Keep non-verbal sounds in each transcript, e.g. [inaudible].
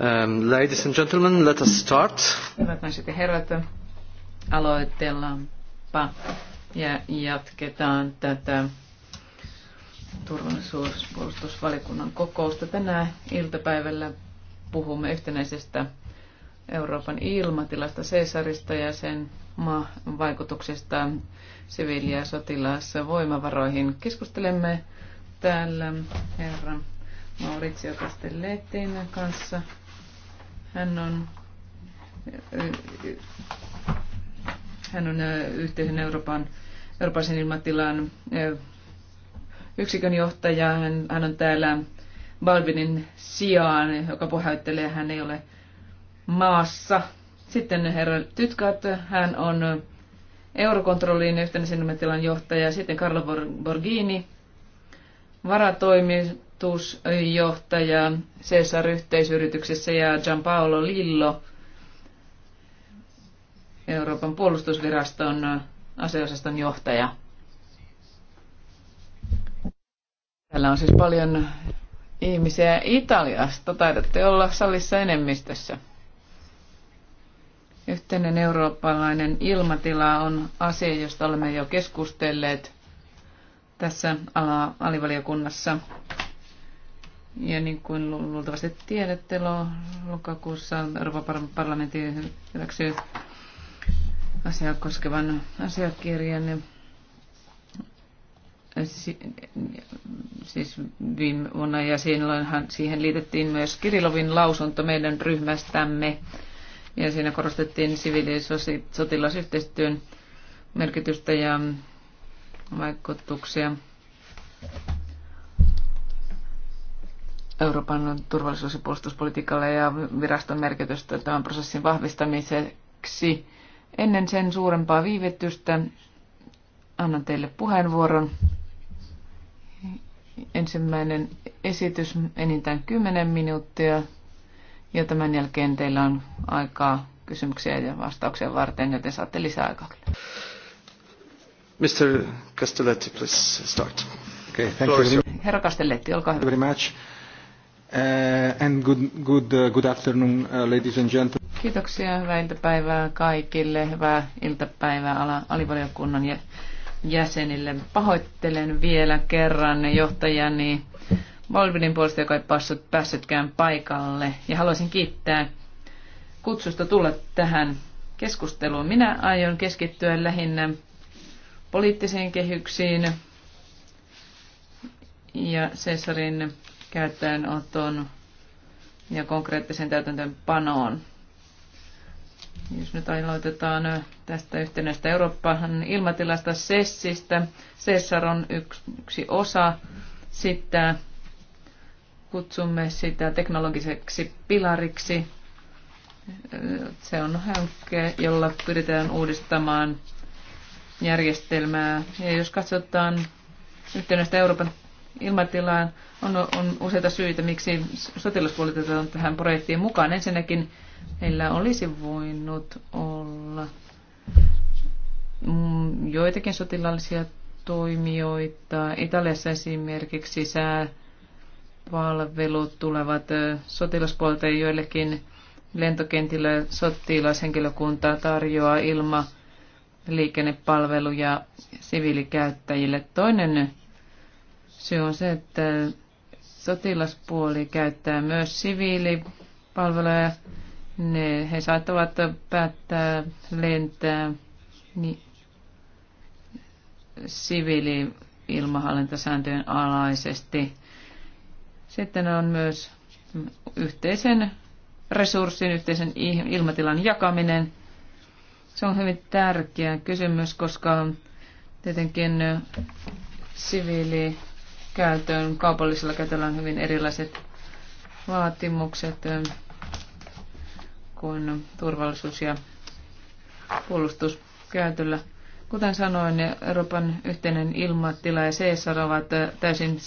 Um, ladies and gentlemen, let us start. Hyvät naiset ja herrat, aloitellaanpa ja jatketaan tätä turvallisuuspuolustusvalikunnan kokousta. Tänä iltapäivällä puhumme yhtenäisestä Euroopan ilmatilasta Cesarista ja sen vaikutuksesta siviili- ja sotilasvoimavaroihin. Keskustelemme täällä herran Maurizio Castellettin kanssa hän on, hän on yhteisen Euroopan, Euroopan ilmatilan yksikön johtaja. Hän, hän on täällä Balvinin sijaan, joka puhäyttelee, hän ei ole maassa. Sitten herra Tytkat, hän on Eurokontrollin yhtenä ilmatilan johtaja. Sitten Carlo Borghini, varatoimi, toimitusjohtaja Cesar-yhteisyrityksessä ja Gianpaolo Lillo Euroopan puolustusviraston aseosaston johtaja. Täällä on siis paljon ihmisiä Italiasta. Taidatte olla salissa enemmistössä. Yhteinen eurooppalainen ilmatila on asia, josta olemme jo keskustelleet tässä ala- alivaliokunnassa. Ja niin kuin luultavasti tiedätte, lokakuussa Euroopan parlamentti hyväksyy asiaa koskevan asiakirjan. Siis viime vuonna ja silloinhan siihen liitettiin myös Kirilovin lausunto meidän ryhmästämme. Ja siinä korostettiin siviili- ja sotilasyhteistyön merkitystä ja vaikutuksia. Euroopan turvallisuus- ja puolustuspolitiikalle ja viraston merkitystä tämän prosessin vahvistamiseksi. Ennen sen suurempaa viivetystä annan teille puheenvuoron. Ensimmäinen esitys enintään 10 minuuttia ja tämän jälkeen teillä on aikaa kysymyksiä ja vastauksia varten, joten saatte lisää aikaa. Mr. Castelletti, please start. Okay, thank you. Herra Castelletti, olkaa hyvä. Very much. Uh, and good, good, uh, good afternoon, uh, ladies and gentlemen. Kiitoksia, hyvää iltapäivää kaikille, hyvää iltapäivää ala, alivaliokunnan jäsenille. Pahoittelen vielä kerran johtajani Volvinin puolesta, joka ei päässyt, päässytkään paikalle. Ja haluaisin kiittää kutsusta tulla tähän keskusteluun. Minä aion keskittyä lähinnä poliittisiin kehyksiin ja Cesarin käyttöönoton ja konkreettisen täytäntöönpanoon. Jos nyt aloitetaan tästä yhtenäistä Euroopan ilmatilasta SESSistä. SESSAR on yksi osa sitä. Kutsumme sitä teknologiseksi pilariksi. Se on hankke, jolla pyritään uudistamaan järjestelmää. Ja jos katsotaan yhtenäistä Euroopan ilmatilaan on, on useita syitä, miksi sotilaspuolet on tähän projektiin mukaan. Ensinnäkin heillä olisi voinut olla mm, joitakin sotilaallisia toimijoita. Italiassa esimerkiksi sääpalvelut tulevat sotilaspuolta ja joillekin lentokentillä sotilashenkilökunta tarjoaa ilma liikennepalveluja siviilikäyttäjille. Toinen Syy on se, että sotilaspuoli käyttää myös siviilipalveluja. Ne, he saattavat päättää lentää niin, siviili-ilmahallintasääntöjen alaisesti. Sitten on myös yhteisen resurssin, yhteisen ilmatilan jakaminen. Se on hyvin tärkeä kysymys, koska tietenkin siviili käyttöön. Kaupallisella käytöllä on hyvin erilaiset vaatimukset kuin turvallisuus- ja puolustuskäytöllä. Kuten sanoin, Euroopan yhteinen ilmatila ja CSR ovat täysin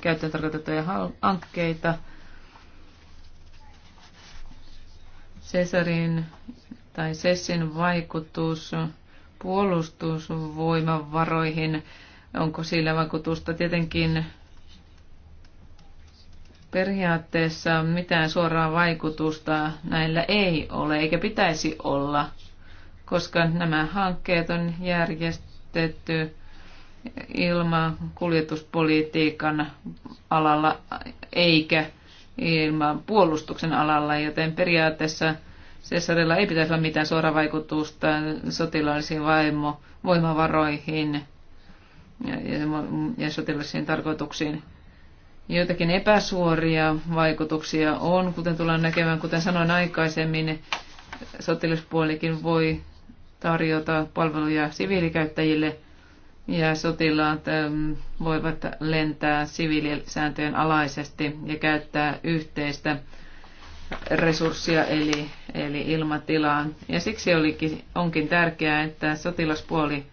käyttöön tarkoitettuja hankkeita. Cesarin tai Sessin vaikutus puolustusvoimavaroihin Onko sillä vaikutusta? Tietenkin periaatteessa mitään suoraa vaikutusta näillä ei ole, eikä pitäisi olla, koska nämä hankkeet on järjestetty kuljetuspolitiikan alalla eikä ilman puolustuksen alalla, joten periaatteessa Cesarilla ei pitäisi olla mitään suoraa vaikutusta sotilaallisiin vaimo, voimavaroihin – ja, ja, ja sotilaisiin tarkoituksiin. Joitakin epäsuoria vaikutuksia on, kuten tullaan näkemään, kuten sanoin aikaisemmin, sotilaspuolikin voi tarjota palveluja siviilikäyttäjille ja sotilaat ähm, voivat lentää siviilisääntöjen alaisesti ja käyttää yhteistä resurssia eli, eli ilmatilaa. Ja siksi olikin, onkin tärkeää, että sotilaspuoli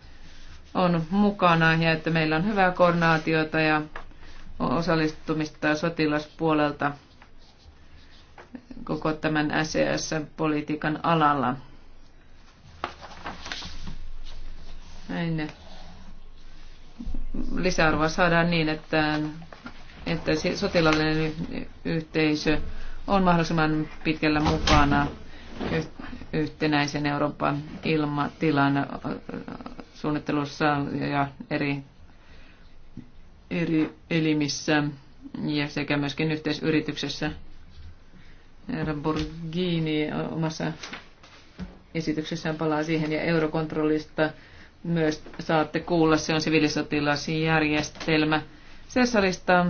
on mukana ja että meillä on hyvää koordinaatiota ja osallistumista sotilaspuolelta koko tämän SES-politiikan alalla. Näin lisäarvoa saadaan niin, että, että sotilallinen yhteisö on mahdollisimman pitkällä mukana yhtenäisen Euroopan ilmatilan suunnittelussa ja eri, eri elimissä ja sekä myöskin yhteisyrityksessä. Herra Borghini omassa esityksessään palaa siihen ja eurokontrollista myös saatte kuulla. Se on siviilisotilasjärjestelmä. Cesarista,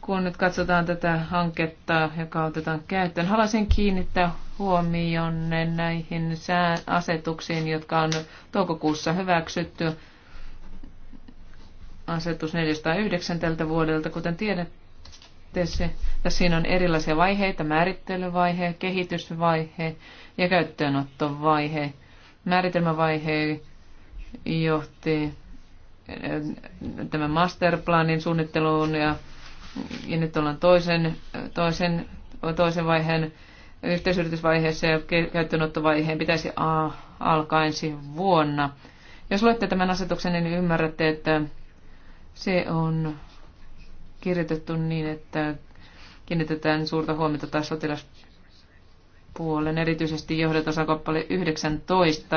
kun nyt katsotaan tätä hanketta, joka otetaan käyttöön, haluaisin kiinnittää huomionne näihin asetuksiin, jotka on toukokuussa hyväksytty. Asetus 409 tältä vuodelta, kuten tiedätte, se, tässä siinä on erilaisia vaiheita, määrittelyvaihe, kehitysvaihe ja käyttöönottovaihe. Määritelmävaihe johti äh, tämän masterplanin suunnitteluun ja, ja nyt ollaan toisen, toisen, toisen vaiheen yhteisyritysvaiheessa ja käyttöönottovaiheen pitäisi alkaa ensi vuonna. Jos luette tämän asetuksen, niin ymmärrätte, että se on kirjoitettu niin, että kiinnitetään suurta huomiota taas sotilaspuolen, erityisesti johdatusakappale 19.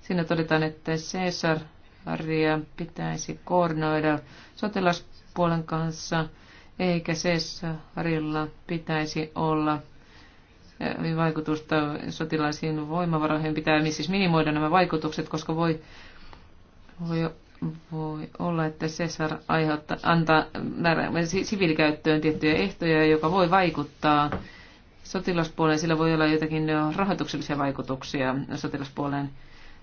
Siinä todetaan, että Caesaria pitäisi koordinoida sotilaspuolen kanssa, eikä Caesarilla pitäisi olla vaikutusta sotilaisiin voimavaroihin. Pitää siis minimoida nämä vaikutukset, koska voi, voi, voi olla, että Cesar aiheuttaa, antaa määrä, siviilikäyttöön tiettyjä ehtoja, joka voi vaikuttaa sotilaspuoleen. Sillä voi olla jotakin rahoituksellisia vaikutuksia sotilaspuoleen.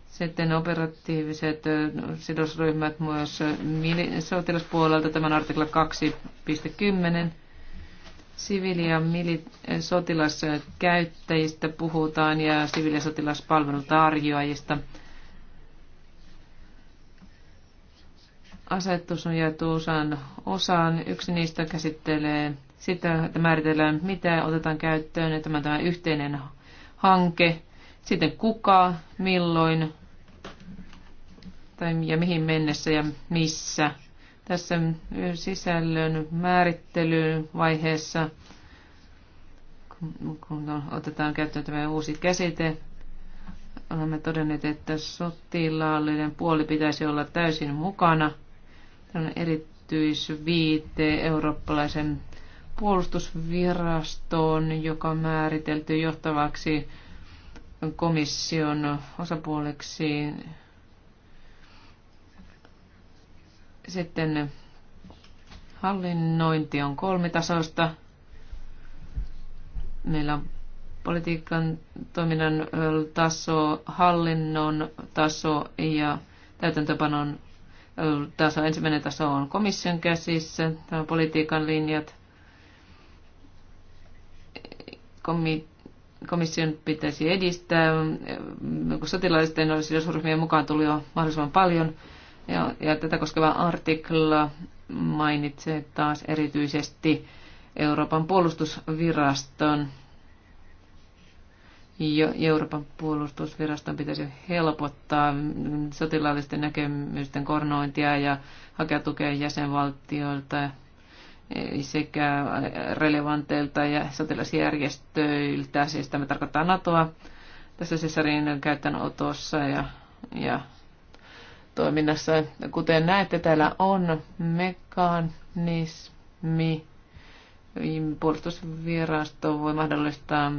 Sitten operatiiviset sidosryhmät myös sotilaspuolelta, tämän artikla 2.10 siviili- ja mili- sotilaskäyttäjistä puhutaan ja siviili- ja sotilaspalvelutarjoajista. Asetus on jaettu osaan, osaan. Yksi niistä käsittelee sitä, että määritellään mitä otetaan käyttöön, että tämä, tämä yhteinen hanke, sitten kuka, milloin tai ja mihin mennessä ja missä tässä sisällön määrittelyn vaiheessa, kun otetaan käyttöön tämä uusi käsite, olemme todenneet, että sotilaallinen puoli pitäisi olla täysin mukana. Tämä on erityisviite eurooppalaisen puolustusvirastoon, joka on määritelty johtavaksi komission osapuoleksi Sitten hallinnointi on kolmitasoista. Meillä on politiikan toiminnan taso, hallinnon taso ja täytäntöpanon taso. Ensimmäinen taso on komission käsissä, tämä on politiikan linjat. Komi- komission pitäisi edistää, olisi sidosryhmien mukaan tuli jo mahdollisimman paljon ja, ja tätä koskeva artikla mainitsee taas erityisesti Euroopan puolustusviraston. Jo, Euroopan puolustusviraston pitäisi helpottaa sotilaallisten näkemysten kornointia ja hakea tukea jäsenvaltioilta sekä relevanteilta ja sotilasjärjestöiltä. Siis tämä tarkoittaa NATOa tässä Cesarin käyttöönotossa ja, ja toiminnassa. Kuten näette, täällä on mekanismi. Puolustusvirasto voi mahdollistaa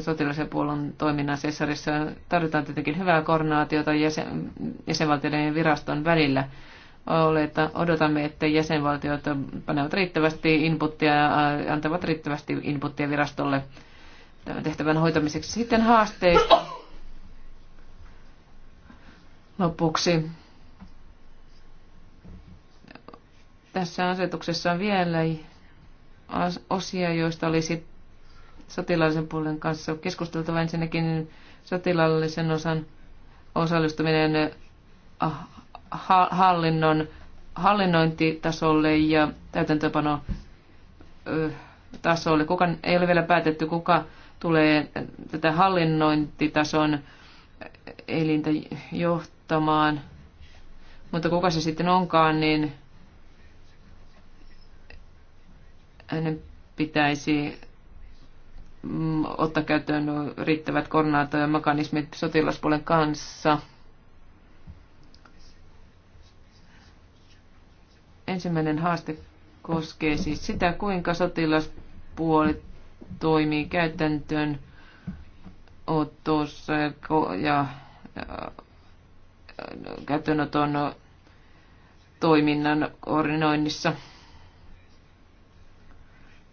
sotilaisen puolun toiminnan sessarissa. Tarvitaan tietenkin hyvää koordinaatiota jäsen, jäsenvaltioiden ja viraston välillä. Oleta, odotamme, että jäsenvaltiot panevat riittävästi inputtia ja antavat riittävästi inputtia virastolle tämän tehtävän hoitamiseksi. Sitten haasteista Lopuksi tässä asetuksessa on vielä osia, joista olisi sotilaallisen puolen kanssa keskusteltava ensinnäkin sotilaallisen osan osallistuminen ah, hallinnon, hallinnointitasolle ja täytäntöpano tasolle. Kuka, ei ole vielä päätetty, kuka tulee tätä hallinnointitason elintä johtamaan auttamaan. Mutta kuka se sitten onkaan, niin hänen pitäisi mm, ottaa käyttöön riittävät koordinaatio- ja mekanismit sotilaspuolen kanssa. Ensimmäinen haaste koskee siis sitä, kuinka sotilaspuoli toimii käytäntöön otossa ja, ja käyttöönoton toiminnan koordinoinnissa.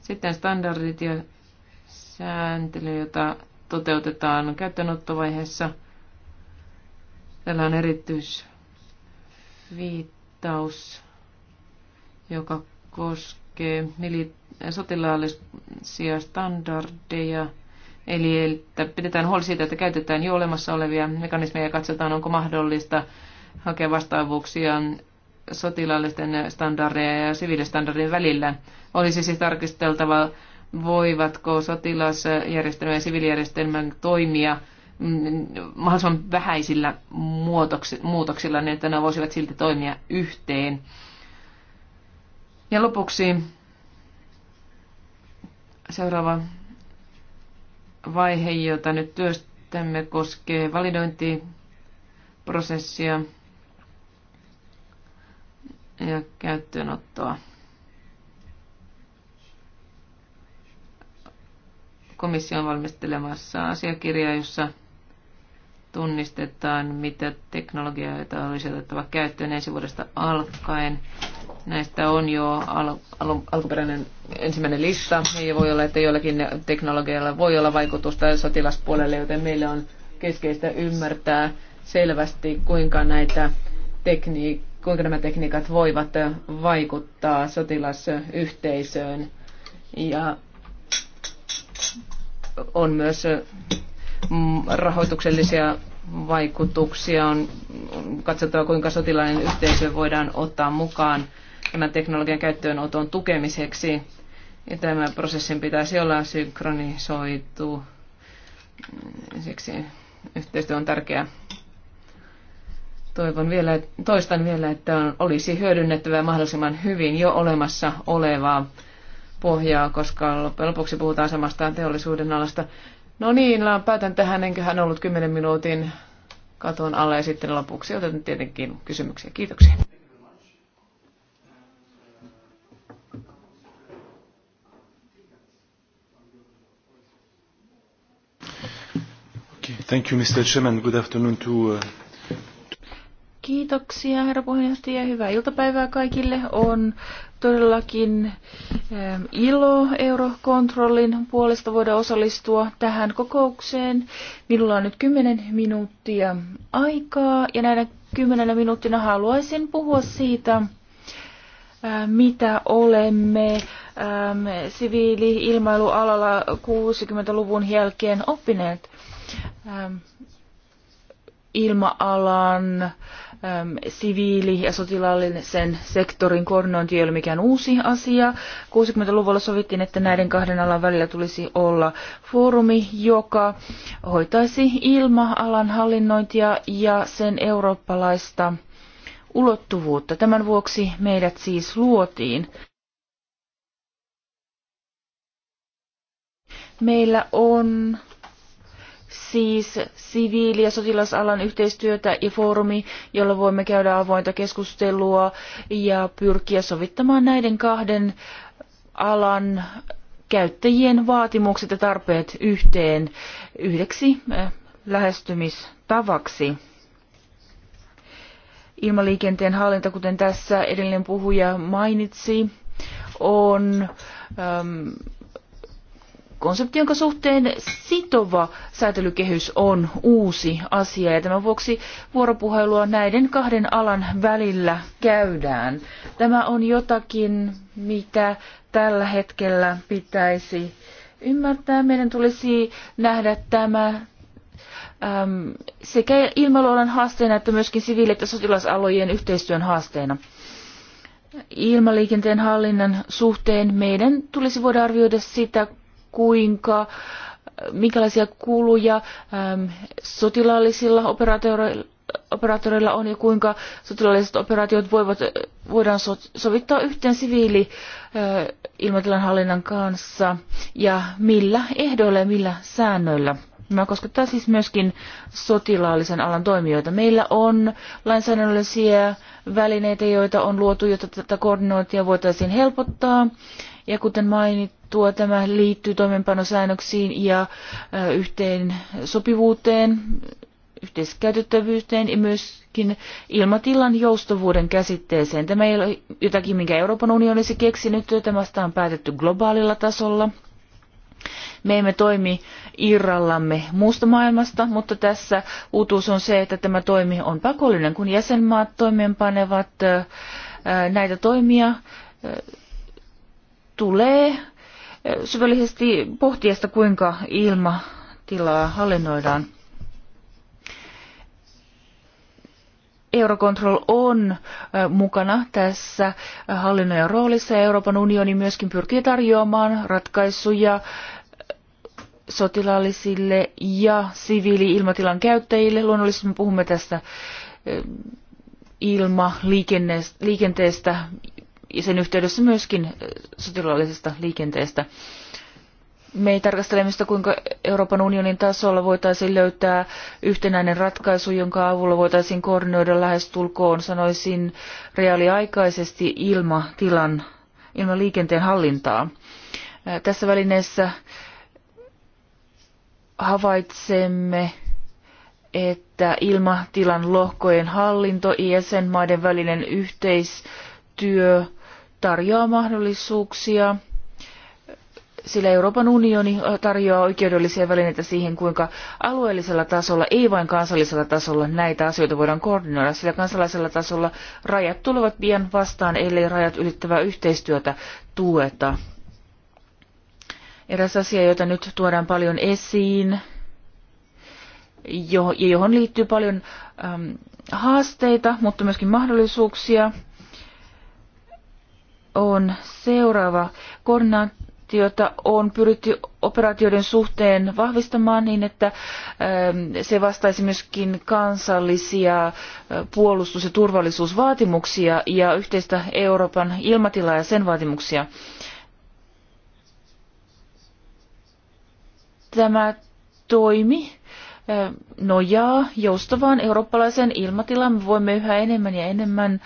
Sitten standardit ja sääntely, jota toteutetaan käyttöönottovaiheessa. Tällä on erityisviittaus, joka koskee sotilaallisia standardeja – Eli että pidetään huoli siitä, että käytetään jo olemassa olevia mekanismeja ja katsotaan, onko mahdollista hakea vastaavuuksia sotilaallisten standardeja ja siviilistandardien välillä. Olisi siis tarkisteltava, voivatko sotilasjärjestelmä ja siviilijärjestelmä toimia mm, mahdollisimman vähäisillä muutoksilla, niin että ne voisivat silti toimia yhteen. Ja lopuksi seuraava vaihe, jota nyt työstämme, koskee validointiprosessia ja käyttöönottoa. Komissio on valmistelemassa asiakirjaa, jossa tunnistetaan, mitä teknologioita olisi otettava käyttöön ensi vuodesta alkaen. Näistä on jo al- al- alkuperäinen ensimmäinen lista, ja voi olla, että joillakin teknologialla voi olla vaikutusta sotilaspuolelle, joten meillä on keskeistä ymmärtää selvästi, kuinka, näitä tekni- kuinka nämä tekniikat voivat vaikuttaa sotilasyhteisöön. Ja on myös mm, rahoituksellisia vaikutuksia. On katsottava, kuinka sotilainen yhteisö voidaan ottaa mukaan tämän teknologian käyttöönoton tukemiseksi. Ja tämän prosessin pitäisi olla synkronisoitu. Siksi yhteistyö on tärkeää. Toivon vielä, toistan vielä, että on, olisi hyödynnettävä mahdollisimman hyvin jo olemassa olevaa pohjaa, koska loppujen lopuksi puhutaan samasta teollisuuden alasta. No niin, päätän tähän, enköhän ollut 10 minuutin katon alle ja sitten lopuksi otetaan tietenkin kysymyksiä. Kiitoksia. Thank you, Mr. Chairman. Good afternoon to, uh... Kiitoksia, herra puheenjohtaja. Hyvää iltapäivää kaikille. On todellakin ähm, ilo Eurokontrollin puolesta voida osallistua tähän kokoukseen. Minulla on nyt 10 minuuttia aikaa ja näinä 10 minuuttina haluaisin puhua siitä, äh, mitä olemme ähm, siviili-ilmailualalla 60-luvun jälkeen oppineet. Ähm, ilma-alan, ähm, siviili- ja sotilaallisen sektorin koordinointi ei ole mikään uusi asia. 60-luvulla sovittiin, että näiden kahden alan välillä tulisi olla foorumi, joka hoitaisi ilma-alan hallinnointia ja sen eurooppalaista ulottuvuutta. Tämän vuoksi meidät siis luotiin. Meillä on siis siviili- ja sotilasalan yhteistyötä ja foorumi, jolla voimme käydä avointa keskustelua ja pyrkiä sovittamaan näiden kahden alan käyttäjien vaatimukset ja tarpeet yhteen yhdeksi äh, lähestymistavaksi. Ilmaliikenteen hallinta, kuten tässä edellinen puhuja mainitsi, on ähm, konsepti, jonka suhteen sitova säätelykehys on uusi asia ja tämän vuoksi vuoropuhelua näiden kahden alan välillä käydään. Tämä on jotakin, mitä tällä hetkellä pitäisi ymmärtää. Meidän tulisi nähdä tämä äm, sekä ilmaluolan haasteena että myöskin siviili- ja sotilasalojen yhteistyön haasteena. Ilmaliikenteen hallinnan suhteen meidän tulisi voida arvioida sitä, kuinka minkälaisia kuluja äm, sotilaallisilla operaatioilla operaattoreilla on ja kuinka sotilaalliset operaatiot voivat, voidaan so, sovittaa yhteen siviili äh, ilmatilan hallinnan kanssa ja millä ehdoilla ja millä säännöillä. Tämä koskettaa siis myöskin sotilaallisen alan toimijoita. Meillä on lainsäädännöllisiä välineitä, joita on luotu, jotta tätä koordinointia voitaisiin helpottaa. Ja kuten mainittu, Tuo Tämä liittyy toimeenpanosäännöksiin ja yhteen sopivuuteen, yhteiskäytettävyyteen ja myöskin ilmatilan joustavuuden käsitteeseen. Tämä ei ole jotakin, minkä Euroopan unioni olisi keksinyt, tämästä on päätetty globaalilla tasolla. Me emme toimi irrallamme muusta maailmasta, mutta tässä uutuus on se, että tämä toimi on pakollinen, kun jäsenmaat toimeenpanevat näitä toimia tulee syvällisesti pohtia sitä, kuinka ilmatilaa hallinnoidaan. Eurocontrol on mukana tässä hallinnojen roolissa ja Euroopan unioni myöskin pyrkii tarjoamaan ratkaisuja sotilaallisille ja siviili-ilmatilan käyttäjille. Luonnollisesti me puhumme tästä ilmaliikenteestä ja sen yhteydessä myöskin sotilaallisesta liikenteestä. Me tarkastele sitä, kuinka Euroopan unionin tasolla voitaisiin löytää yhtenäinen ratkaisu, jonka avulla voitaisiin koordinoida lähestulkoon, sanoisin, reaaliaikaisesti ilmatilan, ilman liikenteen hallintaa. Tässä välineessä havaitsemme, että ilmatilan lohkojen hallinto, sen maiden välinen yhteistyö, tarjoaa mahdollisuuksia, sillä Euroopan unioni tarjoaa oikeudellisia välineitä siihen, kuinka alueellisella tasolla, ei vain kansallisella tasolla, näitä asioita voidaan koordinoida, sillä kansallisella tasolla rajat tulevat pian vastaan, ellei rajat ylittävää yhteistyötä tueta. Eräs asia, jota nyt tuodaan paljon esiin, ja johon liittyy paljon haasteita, mutta myöskin mahdollisuuksia, on seuraava. Koordinaatiota on pyritty operaatioiden suhteen vahvistamaan niin, että ähm, se vastaisi myöskin kansallisia äh, puolustus- ja turvallisuusvaatimuksia ja yhteistä Euroopan ilmatilaa ja sen vaatimuksia. Tämä toimi äh, nojaa joustavaan eurooppalaisen ilmatilaan. Me voimme yhä enemmän ja enemmän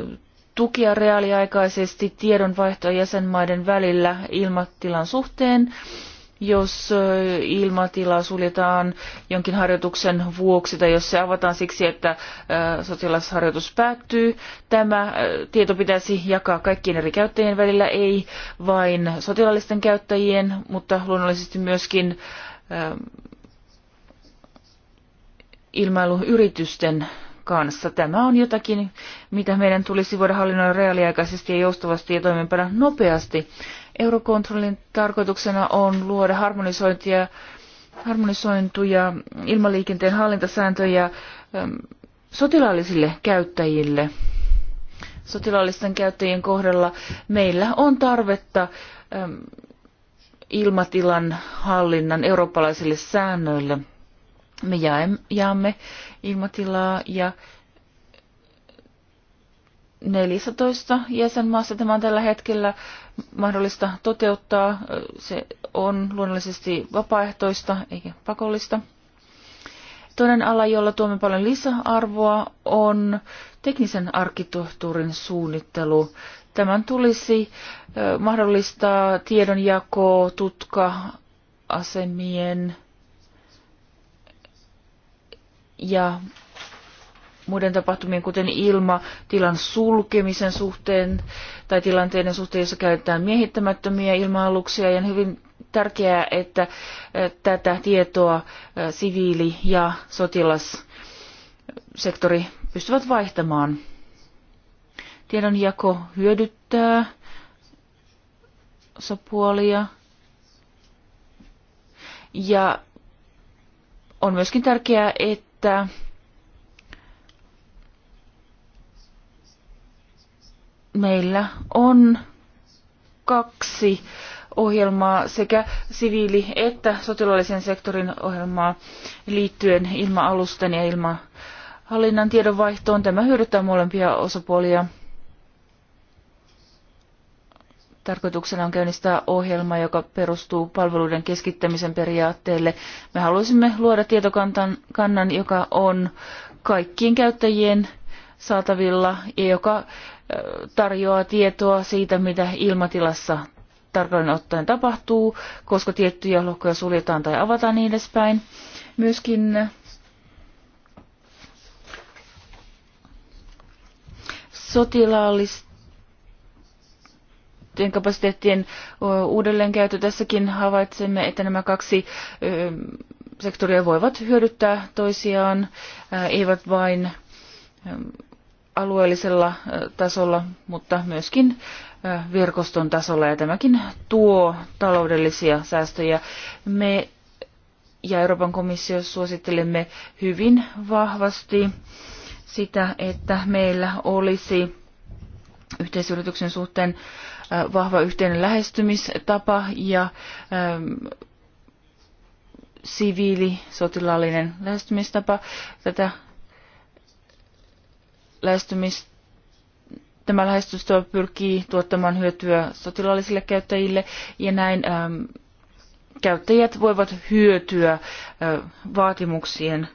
äh, tukea reaaliaikaisesti tiedonvaihtoa jäsenmaiden välillä ilmatilan suhteen, jos ilmatila suljetaan jonkin harjoituksen vuoksi tai jos se avataan siksi, että sotilasharjoitus päättyy. Tämä tieto pitäisi jakaa kaikkien eri käyttäjien välillä, ei vain sotilaallisten käyttäjien, mutta luonnollisesti myöskin ilmailuyritysten kanssa. Tämä on jotakin, mitä meidän tulisi voida hallinnoida reaaliaikaisesti ja joustavasti ja toimeenpana nopeasti. Eurokontrollin tarkoituksena on luoda harmonisointia, harmonisointuja ilmaliikenteen hallintasääntöjä ähm, sotilaallisille käyttäjille. Sotilaallisten käyttäjien kohdalla meillä on tarvetta ähm, ilmatilan hallinnan eurooppalaisille säännöille. Me jaamme ilmatilaa ja 14 jäsenmaassa tämä on tällä hetkellä mahdollista toteuttaa. Se on luonnollisesti vapaaehtoista eikä pakollista. Toinen ala, jolla tuomme paljon lisäarvoa, on teknisen arkkitehtuurin suunnittelu. Tämän tulisi mahdollistaa tiedonjako, tutka, asemien, ja muiden tapahtumien, kuten ilmatilan sulkemisen suhteen tai tilanteiden suhteen, jossa käytetään miehittämättömiä ilma-aluksia. Ja on hyvin tärkeää, että tätä tietoa siviili- ja sotilassektori pystyvät vaihtamaan. Tiedonjako hyödyttää osapuolia. Ja on myöskin tärkeää, että että meillä on kaksi ohjelmaa sekä siviili- että sotilaallisen sektorin ohjelmaa liittyen ilma-alusten ja ilmahallinnan tiedonvaihtoon. Tämä hyödyttää molempia osapuolia. Tarkoituksena on käynnistää ohjelma, joka perustuu palveluiden keskittämisen periaatteelle. Me haluaisimme luoda tietokannan, kannan, joka on kaikkien käyttäjien saatavilla ja joka tarjoaa tietoa siitä, mitä ilmatilassa tarkalleen ottaen tapahtuu, koska tiettyjä lohkoja suljetaan tai avataan niin edespäin. Myöskin sotilaallista tiettyjen kapasiteettien uudelleenkäyttö. Tässäkin havaitsemme, että nämä kaksi sektoria voivat hyödyttää toisiaan, eivät vain alueellisella tasolla, mutta myöskin verkoston tasolla ja tämäkin tuo taloudellisia säästöjä. Me ja Euroopan komissio suosittelemme hyvin vahvasti sitä, että meillä olisi yhteisyrityksen suhteen vahva yhteinen lähestymistapa ja siviili, sotilaallinen lähestymistapa. Tätä lähestymistapa Tämä lähestystö pyrkii tuottamaan hyötyä sotilaallisille käyttäjille ja näin ähm, käyttäjät voivat hyötyä äh, vaatimuksien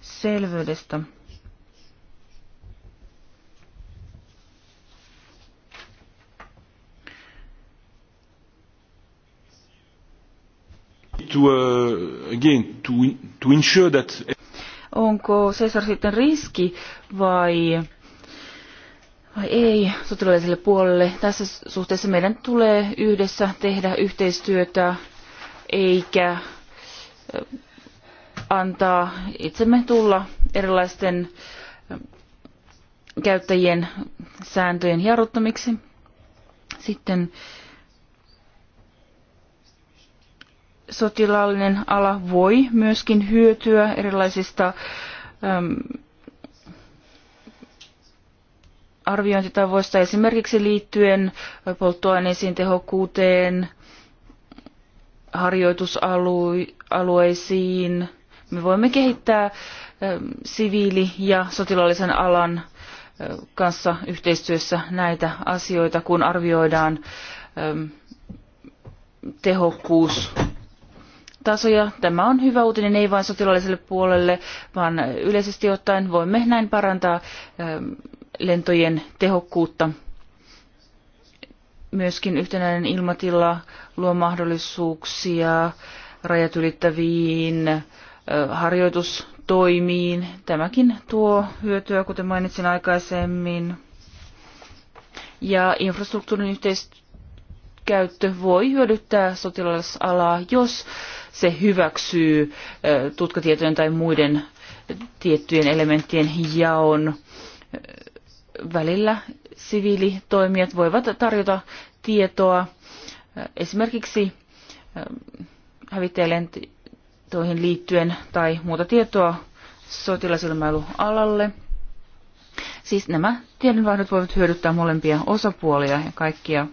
selvyydestä. to, uh, again, to, to ensure that... Onko Cesar sitten riski vai, vai ei sotilaiselle puolelle? Tässä suhteessa meidän tulee yhdessä tehdä yhteistyötä eikä antaa itsemme tulla erilaisten käyttäjien sääntöjen jarruttamiksi. Sitten sotilaallinen ala voi myöskin hyötyä erilaisista äm, arviointitavoista esimerkiksi liittyen polttoaineisiin tehokkuuteen, harjoitusalueisiin. Me voimme kehittää siviili- ja sotilaallisen alan kanssa yhteistyössä näitä asioita, kun arvioidaan tehokkuus tasoja. Tämä on hyvä uutinen ei vain sotilaalliselle puolelle, vaan yleisesti ottaen voimme näin parantaa ähm, lentojen tehokkuutta. Myöskin yhtenäinen ilmatila luo mahdollisuuksia rajat ylittäviin äh, harjoitustoimiin. Tämäkin tuo hyötyä, kuten mainitsin aikaisemmin. Ja infrastruktuurin yhteistyö käyttö voi hyödyttää sotilasalaa, jos se hyväksyy tutkatietojen tai muiden tiettyjen elementtien jaon välillä. Siviilitoimijat voivat tarjota tietoa esimerkiksi hävittäjälentoihin liittyen tai muuta tietoa sotilasilmailualalle. Siis nämä tiedonvaihdot voivat hyödyttää molempia osapuolia ja kaikkia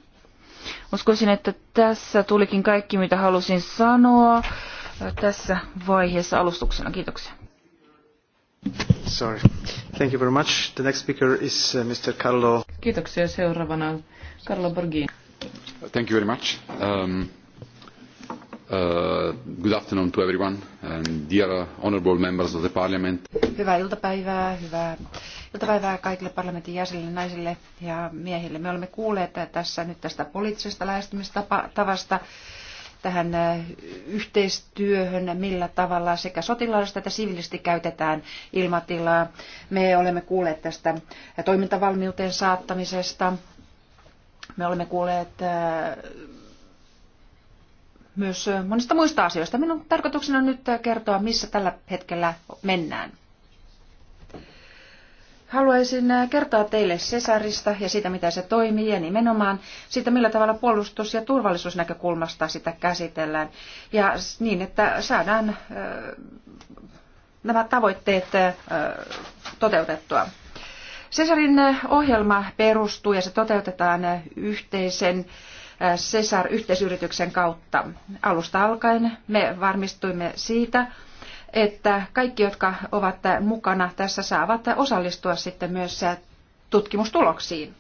Uskoisin, että tässä tulikin kaikki, mitä halusin sanoa äh, tässä vaiheessa alustuksena. Kiitoksia. Sorry. Thank you very much. The next speaker is uh, Mr. Carlo. Kiitoksia. Seuraavana Carlo Borghini. Thank you very much. Um... Uh, good afternoon to everyone and dear uh, members of the parliament. Hyvää iltapäivää, hyvää iltapäivää kaikille parlamentin jäsenille, naisille ja miehille. Me olemme kuulleet tässä nyt tästä poliittisesta lähestymistavasta tähän uh, yhteistyöhön, millä tavalla sekä sotilaallisesti että siviilisesti käytetään ilmatilaa. Me olemme kuulleet tästä toimintavalmiuteen saattamisesta. Me olemme kuulleet myös monista muista asioista. Minun tarkoituksena on nyt kertoa, missä tällä hetkellä mennään. Haluaisin kertoa teille Cesarista ja siitä, mitä se toimii ja nimenomaan siitä, millä tavalla puolustus- ja turvallisuusnäkökulmasta sitä käsitellään. Ja niin, että saadaan nämä tavoitteet toteutettua. Cesarin ohjelma perustuu ja se toteutetaan yhteisen Cesar-yhteisyrityksen kautta. Alusta alkaen me varmistuimme siitä, että kaikki, jotka ovat mukana tässä, saavat osallistua sitten myös tutkimustuloksiin.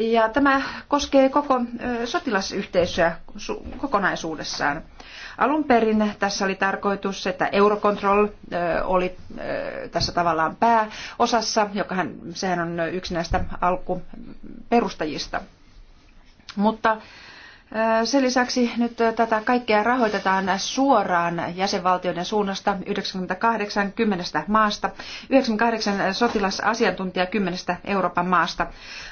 Ja tämä koskee koko sotilasyhteisöä kokonaisuudessaan. Alun perin tässä oli tarkoitus, että Eurocontrol oli tässä tavallaan pääosassa, joka hän, sehän on yksi näistä alkuperustajista. Mutta sen lisäksi nyt tätä kaikkea rahoitetaan suoraan jäsenvaltioiden suunnasta 98 kymmenestä maasta. 98 sotilasasiantuntijaa kymmenestä Euroopan maasta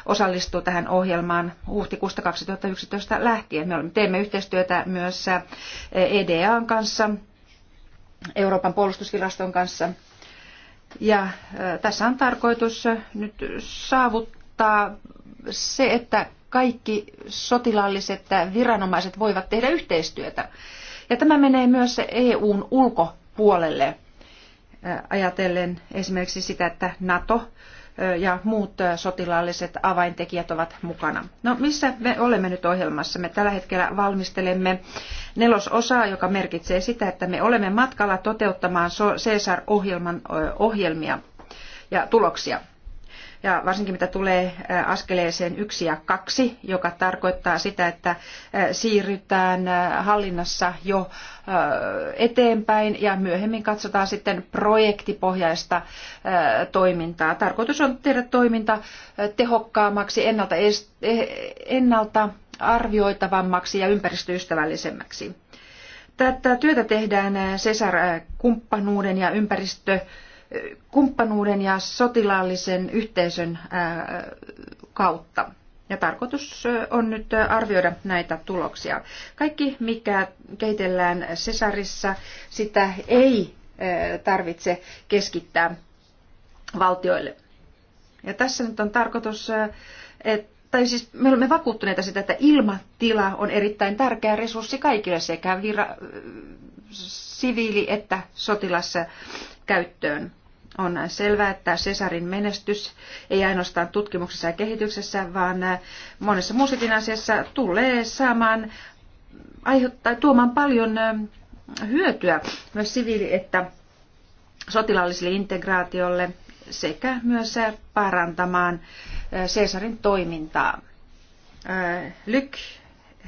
osallistuu tähän ohjelmaan huhtikuusta 2011 lähtien. Me teemme yhteistyötä myös EDAn kanssa, Euroopan puolustusviraston kanssa. Ja tässä on tarkoitus nyt saavuttaa se, että kaikki sotilaalliset viranomaiset voivat tehdä yhteistyötä. Ja tämä menee myös EUn ulkopuolelle, ajatellen esimerkiksi sitä, että NATO ja muut sotilaalliset avaintekijät ovat mukana. No missä me olemme nyt ohjelmassa? Me tällä hetkellä valmistelemme nelososaa, joka merkitsee sitä, että me olemme matkalla toteuttamaan Cesar-ohjelman ohjelmia ja tuloksia ja varsinkin mitä tulee askeleeseen yksi ja kaksi, joka tarkoittaa sitä, että siirrytään hallinnassa jo eteenpäin ja myöhemmin katsotaan sitten projektipohjaista toimintaa. Tarkoitus on tehdä toiminta tehokkaammaksi, ennalta, e, ennalta arvioitavammaksi ja ympäristöystävällisemmäksi. Tätä työtä tehdään Cesar-kumppanuuden ja ympäristö- kumppanuuden ja sotilaallisen yhteisön kautta. Ja tarkoitus on nyt arvioida näitä tuloksia. Kaikki, mikä kehitellään Cesarissa, sitä ei tarvitse keskittää valtioille. Ja tässä nyt on tarkoitus, että tai siis me olemme vakuuttuneita sitä, että ilmatila on erittäin tärkeä resurssi kaikille sekä vira, siviili- että sotilassa käyttöön. On selvää, että Cesarin menestys ei ainoastaan tutkimuksessa ja kehityksessä, vaan äh, monessa muussakin asiassa tulee saamaan aiheuttaa, tuomaan paljon äh, hyötyä myös siviili- että sotilaalliselle integraatiolle sekä myös äh, parantamaan Cesarin toimintaa. Lyk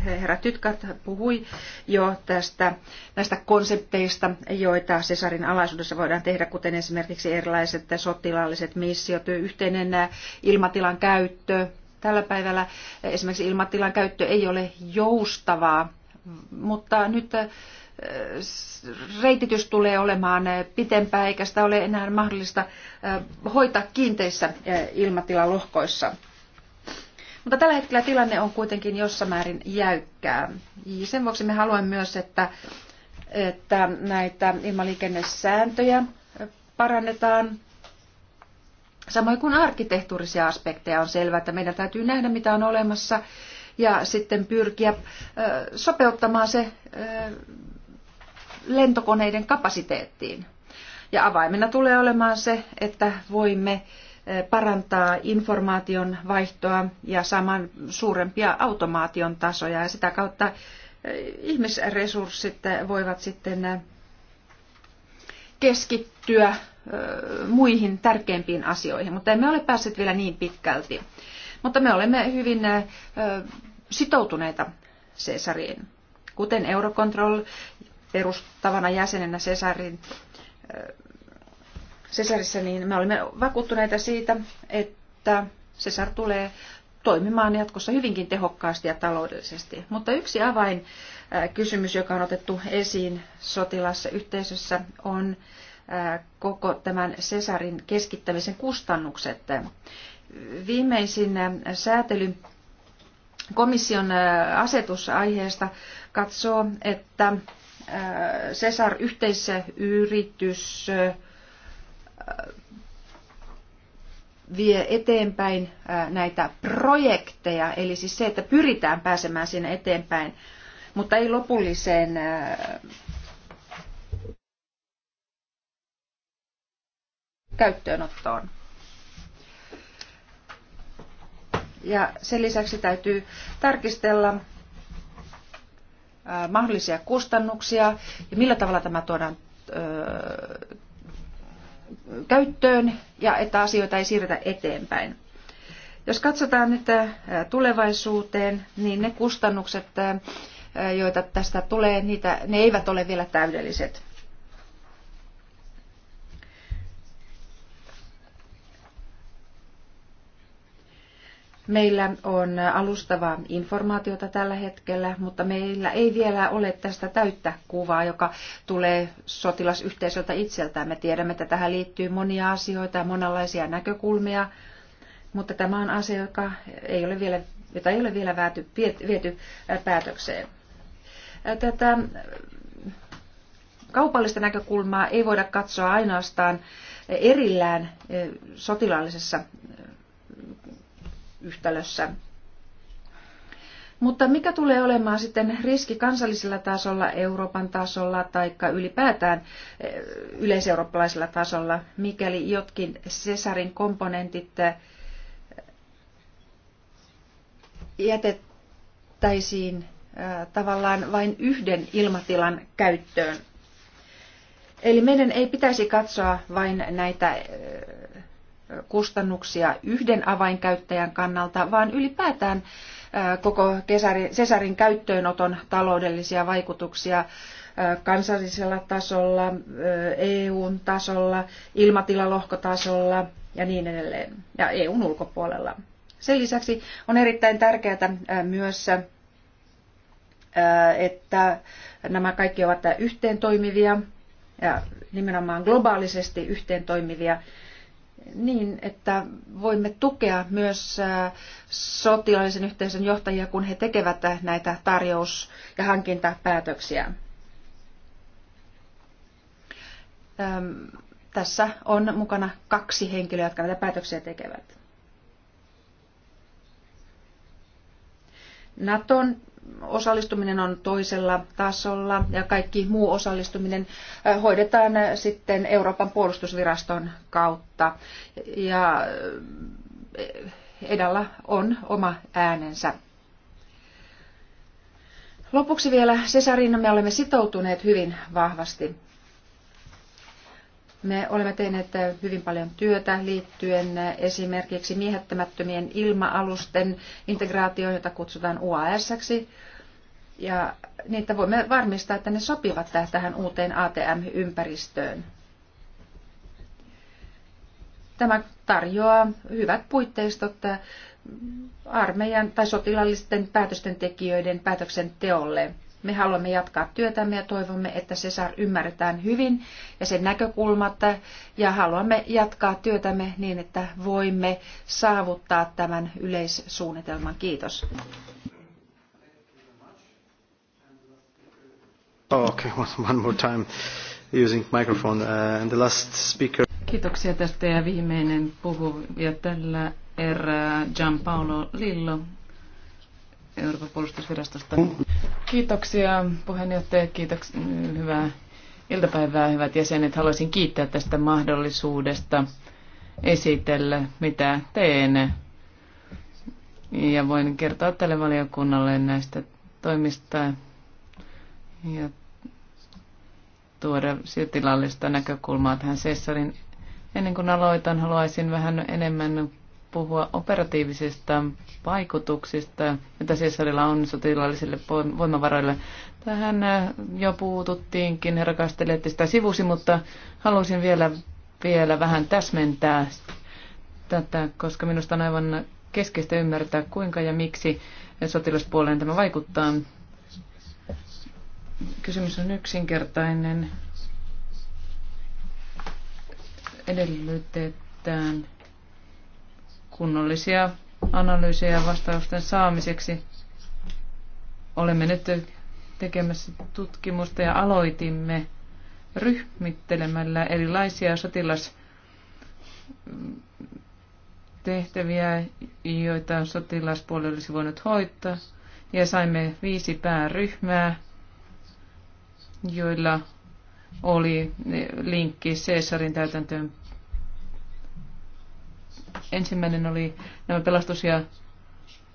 herra Tytkat puhui jo tästä, näistä konsepteista, joita Cesarin alaisuudessa voidaan tehdä, kuten esimerkiksi erilaiset sotilaalliset missiot, yhteinen äh, ilmatilan käyttö. Tällä päivällä esimerkiksi ilmatilan käyttö ei ole joustavaa, mutta nyt äh, reititys tulee olemaan pitempää, eikä sitä ole enää mahdollista äh, hoitaa kiinteissä ilmatilalohkoissa. Mutta tällä hetkellä tilanne on kuitenkin jossain määrin jäykkää. Sen vuoksi me haluamme myös, että, että näitä ilmaliikennesääntöjä parannetaan. Samoin kuin arkkitehtuurisia aspekteja on selvää, että meidän täytyy nähdä, mitä on olemassa, ja sitten pyrkiä sopeuttamaan se lentokoneiden kapasiteettiin. Ja avaimena tulee olemaan se, että voimme parantaa informaation vaihtoa ja saamaan suurempia automaation tasoja ja sitä kautta eh, ihmisresurssit eh, voivat sitten eh, keskittyä muihin tärkeimpiin asioihin, mutta emme ole päässeet vielä niin pitkälti. Mutta me olemme hyvin sitoutuneita Cesariin, kuten Eurocontrol perustavana jäsenenä Cesarin Cesarissa, niin me olimme vakuuttuneita siitä, että Cesar tulee toimimaan jatkossa hyvinkin tehokkaasti ja taloudellisesti. Mutta yksi avain äh, kysymys, joka on otettu esiin sotilassa yhteisössä, on äh, koko tämän Cesarin keskittämisen kustannukset. Viimeisin äh, säätely komission asetus aiheesta katsoo, että Cesar yhteisyritys yritys vie eteenpäin näitä projekteja, eli siis se, että pyritään pääsemään sinne eteenpäin, mutta ei lopulliseen käyttöönottoon. Ja sen lisäksi täytyy tarkistella mahdollisia kustannuksia ja millä tavalla tämä tuodaan käyttöön ja että asioita ei siirretä eteenpäin. Jos katsotaan nyt äh, tulevaisuuteen, niin ne kustannukset, äh, joita tästä tulee, niitä, ne eivät ole vielä täydelliset. Meillä on alustavaa informaatiota tällä hetkellä, mutta meillä ei vielä ole tästä täyttä kuvaa, joka tulee sotilasyhteisöltä itseltään. Me tiedämme, että tähän liittyy monia asioita ja monenlaisia näkökulmia, mutta tämä on asia, joka ei ole vielä, jota ei ole vielä viety, viety päätökseen. Tätä kaupallista näkökulmaa ei voida katsoa ainoastaan erillään sotilaallisessa yhtälössä. Mutta mikä tulee olemaan sitten riski kansallisella tasolla, Euroopan tasolla tai ylipäätään eh, yleiseurooppalaisella tasolla, mikäli jotkin Cesarin komponentit eh, jätettäisiin eh, tavallaan vain yhden ilmatilan käyttöön? Eli meidän ei pitäisi katsoa vain näitä kustannuksia yhden avainkäyttäjän kannalta, vaan ylipäätään koko Cesarin käyttöönoton taloudellisia vaikutuksia kansallisella tasolla, EUn tasolla, ilmatilalohkotasolla ja niin edelleen, ja EUn ulkopuolella. Sen lisäksi on erittäin tärkeää myös, että nämä kaikki ovat yhteen toimivia ja nimenomaan globaalisesti yhteen toimivia niin, että voimme tukea myös äh, sotilaallisen yhteisön johtajia, kun he tekevät äh, näitä tarjous- ja hankintapäätöksiä. Ähm, tässä on mukana kaksi henkilöä, jotka näitä päätöksiä tekevät. Naton osallistuminen on toisella tasolla ja kaikki muu osallistuminen eh, hoidetaan sitten Euroopan puolustusviraston kautta. Ja eh, edalla on oma äänensä. Lopuksi vielä Cesarina me olemme sitoutuneet hyvin vahvasti me olemme tehneet hyvin paljon työtä liittyen esimerkiksi miehittämättömien ilma-alusten integraatioon, jota kutsutaan uas -ksi. Ja niitä voimme varmistaa, että ne sopivat tähän uuteen ATM-ympäristöön. Tämä tarjoaa hyvät puitteistot armeijan tai sotilallisten päätöstentekijöiden päätöksenteolle – me haluamme jatkaa työtämme ja toivomme, että Cesar ymmärretään hyvin ja sen näkökulmat ja haluamme jatkaa työtämme niin, että voimme saavuttaa tämän yleissuunnitelman. Kiitos. Oh, okay, [laughs] one more time using microphone. Uh, and the last speaker. Kiitoksia tästä ja viimeinen puhuja tällä erää Gianpaolo Lillo. Euroopan puolustusvirastosta. Kiitoksia puheenjohtaja, kiitoksia, hyvää iltapäivää, hyvät jäsenet. Haluaisin kiittää tästä mahdollisuudesta esitellä, mitä teen. Ja voin kertoa tälle valiokunnalle näistä toimista ja tuoda siltilallista näkökulmaa tähän Sessarin. Ennen kuin aloitan, haluaisin vähän enemmän puhua operatiivisista vaikutuksista, mitä sisarilla on sotilaallisille voimavaroille. Tähän äh, jo puututtiinkin, herra Kastelietti sitä sivusi, mutta halusin vielä, vielä vähän täsmentää tätä, koska minusta on aivan keskeistä ymmärtää, kuinka ja miksi sotilaspuoleen tämä vaikuttaa. Kysymys on yksinkertainen. Edellytetään kunnollisia analyysejä vastausten saamiseksi. Olemme nyt tekemässä tutkimusta ja aloitimme ryhmittelemällä erilaisia sotilastehtäviä, joita sotilaspuoli olisi voinut hoitaa. Ja saimme viisi pääryhmää, joilla oli linkki Caesarin täytäntöön Ensimmäinen oli nämä pelastus- ja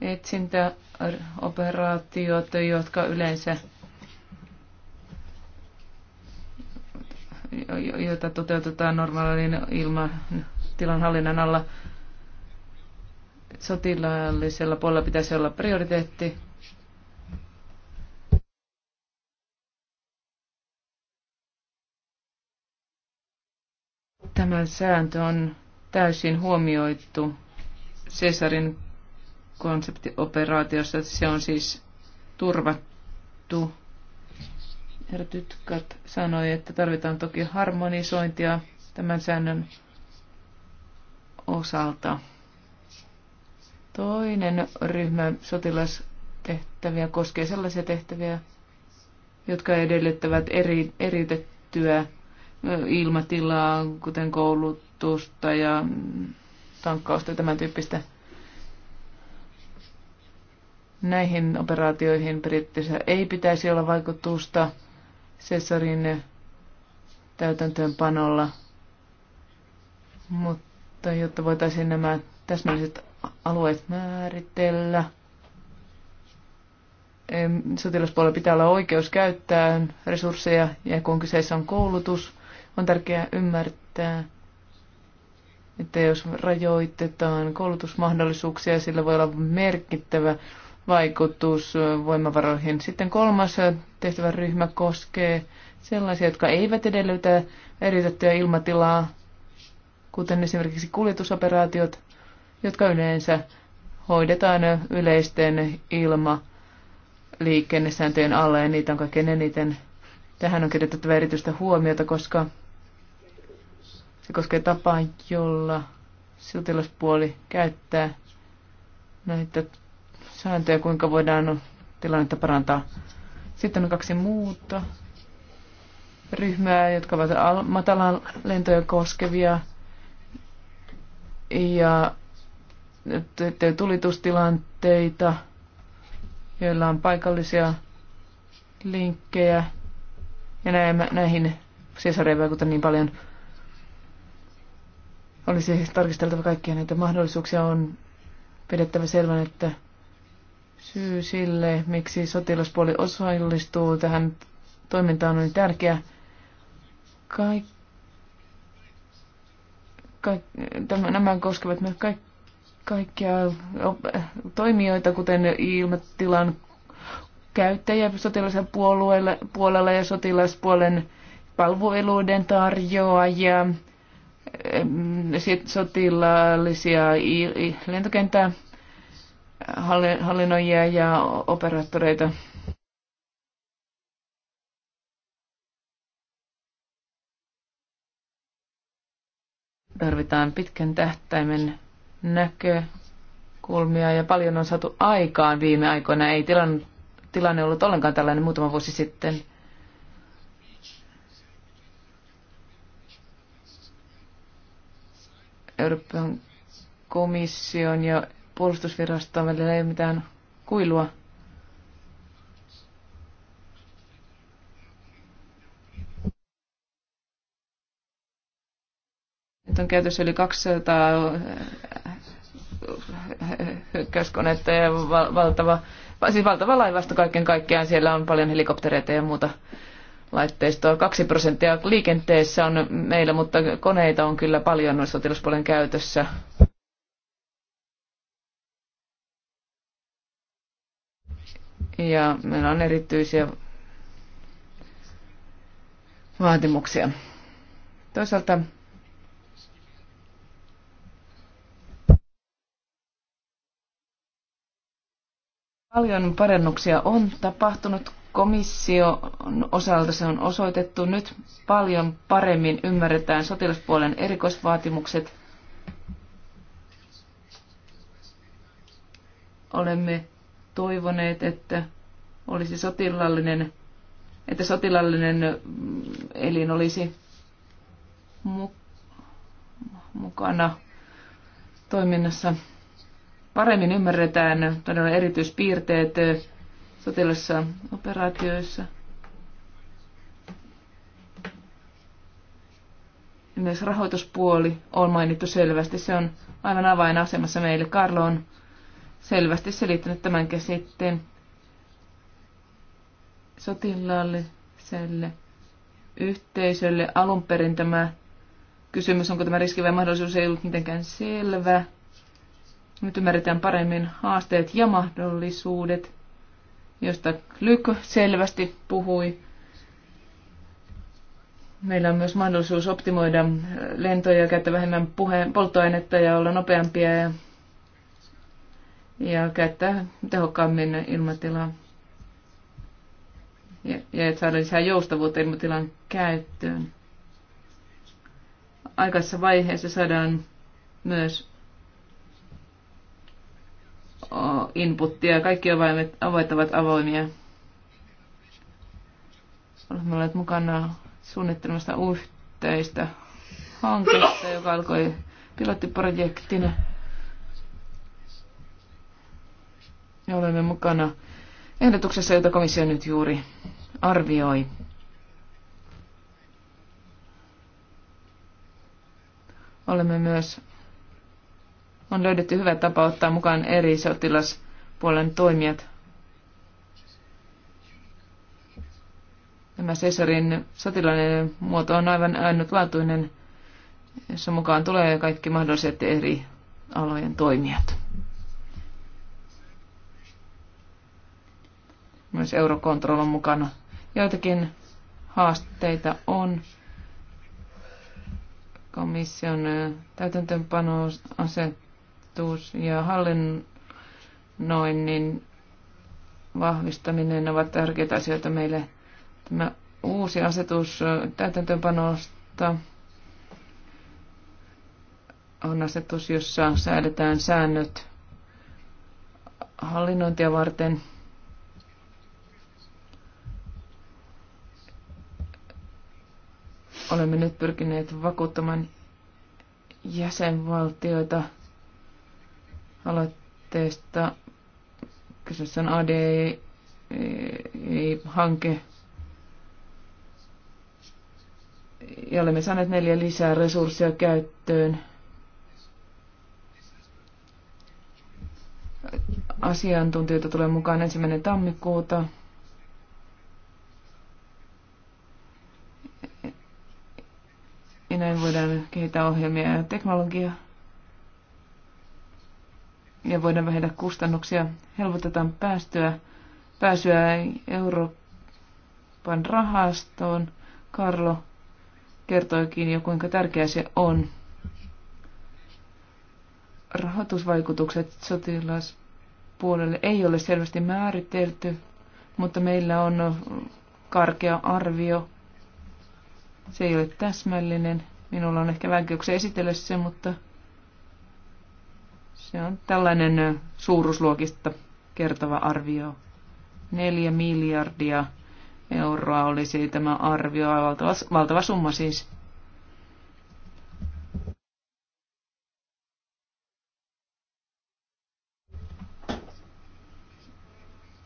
etsintäoperaatiot, jotka yleensä joita toteutetaan normaalin ilmatilan hallinnan alla. Sotilaallisella puolella pitäisi olla prioriteetti. Tämä sääntö on täysin huomioitu Cesarin konseptioperaatiossa. Se on siis turvattu. Herra Tytkat sanoi, että tarvitaan toki harmonisointia tämän säännön osalta. Toinen ryhmä sotilastehtäviä koskee sellaisia tehtäviä, jotka edellyttävät eri, eriytettyä ilmatilaa, kuten koulut, kuljetusta ja tankkausta ja tämän tyyppistä. Näihin operaatioihin periaatteessa ei pitäisi olla vaikutusta Cesarin täytäntöönpanolla, mutta jotta voitaisiin nämä täsmälliset alueet määritellä, sotilaspuolella pitää olla oikeus käyttää resursseja ja kun kyseessä on koulutus, on tärkeää ymmärtää, että jos rajoitetaan koulutusmahdollisuuksia, sillä voi olla merkittävä vaikutus voimavaroihin. Sitten kolmas tehtävä ryhmä koskee sellaisia, jotka eivät edellytä eritettyä ilmatilaa, kuten esimerkiksi kuljetusoperaatiot, jotka yleensä hoidetaan yleisten liikennesääntöjen alle ja niitä on kaikkein eniten. Tähän on kirjoitettava erityistä huomiota, koska se koskee tapaa, jolla sotilaspuoli käyttää näitä sääntöjä, kuinka voidaan tilannetta parantaa. Sitten on kaksi muuta ryhmää, jotka ovat matalan lentoja koskevia ja tulitustilanteita, joilla on paikallisia linkkejä ja näihin, näihin vaikuttaa niin paljon olisi tarkisteltava kaikkia näitä mahdollisuuksia. On pidettävä selvän, että syy sille, miksi sotilaspuoli osallistuu tähän toimintaan, on niin tärkeä. Kaik, kaik, tämä, nämä koskevat myös kaik, kaikkia toimijoita, kuten ilmatilan käyttäjiä sotilaisen puolueella, puolella ja sotilaspuolen palveluiden tarjoajia, sotilaallisia lentokentää hallinnoijia ja operaattoreita. Tarvitaan pitkän tähtäimen näkökulmia ja paljon on saatu aikaan viime aikoina. Ei tilanne, tilanne ollut ollenkaan tällainen muutama vuosi sitten – Euroopan komission ja puolustusviraston välillä ei ole mitään kuilua. Nyt on käytössä yli 200 eh, hyökkäyskonetta ja valtava, siis valtava laivasto kaiken kaikkiaan. Siellä on paljon helikoptereita ja muuta laitteistoa. Kaksi prosenttia liikenteessä on meillä, mutta koneita on kyllä paljon sotilaspuolen käytössä. Ja meillä on erityisiä vaatimuksia. Toisaalta paljon parannuksia on tapahtunut komissio osalta se on osoitettu. Nyt paljon paremmin ymmärretään sotilaspuolen erikoisvaatimukset. Olemme toivoneet, että olisi sotilallinen, että sotilallinen mm, elin olisi mukana toiminnassa. Paremmin ymmärretään todella erityispiirteet sotilassa operaatioissa. Ja myös rahoituspuoli on mainittu selvästi. Se on aivan avainasemassa meille. Karlo on selvästi selittänyt tämän käsitteen sotilaalliselle yhteisölle. Alun perin tämä kysymys, onko tämä riski vai mahdollisuus, ei ollut mitenkään selvä. Nyt ymmärretään paremmin haasteet ja mahdollisuudet josta Lyk selvästi puhui. Meillä on myös mahdollisuus optimoida lentoja, käyttää vähemmän puheen, polttoainetta ja olla nopeampia ja, ja käyttää tehokkaammin ilmatilaa. Ja, ja että saada lisää joustavuutta ilmatilan käyttöön. Aikaisessa vaiheessa saadaan myös inputtia. Kaikki avaimet, avaimet ovat avoimia. Olemme olleet mukana suunnittelemassa yhteistä hanketta, joka alkoi pilottiprojektina. Ja olemme mukana ehdotuksessa, jota komissio nyt juuri arvioi. Olemme myös on löydetty hyvä tapa ottaa mukaan eri sotilaspuolen toimijat. Tämä Cesarin sotilainen muoto on aivan ainutlaatuinen, jossa mukaan tulee kaikki mahdolliset eri alojen toimijat. Myös Eurocontrol on mukana. Joitakin haasteita on komission täytäntöönpanoasetus osallisuus ja hallinnoinnin vahvistaminen ovat tärkeitä asioita meille. Tämä uusi asetus täytäntöönpanosta on asetus, jossa säädetään säännöt hallinnointia varten. Olemme nyt pyrkineet vakuuttamaan jäsenvaltioita – aloitteesta. Kyseessä on ADI-hanke, ja olemme saaneet neljä lisää resursseja käyttöön. Asiantuntijoita tulee mukaan ensimmäinen tammikuuta. Ja näin voidaan kehittää ohjelmia ja teknologiaa ja voidaan vähentää kustannuksia. Helpotetaan päästyä, pääsyä Euroopan rahastoon. Karlo kertoikin jo, kuinka tärkeä se on. Rahoitusvaikutukset sotilaspuolelle ei ole selvästi määritelty, mutta meillä on karkea arvio. Se ei ole täsmällinen. Minulla on ehkä vaikeuksia esitellä se, mutta – se on tällainen suuruusluokista kertova arvio. Neljä miljardia euroa olisi tämä arvio, valtava, valtava summa siis.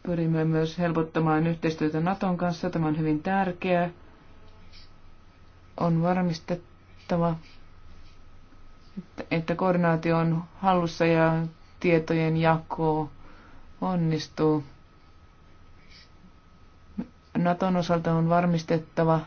Pyrimme myös helpottamaan yhteistyötä Naton kanssa. Tämä on hyvin tärkeää. On varmistettava, että koordinaatio on hallussa ja tietojen jako onnistuu. Naton osalta on varmistettava,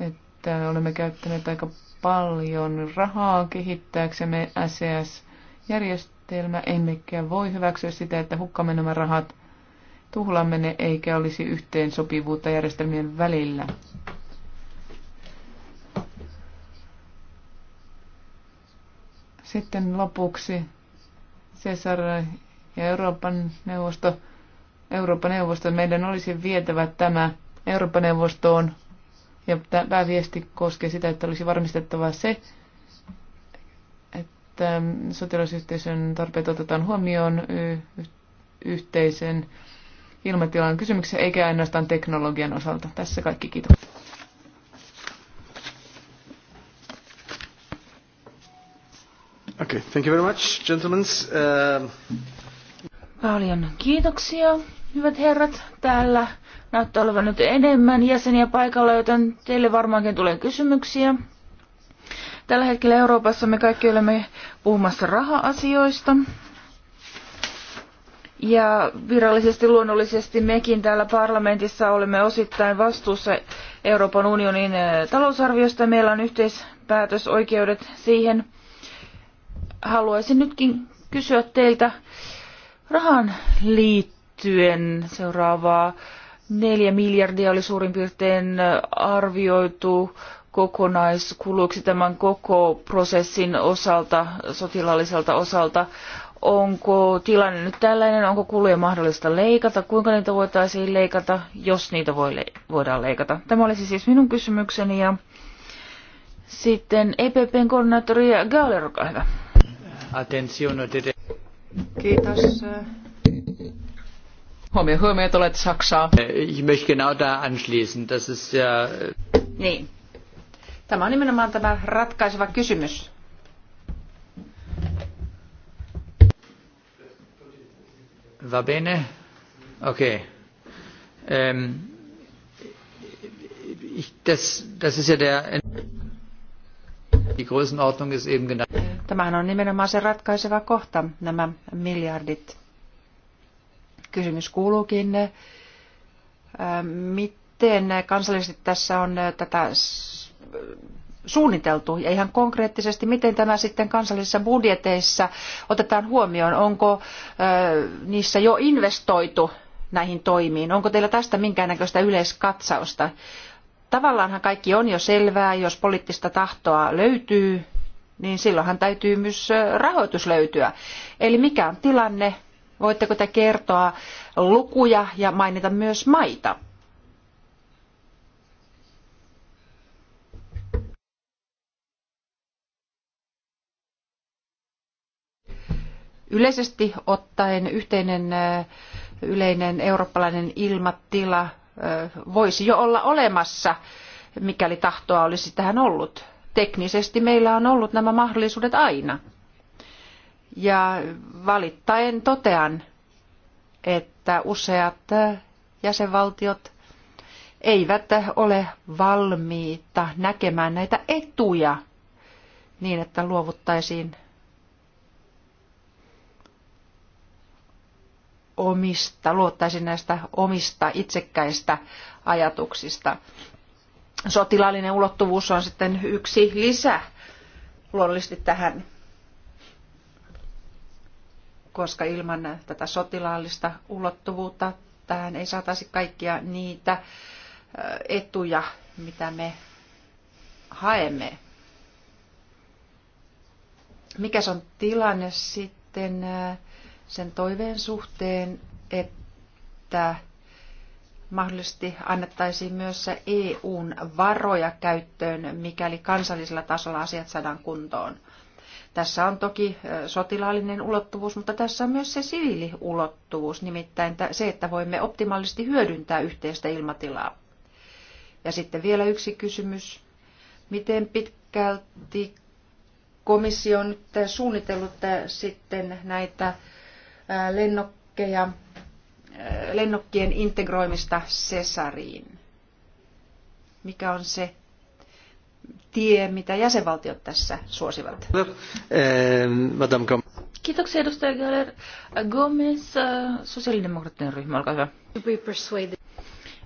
että olemme käyttäneet aika paljon rahaa kehittääksemme SES-järjestelmä, emmekä voi hyväksyä sitä, että hukkamme nämä rahat, tuhlamme ne eikä olisi yhteensopivuutta järjestelmien välillä. Sitten lopuksi Cesar ja Euroopan neuvosto. Euroopan neuvosto, meidän olisi vietävä tämä Euroopan neuvostoon. Ja tämä viesti koskee sitä, että olisi varmistettava se, että sotilasyhteisön tarpeet otetaan huomioon yhteisen ilmatilan kysymyksessä, eikä ainoastaan teknologian osalta. Tässä kaikki kiitos. Okay, thank you very much, gentlemen. Uh... Paljon kiitoksia, hyvät herrat. Täällä näyttää olevan nyt enemmän jäseniä paikalla, joten teille varmaankin tulee kysymyksiä. Tällä hetkellä Euroopassa me kaikki olemme puhumassa raha-asioista. Ja virallisesti luonnollisesti mekin täällä parlamentissa olemme osittain vastuussa Euroopan unionin eh, talousarviosta. Meillä on yhteispäätösoikeudet siihen – haluaisin nytkin kysyä teiltä rahan liittyen seuraavaa. Neljä miljardia oli suurin piirtein arvioitu kokonaiskuluiksi tämän koko prosessin osalta, sotilaalliselta osalta. Onko tilanne nyt tällainen, onko kuluja mahdollista leikata, kuinka niitä voitaisiin leikata, jos niitä voi le- voidaan leikata? Tämä olisi siis minun kysymykseni ja sitten EPPn koordinaattori Gauler, olkaa hyvä. Kiitos. Huomio, huomio, olet Saksaa. Eh, ich möchte genau da anschließen. Das ist ja... Äh, niin. Tämä on nimenomaan tämä ratkaiseva kysymys. Va bene? Okay. Ähm, das, das ist ja der... Die Größenordnung ist eben genannt. Tämähän on nimenomaan se ratkaiseva kohta, nämä miljardit. Kysymys kuuluukin, äh, miten kansallisesti tässä on äh, tätä suunniteltu ja ihan konkreettisesti, miten tämä sitten kansallisissa budjeteissa otetaan huomioon? Onko äh, niissä jo investoitu näihin toimiin? Onko teillä tästä minkäännäköistä yleiskatsausta? Tavallaanhan kaikki on jo selvää, jos poliittista tahtoa löytyy niin silloinhan täytyy myös rahoitus löytyä. Eli mikä on tilanne? Voitteko te kertoa lukuja ja mainita myös maita? Yleisesti ottaen yhteinen yleinen eurooppalainen ilmatila voisi jo olla olemassa, mikäli tahtoa olisi tähän ollut teknisesti meillä on ollut nämä mahdollisuudet aina. Ja valittaen totean, että useat jäsenvaltiot eivät ole valmiita näkemään näitä etuja niin, että luovuttaisiin omista, luottaisin näistä omista itsekkäistä ajatuksista sotilaallinen ulottuvuus on sitten yksi lisä luonnollisesti tähän, koska ilman tätä sotilaallista ulottuvuutta tähän ei saataisi kaikkia niitä etuja, mitä me haemme. Mikä on tilanne sitten sen toiveen suhteen, että mahdollisesti annettaisiin myös EUn e varoja käyttöön, mikäli kansallisella tasolla asiat saadaan kuntoon. Tässä on toki sotilaallinen ulottuvuus, mutta tässä on myös se siviiliulottuvuus, nimittäin se, että voimme optimaalisesti hyödyntää yhteistä ilmatilaa. Ja sitten vielä yksi kysymys. Miten pitkälti komissio on nyt suunnitellut sitten näitä lennokkeja lennokkien integroimista Cesariin? Mikä on se tie, mitä jäsenvaltiot tässä suosivat? Eh, Kiitoksia edustaja Galler. Gomez, äh, sosiaalidemokraattinen ryhmä, olkaa hyvä.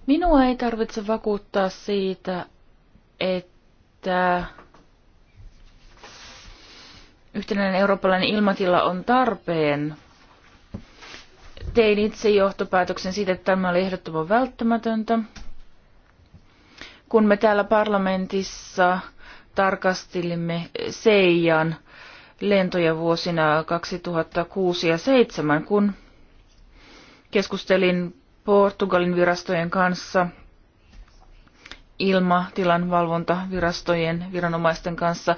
Minua ei tarvitse vakuuttaa siitä, että yhtenäinen eurooppalainen ilmatila on tarpeen tein itse johtopäätöksen siitä, että tämä oli ehdottoman välttämätöntä. Kun me täällä parlamentissa tarkastelimme Seijan lentoja vuosina 2006 ja 2007, kun keskustelin Portugalin virastojen kanssa, ilmatilan valvontavirastojen viranomaisten kanssa,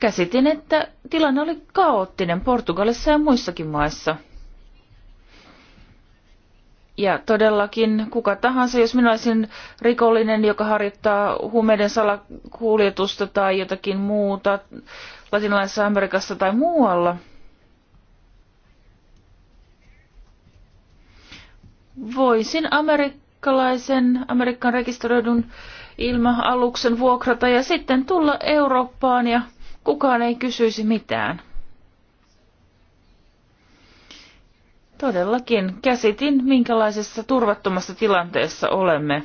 käsitin, että tilanne oli kaoottinen Portugalissa ja muissakin maissa – ja todellakin kuka tahansa, jos minä olisin rikollinen, joka harjoittaa huumeiden salakuljetusta tai jotakin muuta latinalaisessa Amerikassa tai muualla, voisin amerikkalaisen, Amerikan rekisteröidyn ilma-aluksen vuokrata ja sitten tulla Eurooppaan ja kukaan ei kysyisi mitään. Todellakin käsitin, minkälaisessa turvattomassa tilanteessa olemme.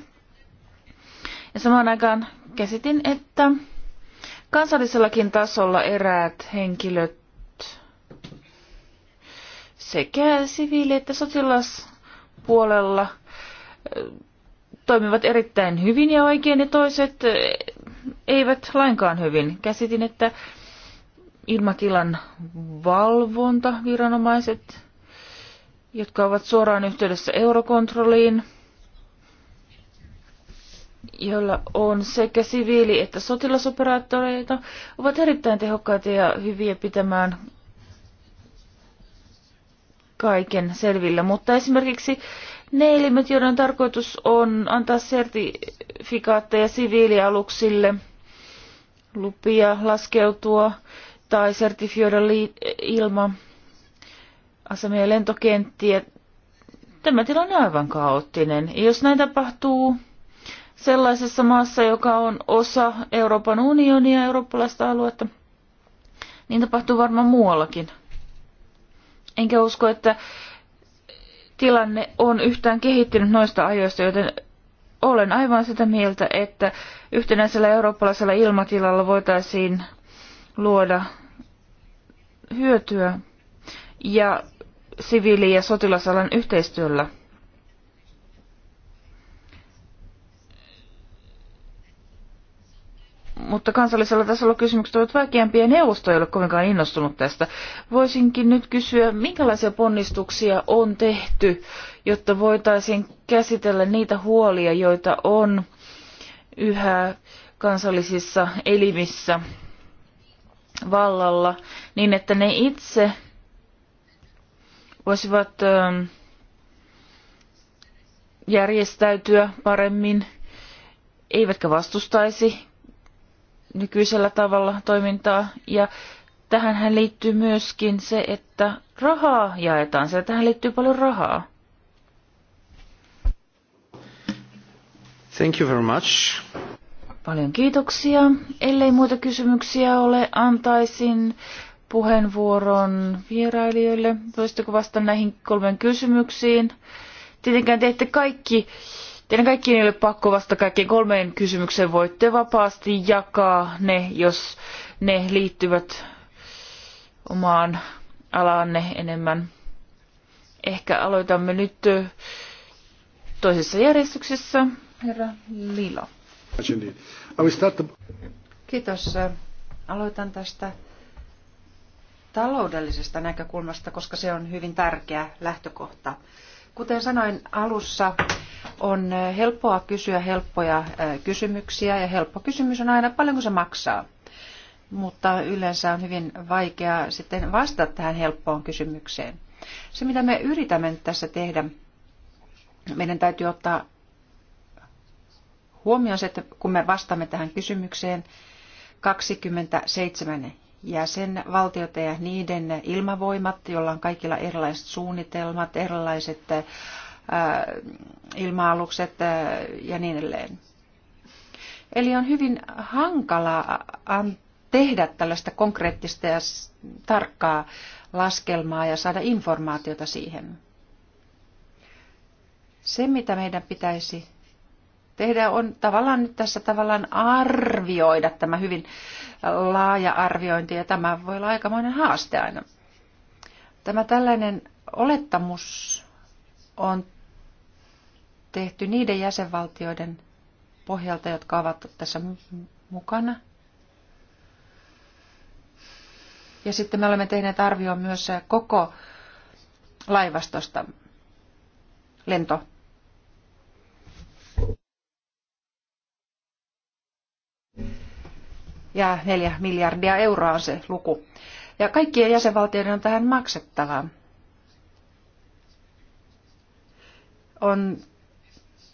Ja samaan aikaan käsitin, että kansallisellakin tasolla eräät henkilöt sekä siviili- että sotilaspuolella toimivat erittäin hyvin ja oikein ja toiset eivät lainkaan hyvin. Käsitin, että ilmatilan valvonta, viranomaiset jotka ovat suoraan yhteydessä eurokontrolliin, joilla on sekä siviili- että sotilasoperaattoreita, ovat erittäin tehokkaita ja hyviä pitämään kaiken selvillä. Mutta esimerkiksi ne elimet, joiden tarkoitus on antaa sertifikaatteja siviilialuksille, lupia laskeutua tai sertifioida ilma asemia ja lentokenttiä. Tämä tilanne on aivan kaoottinen. Ja jos näin tapahtuu sellaisessa maassa, joka on osa Euroopan unionia ja eurooppalaista aluetta, niin tapahtuu varmaan muuallakin. Enkä usko, että tilanne on yhtään kehittynyt noista ajoista, joten olen aivan sitä mieltä, että yhtenäisellä eurooppalaisella ilmatilalla voitaisiin luoda hyötyä. Ja siviili- ja sotilasalan yhteistyöllä. Mutta kansallisella tasolla kysymykset ovat vaikeampia ja neuvosto ei ole kovinkaan innostunut tästä. Voisinkin nyt kysyä, minkälaisia ponnistuksia on tehty, jotta voitaisiin käsitellä niitä huolia, joita on yhä kansallisissa elimissä vallalla, niin että ne itse voisivat ähm, järjestäytyä paremmin, eivätkä vastustaisi nykyisellä tavalla toimintaa. Ja tähän liittyy myöskin se, että rahaa jaetaan, sillä tähän liittyy paljon rahaa. Thank you very much. Paljon kiitoksia. Ellei muita kysymyksiä ole, antaisin puheenvuoron vierailijoille. Voisitteko vastata näihin kolmeen kysymyksiin? Tietenkään ette kaikki, teidän kaikkien ei ole pakko vastata kaikkien kolmeen kysymykseen. Voitte vapaasti jakaa ne, jos ne liittyvät omaan alaanne enemmän. Ehkä aloitamme nyt toisessa järjestyksessä. Herra Lila. Kiitos. Aloitan tästä taloudellisesta näkökulmasta, koska se on hyvin tärkeä lähtökohta. Kuten sanoin alussa, on helppoa kysyä helppoja kysymyksiä ja helppo kysymys on aina paljonko se maksaa. Mutta yleensä on hyvin vaikea sitten vastata tähän helppoon kysymykseen. Se, mitä me yritämme tässä tehdä, meidän täytyy ottaa huomioon se, että kun me vastaamme tähän kysymykseen, 27 jäsenvaltiota ja niiden ilmavoimat, joilla on kaikilla erilaiset suunnitelmat, erilaiset äh, ilma-alukset äh, ja niin edelleen. Eli on hyvin hankala äh, tehdä tällaista konkreettista ja tarkkaa laskelmaa ja saada informaatiota siihen. Se, mitä meidän pitäisi tehdä, on tavallaan nyt tässä tavallaan arvioida tämä hyvin äh, laaja arviointi ja tämä voi olla aikamoinen haaste aina. Tämä tällainen olettamus on tehty niiden jäsenvaltioiden pohjalta, jotka ovat tässä mukana. Ja sitten me olemme tehneet arvioon myös koko laivastosta, lento, ja 4 miljardia euroa on se luku. Ja kaikkien jäsenvaltioiden on tähän maksettava. On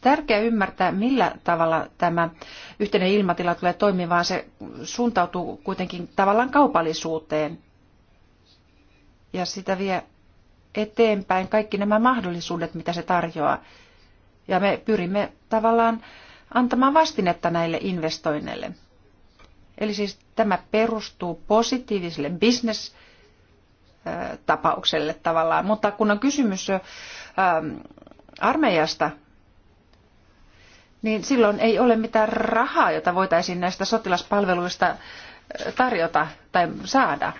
tärkeää ymmärtää, millä tavalla tämä yhteinen ilmatila tulee toimimaan. Se suuntautuu kuitenkin tavallaan kaupallisuuteen ja sitä vie eteenpäin kaikki nämä mahdollisuudet, mitä se tarjoaa. Ja me pyrimme tavallaan antamaan vastinetta näille investoinneille. Eli siis tämä perustuu positiiviselle business tapaukselle tavallaan, mutta kun on kysymys armeijasta, niin silloin ei ole mitään rahaa, jota voitaisiin näistä sotilaspalveluista tarjota tai saada.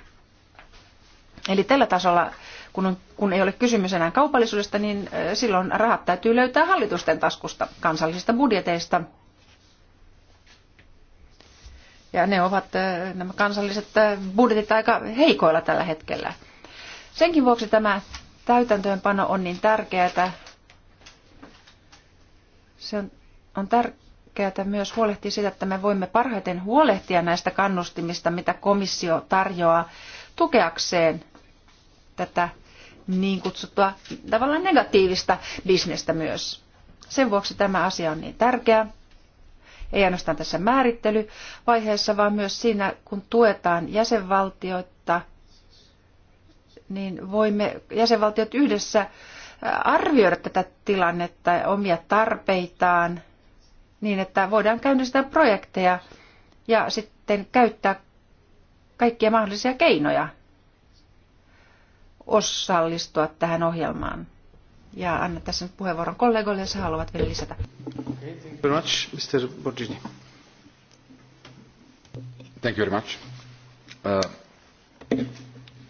Eli tällä tasolla, kun, on, kun ei ole kysymys enää kaupallisuudesta, niin silloin rahat täytyy löytää hallitusten taskusta, kansallisista budjeteista – ja ne ovat nämä kansalliset budjetit aika heikoilla tällä hetkellä. Senkin vuoksi tämä täytäntöönpano on niin tärkeää. Se on, on tärkeää myös huolehtia siitä, että me voimme parhaiten huolehtia näistä kannustimista, mitä komissio tarjoaa tukeakseen tätä niin kutsuttua tavallaan negatiivista bisnestä myös. Sen vuoksi tämä asia on niin tärkeä ei ainoastaan tässä määrittelyvaiheessa, vaan myös siinä, kun tuetaan jäsenvaltioita, niin voimme jäsenvaltiot yhdessä arvioida tätä tilannetta ja omia tarpeitaan niin, että voidaan käynnistää projekteja ja sitten käyttää kaikkia mahdollisia keinoja osallistua tähän ohjelmaan. Ja annan tässä nyt puheenvuoron kollegoille, jos he haluavat vielä lisätä thank you very much, Mr. Borgini. Thank you very much. Uh,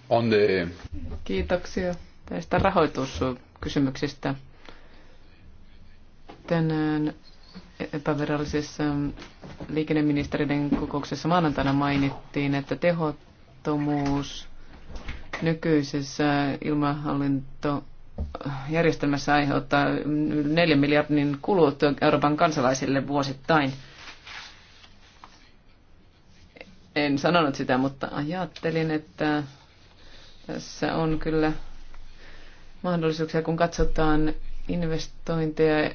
on the... Kiitoksia tästä rahoituskysymyksestä. Tänään epävirallisessa liikenneministeriden kokouksessa maanantaina mainittiin, että tehottomuus nykyisessä ilmahallinto järjestelmässä aiheuttaa 4 miljardin kulut Euroopan kansalaisille vuosittain. En sanonut sitä, mutta ajattelin, että tässä on kyllä mahdollisuuksia, kun katsotaan investointeja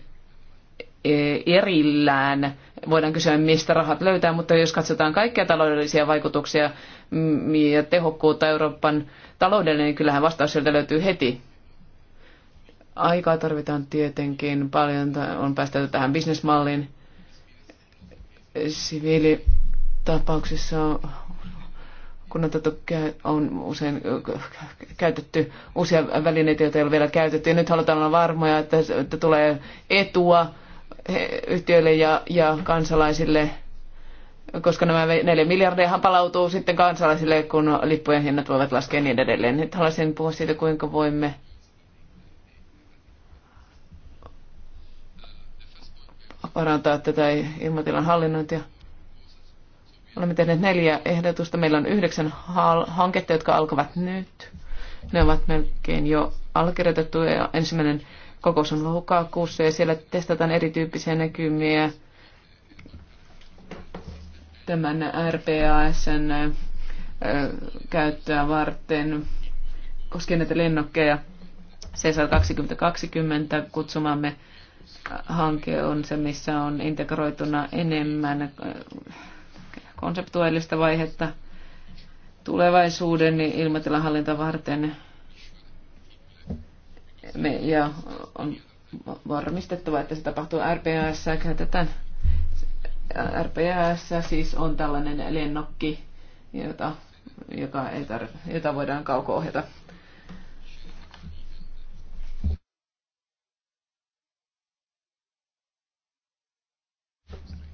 erillään. Voidaan kysyä, mistä rahat löytää, mutta jos katsotaan kaikkia taloudellisia vaikutuksia mm, ja tehokkuutta Euroopan taloudelle, niin kyllähän vastaus sieltä löytyy heti. Aikaa tarvitaan tietenkin paljon, on päästetty tähän bisnesmalliin. Siviilitapauksissa kun on, on usein käytetty uusia välineitä, joita ei ole vielä käytetty. Ja nyt halutaan olla varmoja, että, että tulee etua yhtiöille ja, ja kansalaisille, koska nämä neljä miljardeahan palautuu sitten kansalaisille, kun lippujen hinnat voivat laskea niin edelleen. Nyt haluaisin puhua siitä, kuinka voimme parantaa tätä ilmatilan hallinnointia. Olemme tehneet neljä ehdotusta. Meillä on yhdeksän hanketta, jotka alkavat nyt. Ne ovat melkein jo allekirjoitettu ja ensimmäinen kokous on lokakuussa ja siellä testataan erityyppisiä näkymiä tämän RPASn käyttöä varten koskien näitä lennokkeja. CSR 2020 kutsumamme hanke on se, missä on integroituna enemmän äh, konseptuaalista vaihetta tulevaisuuden ilmatilan hallinta varten. Me, ja on varmistettava, että se tapahtuu RPS käytetään. RPS siis on tällainen lennokki, jota, joka ei tarv- jota voidaan kauko-ohjata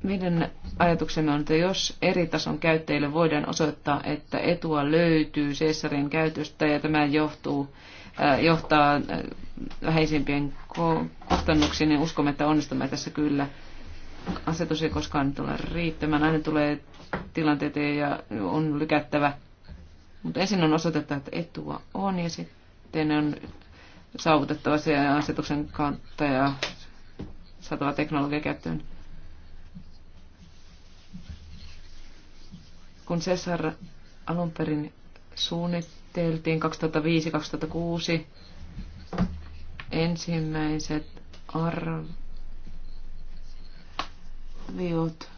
Meidän ajatuksemme on, että jos eri tason käyttäjille voidaan osoittaa, että etua löytyy Cesarin käytöstä ja tämä johtuu, äh, johtaa vähäisimpien kustannuksiin, niin uskomme, että onnistumme tässä kyllä. Asetus ei koskaan tule riittämään. Aina tulee tilanteita ja on lykättävä. Mutta ensin on osoitettava, että etua on ja sitten on saavutettava se asetuksen kautta ja saatava teknologia käyttöön. Kun Cesar alun perin suunniteltiin 2005-2006, ensimmäiset arviot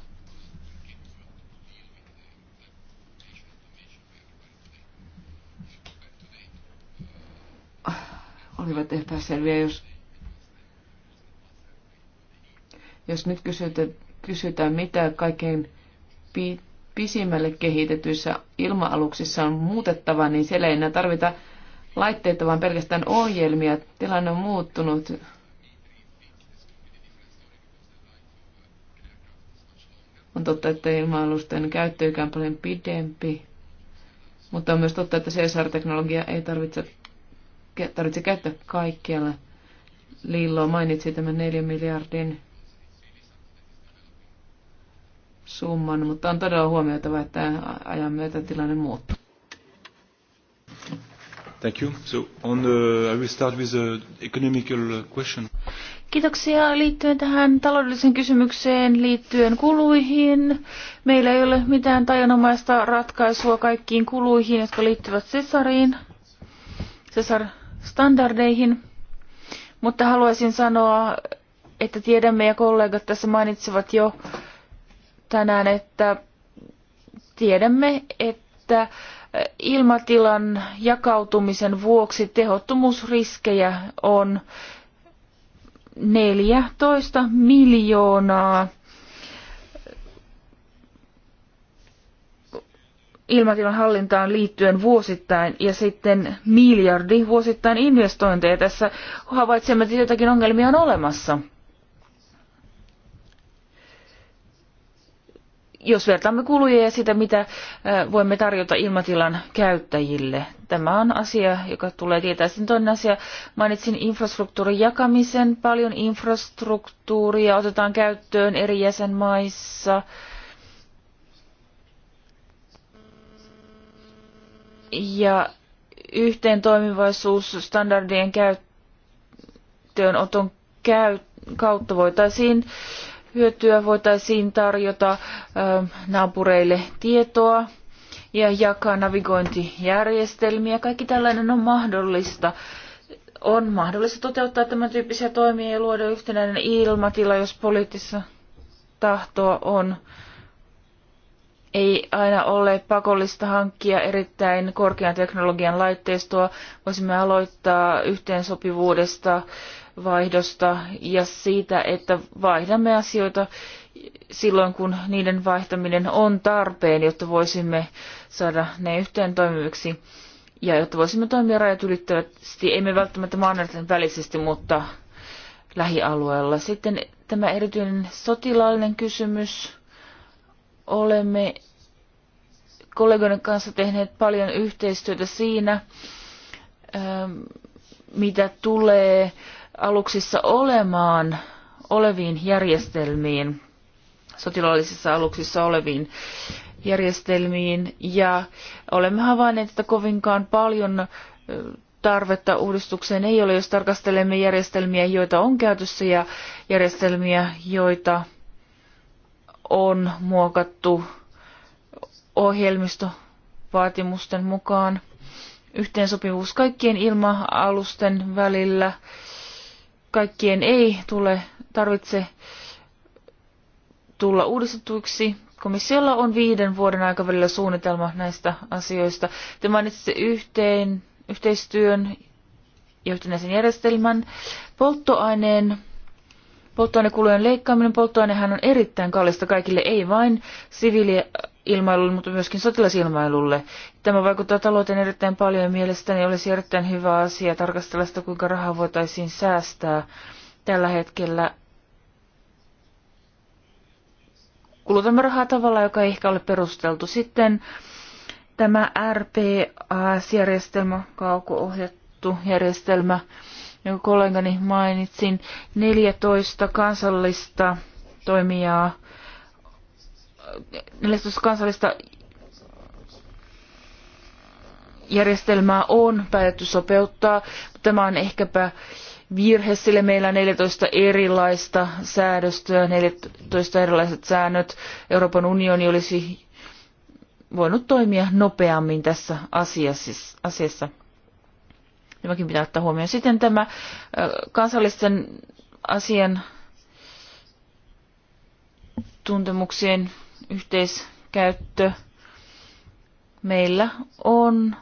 olivat epäselviä, jos, jos nyt kysytään, kysytään mitä kaikkein pit, pisimmälle kehitetyissä ilma-aluksissa on muutettava, niin siellä ei enää tarvita laitteita, vaan pelkästään ohjelmia. Tilanne on muuttunut. On totta, että ilma-alusten käyttö on paljon pidempi, mutta on myös totta, että CSR-teknologia ei tarvitse, tarvitse käyttää kaikkialla. Lillo mainitsi tämän 4 miljardin summan, mutta on todella huomioitava, että ajan myötä tilanne muuttuu. Thank you. So on the, I will start with the economical question. Kiitoksia liittyen tähän taloudelliseen kysymykseen liittyen kuluihin. Meillä ei ole mitään tajanomaista ratkaisua kaikkiin kuluihin, jotka liittyvät Cesariin, Cesar-standardeihin. Mutta haluaisin sanoa, että tiedämme ja kollegat tässä mainitsevat jo tänään, että tiedämme, että ilmatilan jakautumisen vuoksi tehottomuusriskejä on 14 miljoonaa ilmatilan hallintaan liittyen vuosittain ja sitten miljardi vuosittain investointeja. Tässä havaitsemme, että jotakin ongelmia on olemassa. jos vertaamme kuluja ja sitä, mitä voimme tarjota ilmatilan käyttäjille. Tämä on asia, joka tulee tietää. Sitten toinen asia, mainitsin infrastruktuurin jakamisen. Paljon infrastruktuuria otetaan käyttöön eri jäsenmaissa. Ja yhteen toimivaisuus standardien käyttöönoton käy- kautta voitaisiin hyötyä voitaisiin tarjota ähm, naapureille tietoa ja jakaa navigointijärjestelmiä. Kaikki tällainen on mahdollista. On mahdollista toteuttaa tämän tyyppisiä toimia ja luoda yhtenäinen ilmatila, jos poliittista tahtoa on. Ei aina ole pakollista hankkia erittäin korkean teknologian laitteistoa. Voisimme aloittaa yhteensopivuudesta vaihdosta ja siitä, että vaihdamme asioita silloin, kun niiden vaihtaminen on tarpeen, jotta voisimme saada ne yhteen toimiviksi ja jotta voisimme toimia rajat ylittävästi, emme välttämättä maanantain välisesti, mutta lähialueella. Sitten tämä erityinen sotilaallinen kysymys. Olemme kollegoiden kanssa tehneet paljon yhteistyötä siinä, ähm, mitä tulee aluksissa olemaan oleviin järjestelmiin, sotilaallisissa aluksissa oleviin järjestelmiin ja olemme havainneet, että kovinkaan paljon tarvetta uudistukseen ei ole, jos tarkastelemme järjestelmiä, joita on käytössä ja järjestelmiä, joita on muokattu ohjelmistovaatimusten mukaan. Yhteensopivuus kaikkien ilma-alusten välillä kaikkien ei tule tarvitse tulla uudistetuiksi. Komissiolla on viiden vuoden aikavälillä suunnitelma näistä asioista. Te mainitsitte yhteen, yhteistyön ja yhtenäisen järjestelmän. Polttoaineen, polttoainekulujen leikkaaminen, polttoainehan on erittäin kallista kaikille, ei vain siviili- ilmailulle, mutta myöskin sotilasilmailulle. Tämä vaikuttaa talouteen erittäin paljon. Mielestäni olisi erittäin hyvä asia tarkastella sitä, kuinka rahaa voitaisiin säästää tällä hetkellä. Kulutamme rahaa tavalla, joka ei ehkä ole perusteltu. Sitten tämä RPAS-järjestelmä, kauko-ohjattu järjestelmä, jonka kollegani mainitsin, 14 kansallista toimijaa – 14 kansallista järjestelmää on päätetty sopeuttaa. Tämä on ehkäpä virhe, sillä meillä on 14 erilaista säädöstöä, 14 erilaiset säännöt. Euroopan unioni olisi voinut toimia nopeammin tässä asiassa. Tämäkin pitää ottaa huomioon. Sitten tämä kansallisten asian tuntemuksien yhteiskäyttö. Meillä on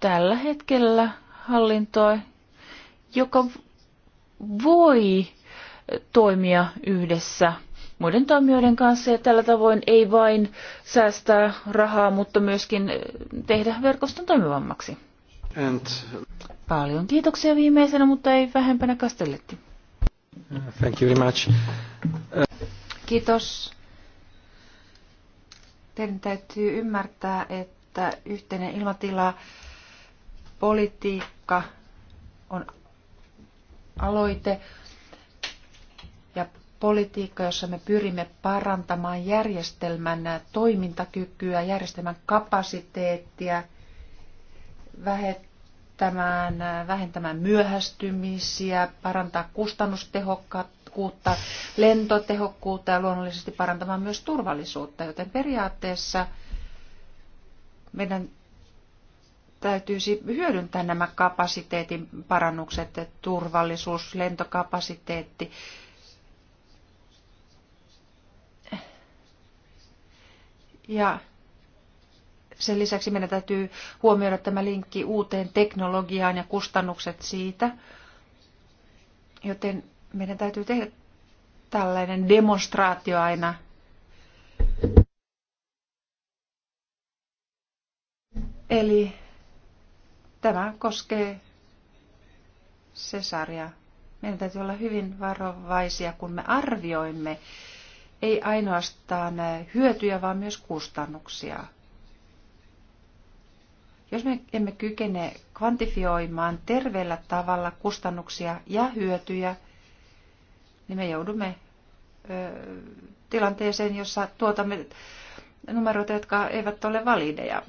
tällä hetkellä hallintoa, joka voi toimia yhdessä muiden toimijoiden kanssa ja tällä tavoin ei vain säästää rahaa, mutta myöskin eh, tehdä verkoston toimivammaksi. And... Paljon kiitoksia viimeisenä, mutta ei vähempänä Kastelletti. Thank you very much. Uh... Kiitos. Teidän täytyy ymmärtää, että yhteinen ilmatila politiikka on aloite ja politiikka, jossa me pyrimme parantamaan järjestelmän toimintakykyä, järjestelmän kapasiteettia, vähentämään, vähentämään myöhästymisiä, parantaa kustannustehokkautta tehokkuutta, lentotehokkuutta ja luonnollisesti parantamaan myös turvallisuutta. Joten periaatteessa meidän täytyisi hyödyntää nämä kapasiteetin parannukset, turvallisuus, lentokapasiteetti. Ja sen lisäksi meidän täytyy huomioida tämä linkki uuteen teknologiaan ja kustannukset siitä. Joten meidän täytyy tehdä tällainen demonstraatio aina. Eli tämä koskee Cesaria. Meidän täytyy olla hyvin varovaisia, kun me arvioimme ei ainoastaan hyötyjä, vaan myös kustannuksia. Jos me emme kykene kvantifioimaan terveellä tavalla kustannuksia ja hyötyjä, niin me joudumme tilanteeseen, jossa tuotamme numeroita, jotka eivät ole valideja.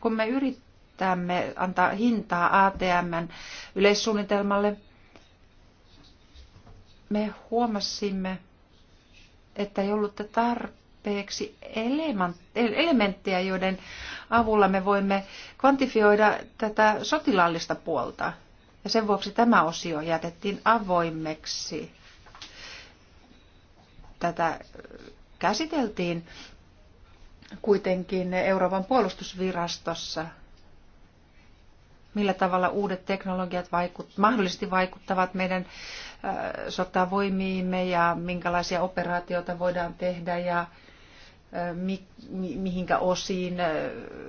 Kun me yritämme antaa hintaa ATMn yleissuunnitelmalle, me huomasimme, että ei ollut tarpeeksi elementtejä, joiden avulla me voimme kvantifioida tätä sotilaallista puolta. Ja sen vuoksi tämä osio jätettiin avoimeksi tätä käsiteltiin kuitenkin Euroopan puolustusvirastossa. Millä tavalla uudet teknologiat vaikut, mahdollisesti vaikuttavat meidän sotavoimiimme ja minkälaisia operaatioita voidaan tehdä ja mi, mi, mihinkä osiin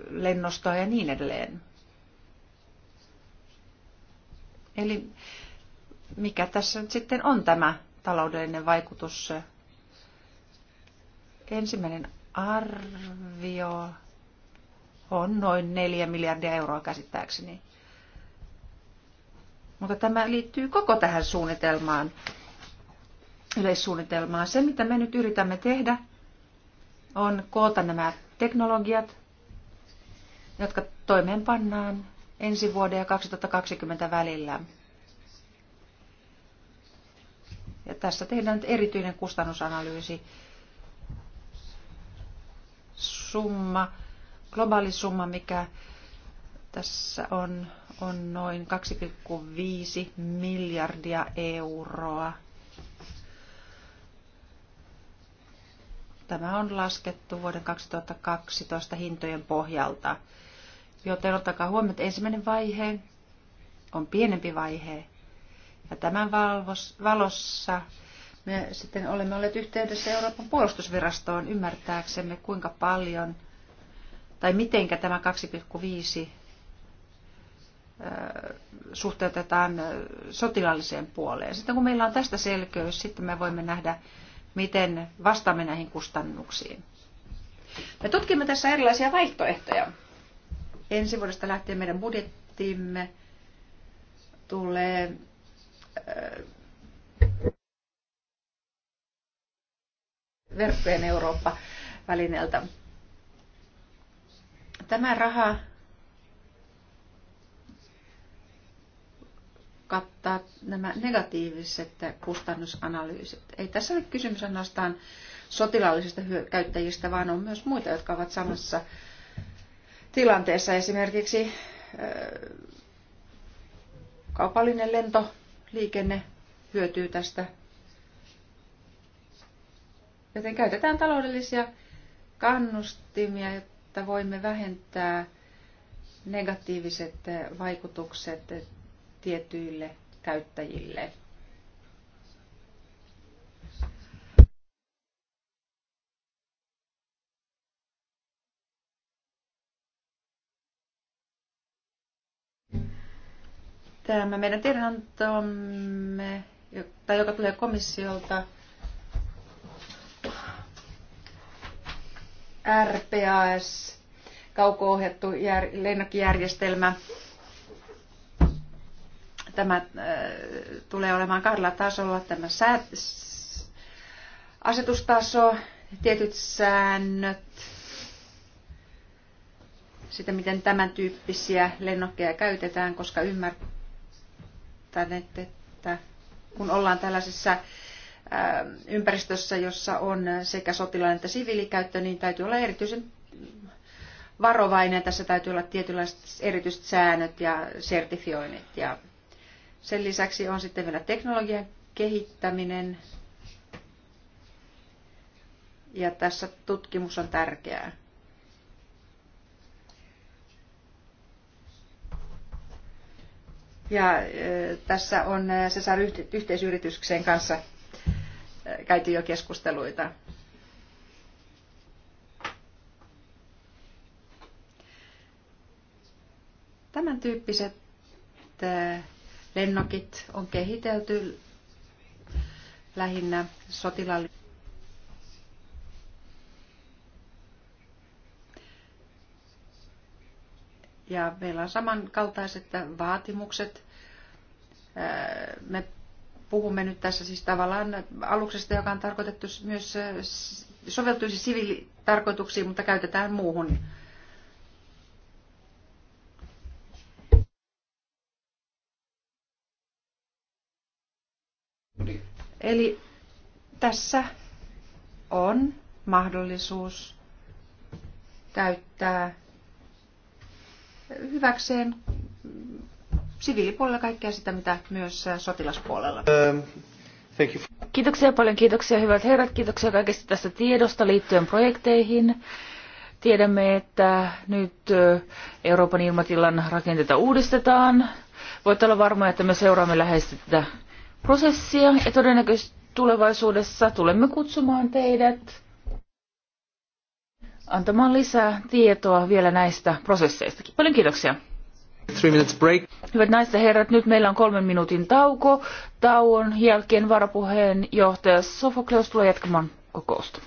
lennostoa ja niin edelleen. Eli mikä tässä nyt sitten on tämä taloudellinen vaikutus Ensimmäinen arvio on noin 4 miljardia euroa käsittääkseni. Mutta tämä liittyy koko tähän suunnitelmaan, yleissuunnitelmaan. Se, mitä me nyt yritämme tehdä, on koota nämä teknologiat, jotka toimeenpannaan ensi vuoden ja 2020 välillä. Ja tässä tehdään nyt erityinen kustannusanalyysi summa, globaali summa, mikä tässä on, on noin 2,5 miljardia euroa. Tämä on laskettu vuoden 2012 hintojen pohjalta. Joten ottakaa huomioon, että ensimmäinen vaihe on pienempi vaihe. Ja tämän valossa me sitten olemme olleet yhteydessä Euroopan puolustusvirastoon ymmärtääksemme, kuinka paljon tai mitenkä tämä 2,5 suhteutetaan sotilaalliseen puoleen. Sitten kun meillä on tästä selkeys, sitten me voimme nähdä, miten vastaamme näihin kustannuksiin. Me tutkimme tässä erilaisia vaihtoehtoja. Ensi vuodesta lähtien meidän budjettimme tulee verkkojen Eurooppa-välineeltä. Tämä raha kattaa nämä negatiiviset kustannusanalyysit. Ei tässä ole kysymys ainoastaan sotilaallisista käyttäjistä, vaan on myös muita, jotka ovat samassa tilanteessa. Esimerkiksi kaupallinen lentoliikenne hyötyy tästä Joten käytetään taloudellisia kannustimia, jotta voimme vähentää negatiiviset vaikutukset tietyille käyttäjille. Tämä meidän tiedonantomme, tai joka tulee komissiolta, RPAS, kauko-ohjattu jär, lennokkijärjestelmä. Tämä äh, tulee olemaan kahdella tasolla, tämä sää, asetustaso, tietyt säännöt, sitä, miten tämän tyyppisiä lennokkeja käytetään, koska ymmärtäneet, että kun ollaan tällaisessa ympäristössä, jossa on sekä sotilaan että siviilikäyttö, niin täytyy olla erityisen varovainen. Tässä täytyy olla tietynlaiset erityiset säännöt ja sertifioinnit. Ja sen lisäksi on sitten vielä teknologian kehittäminen. Ja tässä tutkimus on tärkeää. Ja tässä on Cesar yhteisyrityksen kanssa käyty jo keskusteluita. Tämän tyyppiset eh, lennokit on kehitelty lähinnä sotilaallisille ja meillä on samankaltaiset vaatimukset. Eh, me puhumme nyt tässä siis tavallaan aluksesta, joka on tarkoitettu myös soveltuisi siviilitarkoituksiin, mutta käytetään muuhun. Eli tässä on mahdollisuus käyttää hyväkseen siviilipuolella kaikkea sitä, mitä myös äh, sotilaspuolella. Um, kiitoksia paljon, kiitoksia hyvät herrat, kiitoksia kaikesta tästä tiedosta liittyen projekteihin. Tiedämme, että nyt äh, Euroopan ilmatilan rakenteita uudistetaan. Voitte olla varmoja, että me seuraamme läheisesti tätä prosessia ja todennäköisesti tulevaisuudessa tulemme kutsumaan teidät antamaan lisää tietoa vielä näistä prosesseista. Paljon kiitoksia. Hyvät naiset ja herrat, nyt meillä on kolmen minuutin tauko. Tauon jälkeen varapuheenjohtaja Sofokleus tulee jatkamaan kokousta.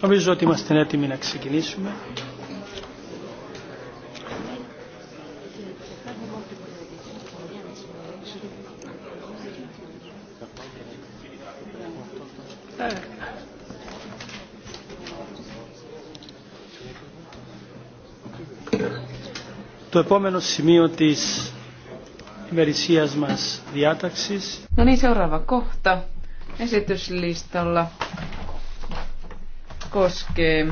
Νομίζω ότι είμαστε έτοιμοι να ξεκινήσουμε. Το επόμενο σημείο της ημερησίας μας διάταξης. No niin, seuraava kohta esityslistalla koskee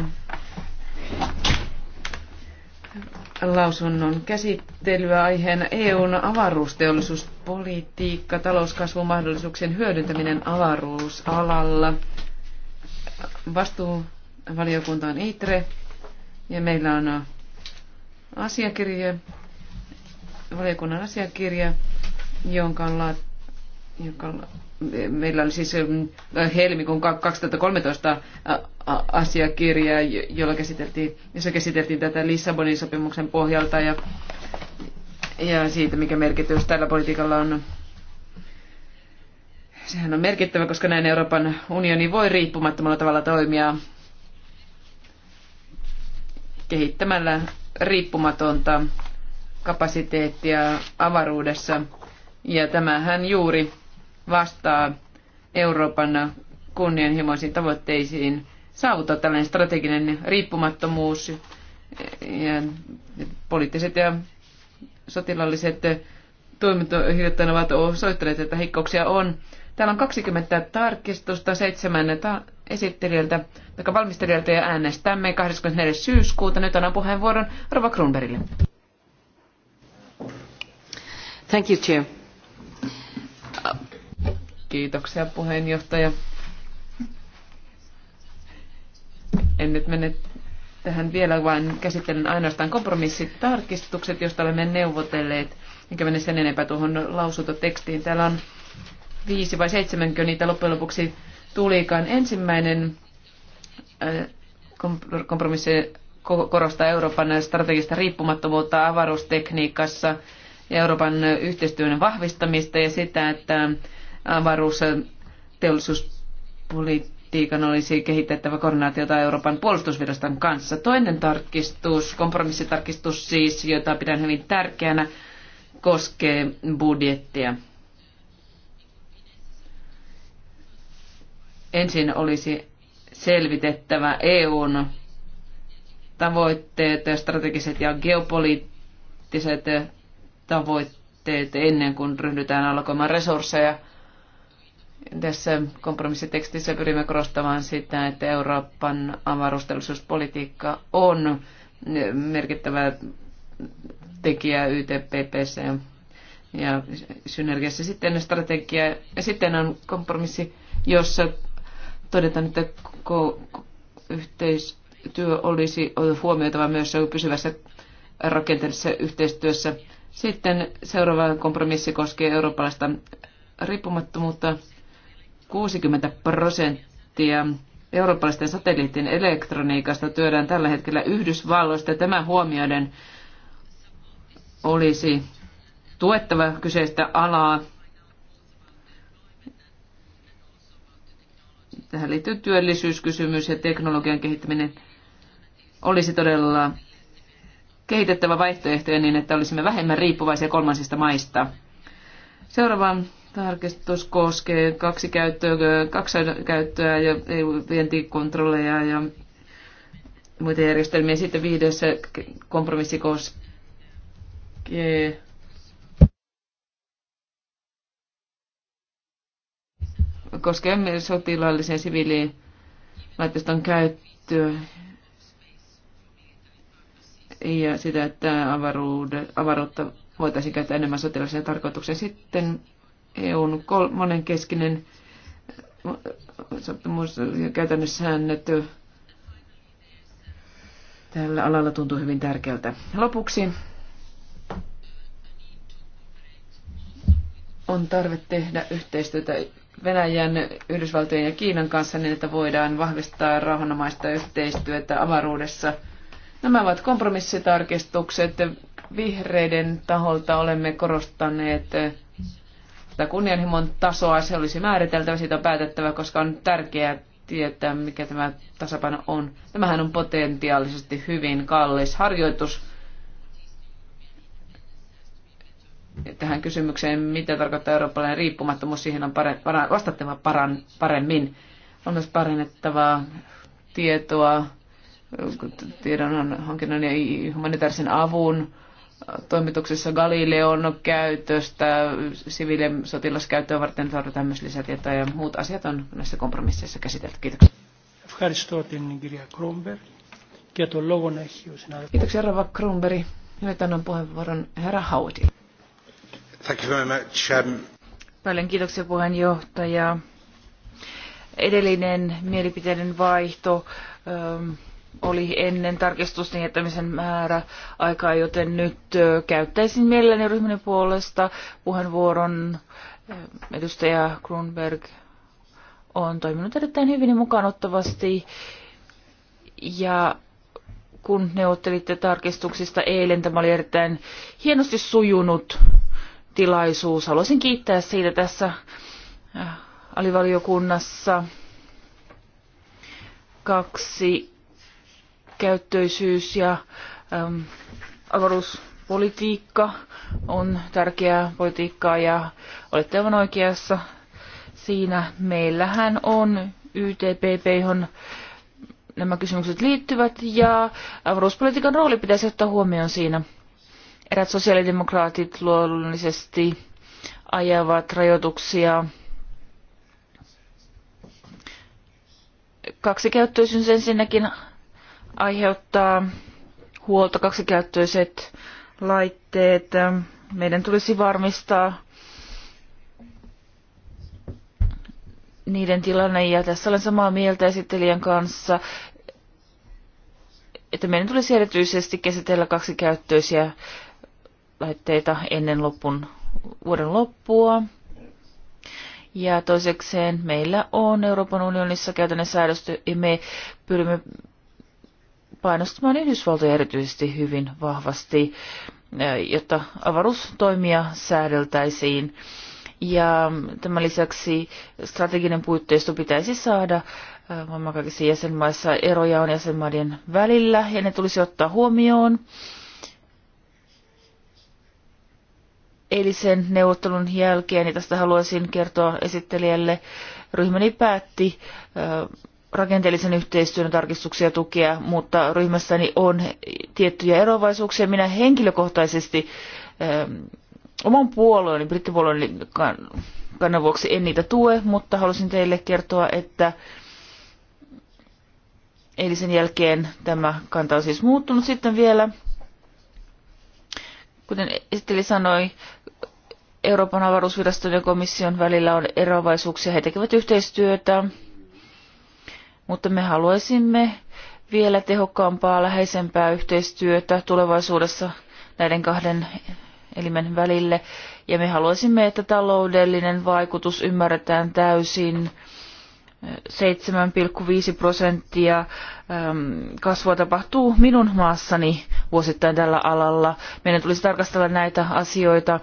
lausunnon käsittelyä aiheena EUn avaruusteollisuuspolitiikka, talouskasvun mahdollisuuksien hyödyntäminen avaruusalalla. Vastuuvaliokunta on ITRE ja meillä on asiakirja, valiokunnan asiakirja, jonka on laat, on, meillä oli siis helmikuun 2013 asiakirjaa, jolla käsiteltiin, jossa käsiteltiin tätä Lissabonin sopimuksen pohjalta ja, ja siitä, mikä merkitys tällä politiikalla on. Sehän on merkittävä, koska näin Euroopan unioni voi riippumattomalla tavalla toimia kehittämällä riippumatonta kapasiteettia avaruudessa. Ja tämähän juuri vastaa Euroopan kunnianhimoisiin tavoitteisiin saavuttaa tällainen strateginen riippumattomuus ja poliittiset ja sotilalliset toimintohjoittajat ovat osoittaneet, että heikkouksia on. Täällä on 20 tarkistusta seitsemän esittelijältä, tai valmistelijalta ja äänestämme 24. syyskuuta. Nyt annan puheenvuoron Rova Grunbergille. Thank you, Chair. Kiitoksia puheenjohtaja. mene tähän vielä, vaan käsittelen ainoastaan kompromissitarkistukset, joista olemme neuvotelleet, enkä mene sen enempää tuohon lausuntotekstiin. Täällä on viisi vai seitsemänkö niitä loppujen lopuksi tulikaan. Ensimmäinen äh, kompromissi korostaa Euroopan strategista riippumattomuutta avaruustekniikassa ja Euroopan yhteistyön vahvistamista ja sitä, että avaruusteollisuuspolitiikka politiikan olisi kehitettävä koordinaatiota Euroopan puolustusviraston kanssa. Toinen tarkistus, kompromissitarkistus siis, jota pidän hyvin tärkeänä, koskee budjettia. Ensin olisi selvitettävä EUn tavoitteet, strategiset ja geopoliittiset tavoitteet ennen kuin ryhdytään alkoimaan resursseja tässä kompromissitekstissä pyrimme korostamaan sitä, että Euroopan avaruustelusuuspolitiikka on merkittävä tekijä YTPPC ja synergiassa sitten strategia. Ja sitten on kompromissi, jossa todetaan, että koko yhteistyö olisi huomioitava myös pysyvässä rakenteellisessa yhteistyössä. Sitten seuraava kompromissi koskee eurooppalaista riippumattomuutta. 60 prosenttia eurooppalaisten satelliittien elektroniikasta työdään tällä hetkellä Yhdysvalloista. Tämä huomioiden olisi tuettava kyseistä alaa. Tähän liittyy työllisyyskysymys ja teknologian kehittäminen. Olisi todella kehitettävä vaihtoehtoja niin, että olisimme vähemmän riippuvaisia kolmansista maista. Seuraavaan tarkistus koskee kaksi käyttöä, kaksi käyttöä ja vientikontrolleja ja muita järjestelmiä. Sitten viides kompromissi koskee koskee myös sotilaallisen siviiliin laitteiston käyttöä ja sitä, että avaruutta voitaisiin käyttää enemmän sotilaalliseen tarkoitukseen. Sitten EUn monenkeskinen sopimus ja käytännössä säännöt tällä alalla tuntuu hyvin tärkeältä. Lopuksi on tarve tehdä yhteistyötä Venäjän, Yhdysvaltojen ja Kiinan kanssa niin, että voidaan vahvistaa rauhanomaista yhteistyötä avaruudessa. Nämä ovat kompromissitarkistukset. Vihreiden taholta olemme korostaneet tätä kunnianhimon tasoa, se olisi määriteltävä, siitä on päätettävä, koska on tärkeää tietää, mikä tämä tasapaino on. Tämähän on potentiaalisesti hyvin kallis harjoitus. Tähän kysymykseen, mitä tarkoittaa eurooppalainen riippumattomuus, siihen on pare, para, vastattava paran, paremmin. On myös parannettavaa tietoa, tiedon hankinnan ja humanitaarisen avun toimituksessa Galileon käytöstä, siviilien ja sotilaskäyttöä varten tarvitaan myös lisätietoja ja muut asiat on näissä kompromisseissa käsitelty. Kiitoksia. Kiitoksia Rava Kronberg. Nyt annan puheenvuoron herra Hauti. Thank you very much. Um... Paljon kiitoksia puheenjohtaja. Edellinen mielipiteiden vaihto. Um, oli ennen tarkistusten jättämisen määrä aikaa, joten nyt käyttäisin mielelläni ryhmän puolesta puheenvuoron. Edustaja Grunberg on toiminut erittäin hyvin ja mukaanottavasti. Ja kun neuvottelitte tarkistuksista eilen, tämä oli erittäin hienosti sujunut tilaisuus. Haluaisin kiittää siitä tässä alivaliokunnassa. Kaksi käyttöisyys ja äm, avaruuspolitiikka on tärkeää politiikkaa ja olette aivan oikeassa siinä. Meillähän on YTPP, johon nämä kysymykset liittyvät ja avaruuspolitiikan rooli pitäisi ottaa huomioon siinä. Erät sosiaalidemokraatit luonnollisesti ajavat rajoituksia kaksikäyttöisyys ensinnäkin aiheuttaa huolta kaksikäyttöiset laitteet. Meidän tulisi varmistaa niiden tilanne, ja tässä olen samaa mieltä esittelijän kanssa, että meidän tulisi erityisesti käsitellä kaksikäyttöisiä laitteita ennen loppun, vuoden loppua. Ja toisekseen meillä on Euroopan unionissa käytännön säädöstö ja me pyrimme painostamaan Yhdysvaltoja erityisesti hyvin vahvasti, jotta avaruustoimia säädeltäisiin. Ja tämän lisäksi strateginen puitteisto pitäisi saada maailmankaikissa jäsenmaissa. Eroja on jäsenmaiden välillä ja ne tulisi ottaa huomioon. eilisen neuvottelun jälkeen, ja tästä haluaisin kertoa esittelijälle, ryhmäni päätti rakenteellisen yhteistyön tarkistuksia tukea, mutta ryhmässäni on tiettyjä eroavaisuuksia. Minä henkilökohtaisesti ähm, oman puolueeni, brittipuolueeni kannan vuoksi en niitä tue, mutta halusin teille kertoa, että eilisen jälkeen tämä kanta on siis muuttunut sitten vielä. Kuten esitteli sanoi, Euroopan avaruusviraston ja komission välillä on eroavaisuuksia. He tekevät yhteistyötä mutta me haluaisimme vielä tehokkaampaa, läheisempää yhteistyötä tulevaisuudessa näiden kahden elimen välille. Ja me haluaisimme, että taloudellinen vaikutus ymmärretään täysin. 7,5 prosenttia kasvua tapahtuu minun maassani vuosittain tällä alalla. Meidän tulisi tarkastella näitä asioita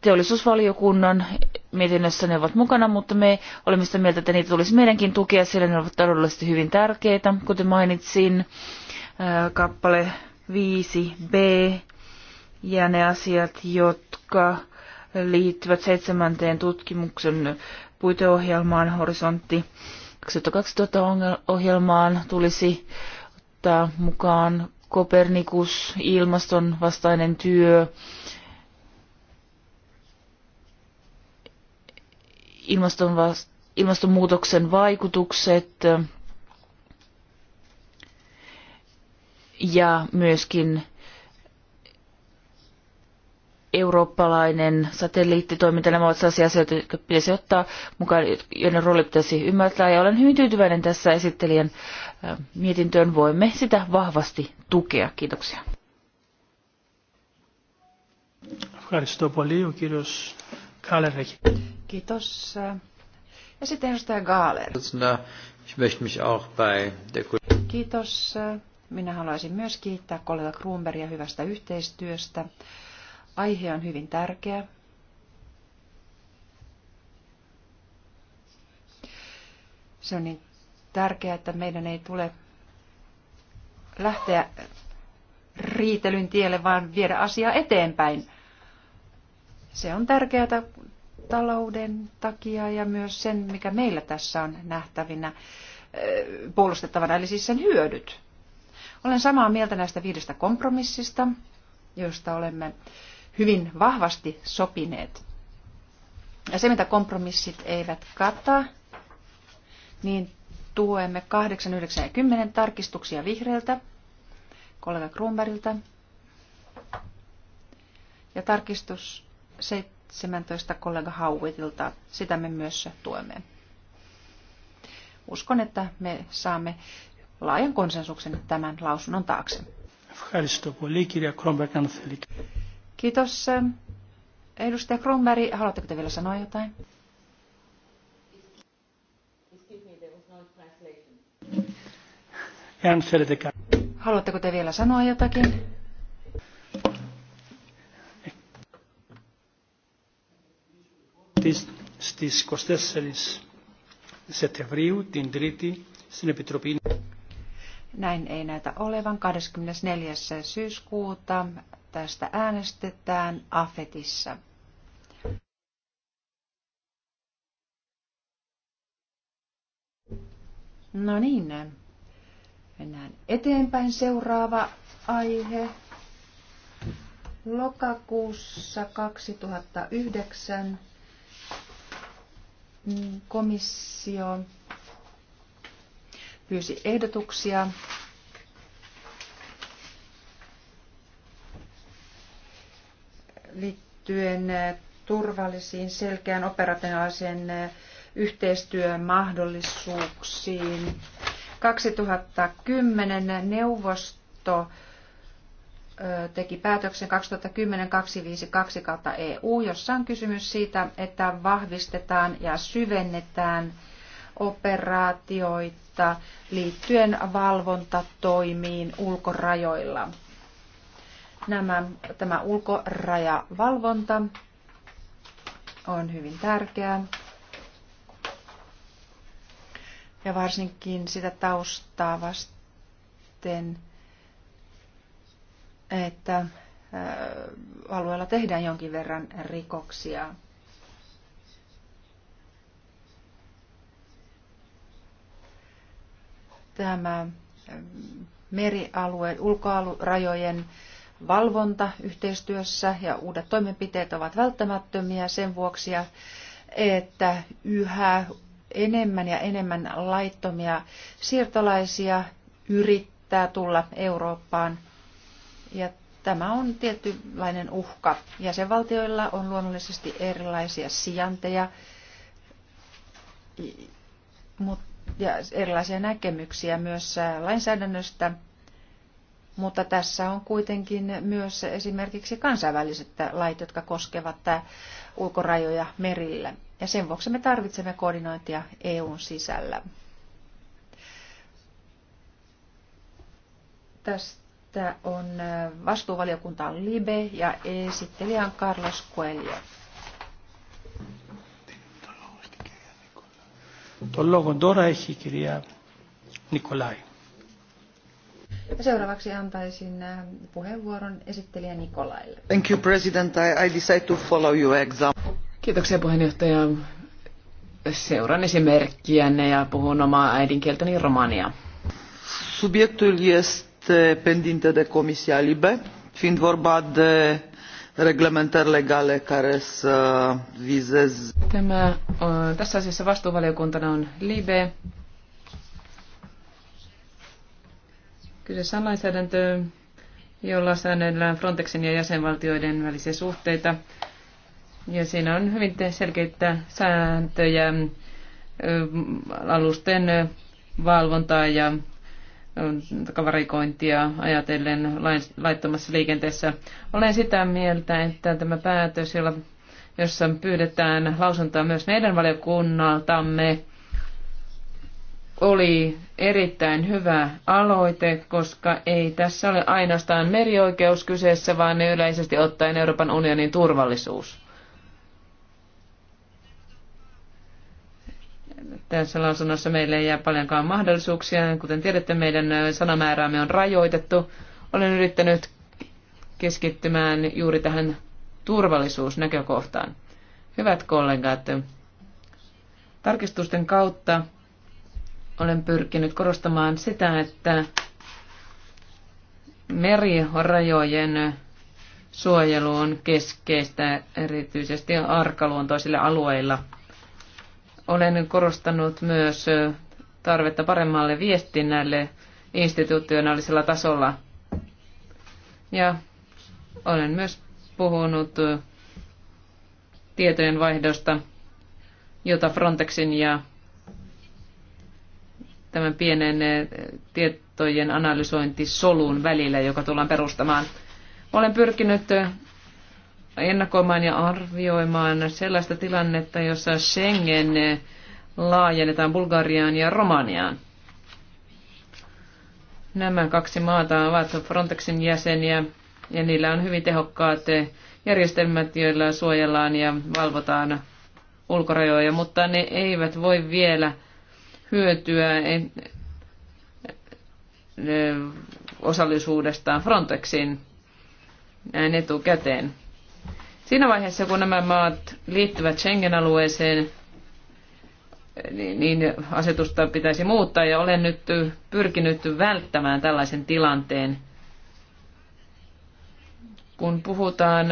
teollisuusvaliokunnan mietinnössä ne ovat mukana, mutta me olemme sitä mieltä, että niitä tulisi meidänkin tukea, sillä ne ovat taloudellisesti hyvin tärkeitä. Kuten mainitsin, kappale 5b ja ne asiat, jotka liittyvät seitsemänteen tutkimuksen puiteohjelmaan, horisontti 2020 ohjelmaan tulisi ottaa mukaan Kopernikus, ilmaston vastainen työ, ilmaston ilmastonmuutoksen vaikutukset ja myöskin eurooppalainen satelliittitoiminta, nämä ovat sellaisia asioita, jotka pitäisi ottaa mukaan, joiden rooli pitäisi ymmärtää. Ja olen hyvin tyytyväinen tässä esittelijän mietintöön. Voimme sitä vahvasti tukea. Kiitoksia. Ευχαριστώ πολύ. Ο κύριος Kalerich. Kiitos. Ja sitten edustaja Gaaler. Kiitos. Minä haluaisin myös kiittää kollega Kruunberia hyvästä yhteistyöstä. Aihe on hyvin tärkeä. Se on niin tärkeää, että meidän ei tule lähteä riitelyn tielle, vaan viedä asiaa eteenpäin. Se on tärkeää talouden takia ja myös sen, mikä meillä tässä on nähtävinä puolustettavana, eli siis sen hyödyt. Olen samaa mieltä näistä viidestä kompromissista, joista olemme hyvin vahvasti sopineet. Ja se, mitä kompromissit eivät kata, niin tuemme 8, 9 ja 10 tarkistuksia vihreiltä, kollega Kruunbergiltä. Ja tarkistus 17 kollega hauvitilta Sitä me myös tuemme. Uskon, että me saamme laajan konsensuksen tämän lausunnon taakse. Kiitos. Edustaja Kromberg, haluatteko te vielä sanoa jotain? Haluatteko te vielä sanoa jotakin? στις 24 Σεπτεμβρίου, την Τρίτη, στην Επιτροπή. Näin ei näytä olevan. 24. syyskuuta tästä äänestetään AFETissa. No niin, mennään eteenpäin. Seuraava aihe. Lokakuussa 2009 Komissio pyysi ehdotuksia liittyen eh, turvallisiin, selkeän operationaalisen eh, yhteistyön mahdollisuuksiin. 2010 neuvosto teki päätöksen 2010-252 kautta EU, jossa on kysymys siitä, että vahvistetaan ja syvennetään operaatioita liittyen valvontatoimiin ulkorajoilla. Nämä, tämä ulkorajavalvonta on hyvin tärkeää. Ja varsinkin sitä taustaa vasten, että äh, alueella tehdään jonkin verran rikoksia. Tämä äh, merialue, ulkoalurajojen valvonta yhteistyössä ja uudet toimenpiteet ovat välttämättömiä sen vuoksi, että yhä enemmän ja enemmän laittomia siirtolaisia yrittää tulla Eurooppaan – ja tämä on tietynlainen uhka. Jäsenvaltioilla on luonnollisesti erilaisia sijanteja ja erilaisia näkemyksiä myös lainsäädännöstä, mutta tässä on kuitenkin myös esimerkiksi kansainväliset lait, jotka koskevat ulkorajoja merillä. Ja sen vuoksi me tarvitsemme koordinointia EUn sisällä. Tästä että on äh, vastuuvaliokunta Libe ja esittelijä on Carlos Coelho. Τον Seuraavaksi antaisin äh, puheenvuoron esittelijä Nikolaille. Thank you, President. I, I decide to follow your example. Kiitoksia puheenjohtaja. Seuraan esimerkkiänne ja puhun omaa äidinkieltäni romania. Subiectul este este eh, pendinte de comisia libe fiind vorba de reglementări legale care să vizeze. Tämä, eh, tässä asiassa vastuuvaliokuntana on LIBE. Kyseessä on lainsäädäntö, jolla säännellään Frontexin ja jäsenvaltioiden välisiä suhteita. Ja siinä on hyvin selkeitä sääntöjä eh, alusten valvontaa ja takavarikointia ajatellen laittomassa liikenteessä. Olen sitä mieltä, että tämä päätös, jolla, jossa pyydetään lausuntoa myös meidän valiokunnaltamme, oli erittäin hyvä aloite, koska ei tässä ole ainoastaan merioikeus kyseessä, vaan yleisesti ottaen Euroopan unionin turvallisuus. tässä lausunnossa meille ei jää paljonkaan mahdollisuuksia. Kuten tiedätte, meidän sanamäärämme on rajoitettu. Olen yrittänyt keskittymään juuri tähän turvallisuusnäkökohtaan. Hyvät kollegat, tarkistusten kautta olen pyrkinyt korostamaan sitä, että merirajojen suojelu on keskeistä erityisesti arkaluontoisilla alueilla – olen korostanut myös tarvetta paremmalle viestinnälle institutionaalisella tasolla. Ja olen myös puhunut tietojen vaihdosta, jota Frontexin ja tämän pienen tietojen analysointisolun välillä, joka tullaan perustamaan. Olen pyrkinyt ennakoimaan ja arvioimaan sellaista tilannetta, jossa Schengen laajennetaan Bulgariaan ja Romaniaan. Nämä kaksi maata ovat Frontexin jäseniä ja niillä on hyvin tehokkaat järjestelmät, joilla suojellaan ja valvotaan ulkorajoja, mutta ne eivät voi vielä hyötyä osallisuudestaan Frontexin näin etukäteen. Siinä vaiheessa, kun nämä maat liittyvät Schengen-alueeseen, niin, niin asetusta pitäisi muuttaa ja olen nyt pyrkinyt välttämään tällaisen tilanteen. Kun puhutaan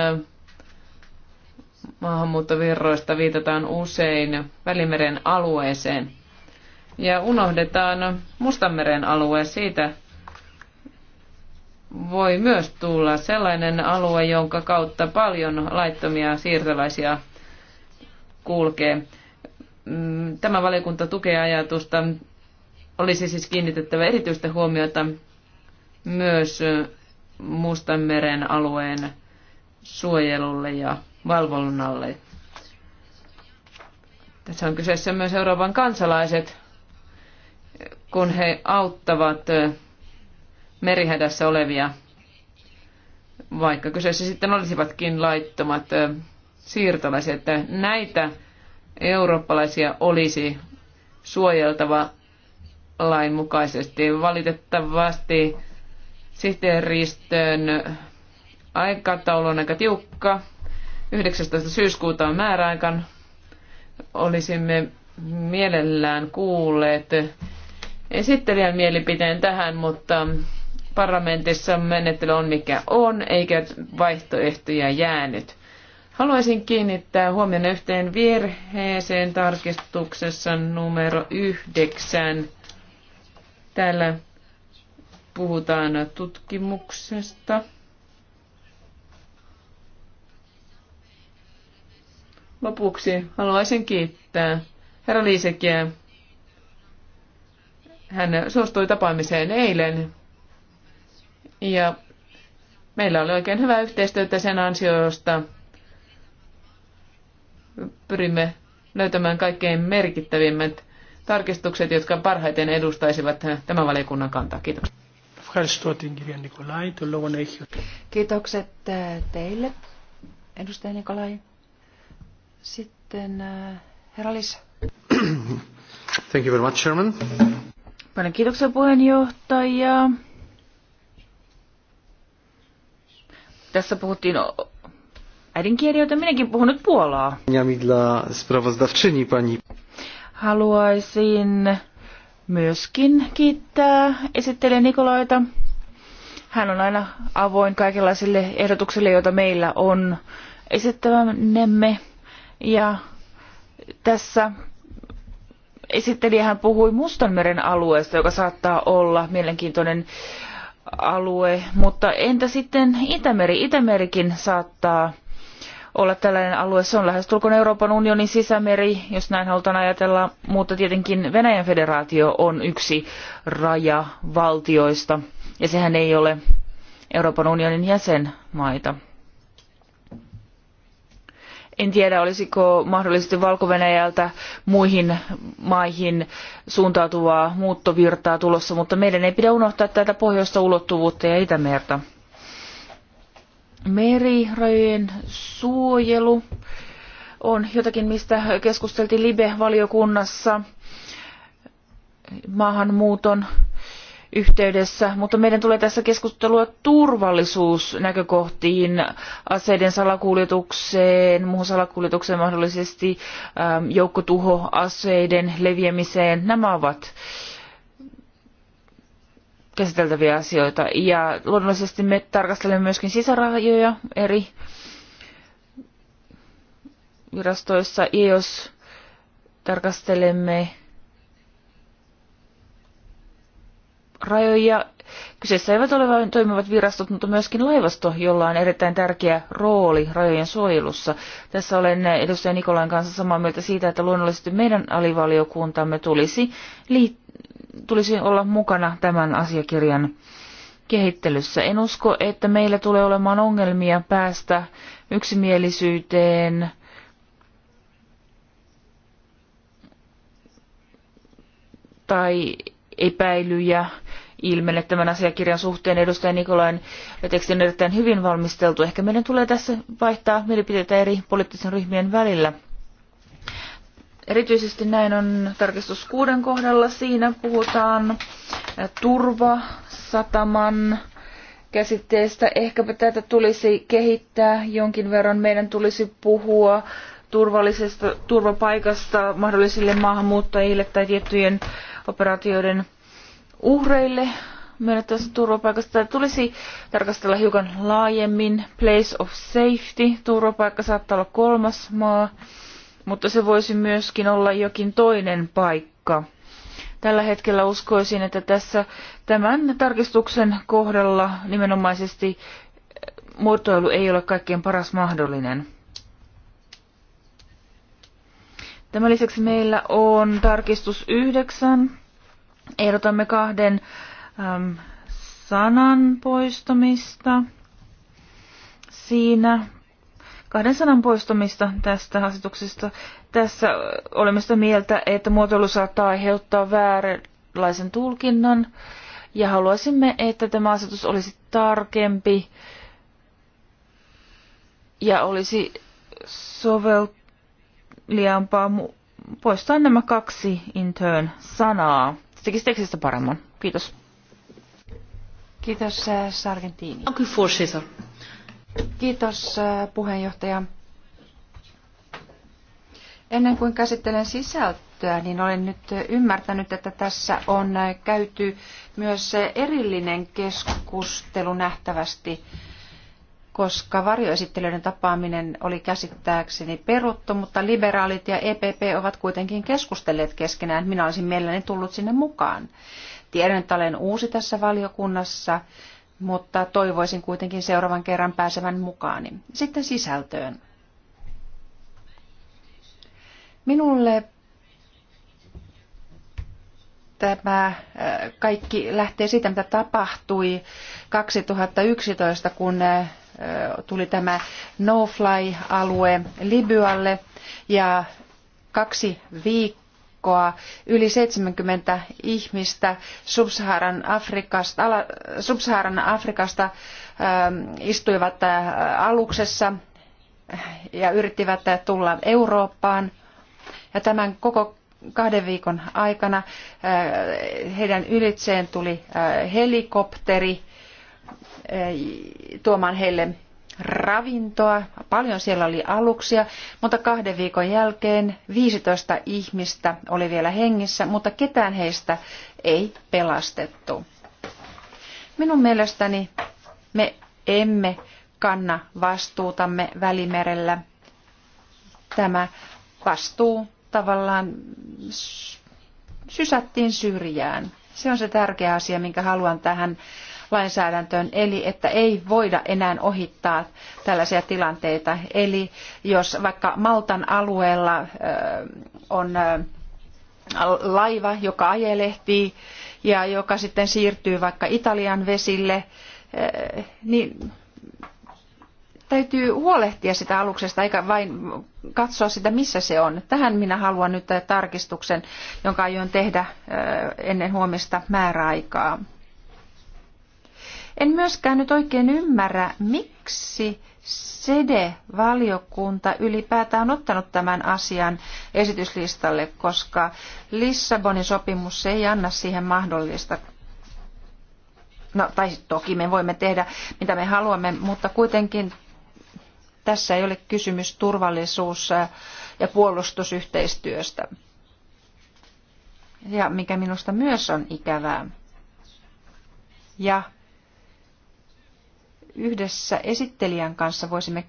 maahanmuuttovirroista, viitataan usein Välimeren alueeseen ja unohdetaan Mustanmeren alue siitä voi myös tulla sellainen alue, jonka kautta paljon laittomia siirtolaisia kulkee. Mm, tämä valiokunta tukee ajatusta. Olisi siis kiinnitettävä erityistä huomiota myös Mustanmeren alueen suojelulle ja valvonnalle. Tässä on kyseessä myös Euroopan kansalaiset, kun he auttavat merihädässä olevia, vaikka kyseessä sitten olisivatkin laittomat siirtolaiset. Näitä eurooppalaisia olisi suojeltava lain mukaisesti. Valitettavasti sihteeristön aikataulu on aika tiukka. 19. syyskuuta on määräaikan. Olisimme mielellään kuulleet esittelijän mielipiteen tähän, mutta parlamentissa menettely on mikä on, eikä vaihtoehtoja jäänyt. Haluaisin kiinnittää huomioon yhteen virheeseen tarkistuksessa numero yhdeksän. Täällä puhutaan tutkimuksesta. Lopuksi haluaisin kiittää herra Liisekiä. Hän suostui tapaamiseen eilen ja meillä oli oikein hyvä yhteistyötä sen ansiosta. Pyrimme löytämään kaikkein merkittävimmät tarkistukset, jotka parhaiten edustaisivat tämän valiokunnan kantaa. Kiitoksia. Kiitokset teille, edustaja Nikolai. Sitten herra Lis. Thank you very much, Chairman. Paljon kiitoksia puheenjohtaja. Tässä puhuttiin äidinkieli, joten minäkin puhunut puolaa. Ja dla sprawozdawczyni pani. Haluaisin myöskin kiittää esittelijä Nikolaita. Hän on aina avoin kaikenlaisille ehdotuksille, joita meillä on esittävänemme. Ja tässä esittelijähän puhui Mustanmeren alueesta, joka saattaa olla mielenkiintoinen äh, alue, mutta entä sitten Itämeri? Itämerikin saattaa olla tällainen alue. Se on lähestulkoon Euroopan unionin sisämeri, jos näin halutaan ajatella, mutta tietenkin Venäjän federaatio on yksi rajavaltioista, ja sehän ei ole Euroopan unionin jäsenmaita. En tiedä, olisiko mahdollisesti valko muihin maihin suuntautuvaa muuttovirtaa tulossa, mutta meidän ei pidä unohtaa tätä pohjoista ulottuvuutta ja Itämerta. Merirajojen suojelu on jotakin, mistä keskusteltiin Libe-valiokunnassa maahanmuuton yhteydessä, mutta meidän tulee tässä keskustelua turvallisuusnäkökohtiin, aseiden salakuljetukseen, muuhun salakuljetukseen mahdollisesti, ähm, joukkotuhoaseiden leviämiseen. Nämä ovat käsiteltäviä asioita. Ja luonnollisesti me tarkastelemme myöskin sisärajoja eri virastoissa. Ja jos e tarkastelemme rajoja. Kyseessä eivät ole vain toimivat virastot, mutta myöskin laivasto, jolla on erittäin tärkeä rooli rajojen suojelussa. Tässä olen edustaja Nikolain kanssa samaa mieltä siitä, että luonnollisesti meidän alivaliokuntamme tulisi, tulisi olla mukana tämän asiakirjan kehittelyssä. En usko, että meillä tulee olemaan ongelmia päästä yksimielisyyteen tai epäilyjä ilmene tämän asiakirjan suhteen. Edustaja Nikolain teksti on erittäin hyvin valmisteltu. Ehkä meidän tulee tässä vaihtaa mielipiteitä eri poliittisen ryhmien välillä. Erityisesti näin on tarkistus kuuden kohdalla. Siinä puhutaan turvasataman käsitteestä. Ehkäpä tätä tulisi kehittää jonkin verran. Meidän tulisi puhua turvallisesta turvapaikasta mahdollisille maahanmuuttajille tai tiettyjen operaatioiden uhreille myönnettävästä turvapaikasta tulisi tarkastella hiukan laajemmin. Place of safety, turvapaikka saattaa olla kolmas maa, mutta se voisi myöskin olla jokin toinen paikka. Tällä hetkellä uskoisin, että tässä tämän tarkistuksen kohdalla nimenomaisesti eh, muotoilu ei ole kaikkein paras mahdollinen. Tämän lisäksi meillä on tarkistus 9, Ehdotamme kahden äm, sanan poistamista siinä. Kahden sanan poistamista tästä asetuksesta. Tässä olemme sitä mieltä, että muotoilu saattaa aiheuttaa vääränlaisen tulkinnan ja haluaisimme, että tämä asetus olisi tarkempi ja olisi soveliaampaa poistaa nämä kaksi intern sanaa. Se tekisi tekstistä paremman. Kiitos. Kiitos eh, Sargentini. Kiitos eh, puheenjohtaja. Ennen kuin käsittelen sisältöä, niin olen nyt ymmärtänyt, että tässä on eh, käyty myös erillinen keskustelu nähtävästi koska varjoesittelyiden tapaaminen oli käsittääkseni peruttu, mutta liberaalit ja EPP ovat kuitenkin keskustelleet keskenään. Minä olisin mielelläni tullut sinne mukaan. Tiedän, että olen uusi tässä valiokunnassa, mutta toivoisin kuitenkin seuraavan kerran pääsevän mukaani. Sitten sisältöön. Minulle tämä äh, kaikki lähtee siitä, mitä tapahtui 2011, kun äh, tuli tämä no-fly-alue Libyalle ja kaksi viikkoa yli 70 ihmistä Subsaharan Afrikasta, Subsaharan Afrikasta ähm, istuivat äh, aluksessa ja yrittivät äh, tulla Eurooppaan. Ja tämän koko kahden viikon aikana äh, heidän ylitseen tuli helikopteri Eh, tuomaan heille ravintoa. Paljon siellä oli aluksia, mutta kahden viikon jälkeen 15 ihmistä oli vielä hengissä, mutta ketään heistä ei pelastettu. Minun mielestäni me emme kanna vastuutamme välimerellä. Tämä vastuu tavallaan sysättiin syrjään. Se on se tärkeä asia, minkä haluan tähän lainsäädäntöön, eli että ei voida enää ohittaa tällaisia tilanteita. Eli jos vaikka Maltan alueella on laiva, joka ajelehtii ja joka sitten siirtyy vaikka Italian vesille, niin täytyy huolehtia sitä aluksesta eikä vain katsoa sitä, missä se on. Tähän minä haluan nyt tarkistuksen, jonka aion tehdä ennen huomista määräaikaa. En myöskään nyt oikein ymmärrä, miksi SEDE-valiokunta ylipäätään on ottanut tämän asian esityslistalle, koska Lissabonin sopimus ei anna siihen mahdollista. No, tai toki me voimme tehdä mitä me haluamme, mutta kuitenkin tässä ei ole kysymys turvallisuus- ja puolustusyhteistyöstä. Ja mikä minusta myös on ikävää. Ja yhdessä esittelijän kanssa voisimme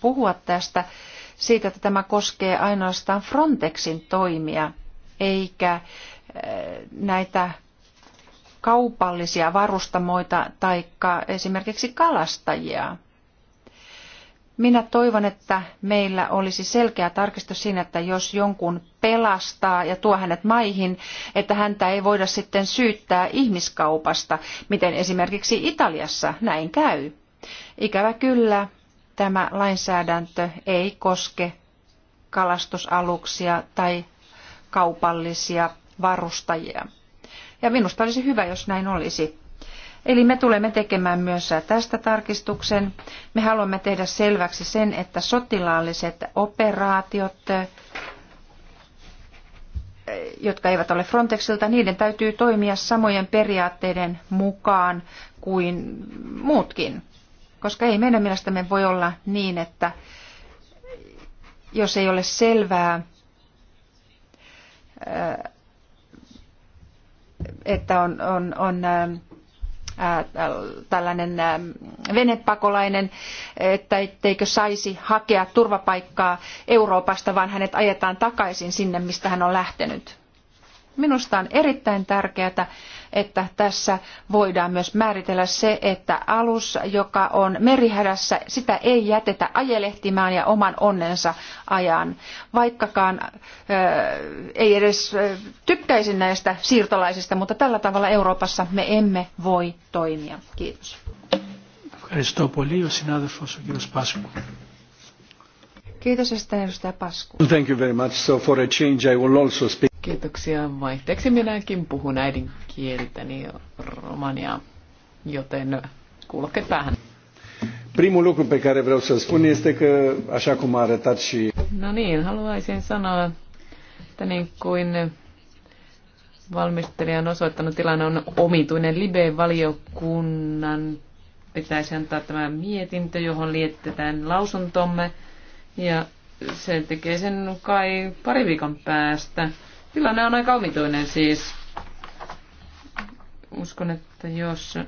puhua tästä siitä, että tämä koskee ainoastaan Frontexin toimia, eikä eh, näitä kaupallisia varustamoita tai esimerkiksi kalastajia. Minä toivon, että meillä olisi selkeä tarkistus siinä, että jos jonkun pelastaa ja tuo hänet maihin, että häntä ei voida sitten syyttää ihmiskaupasta, miten esimerkiksi Italiassa näin käy. Ikävä kyllä, tämä lainsäädäntö ei koske kalastusaluksia tai kaupallisia varustajia. Ja minusta olisi hyvä, jos näin olisi. Eli me tulemme tekemään myös tästä tarkistuksen. Me haluamme tehdä selväksi sen, että sotilaalliset operaatiot, jotka eivät ole Frontexilta, niiden täytyy toimia samojen periaatteiden mukaan kuin muutkin. Koska ei meidän mielestämme voi olla niin, että jos ei ole selvää, että on, on, on Äh, äh, tällainen äh, venepakolainen, että etteikö saisi hakea turvapaikkaa Euroopasta, vaan hänet ajetaan takaisin sinne, mistä hän on lähtenyt. Minusta on erittäin tärkeää, että tässä voidaan myös määritellä se, että alus, joka on merihädässä, sitä ei jätetä ajelehtimaan ja oman onnensa ajan. Vaikkakaan äh, ei edes äh, tykkäisi näistä siirtolaisista, mutta tällä tavalla Euroopassa me emme voi toimia. Kiitos. Ευχαριστώ πολύ. Kiitos, edustaja Pasku. Thank you very much. So for a change I will also speak Kiitoksia. Vaihteeksi minäkin puhun äidinkieltäni romaniaa, joten kuulokkeet päähän. Primul lucru pe care vreau să spun este că, așa cum a arătat și... No niin, haluaisin sanoa, että niin kuin valmistelija on osoittanut, tilanne on omituinen. Libe-valiokunnan pitäisi antaa tämä mietintö, johon liitetään lausuntomme. Ja se tekee sen kai pari viikon päästä. Tilanne on aika omituinen siis. Uskon, että jos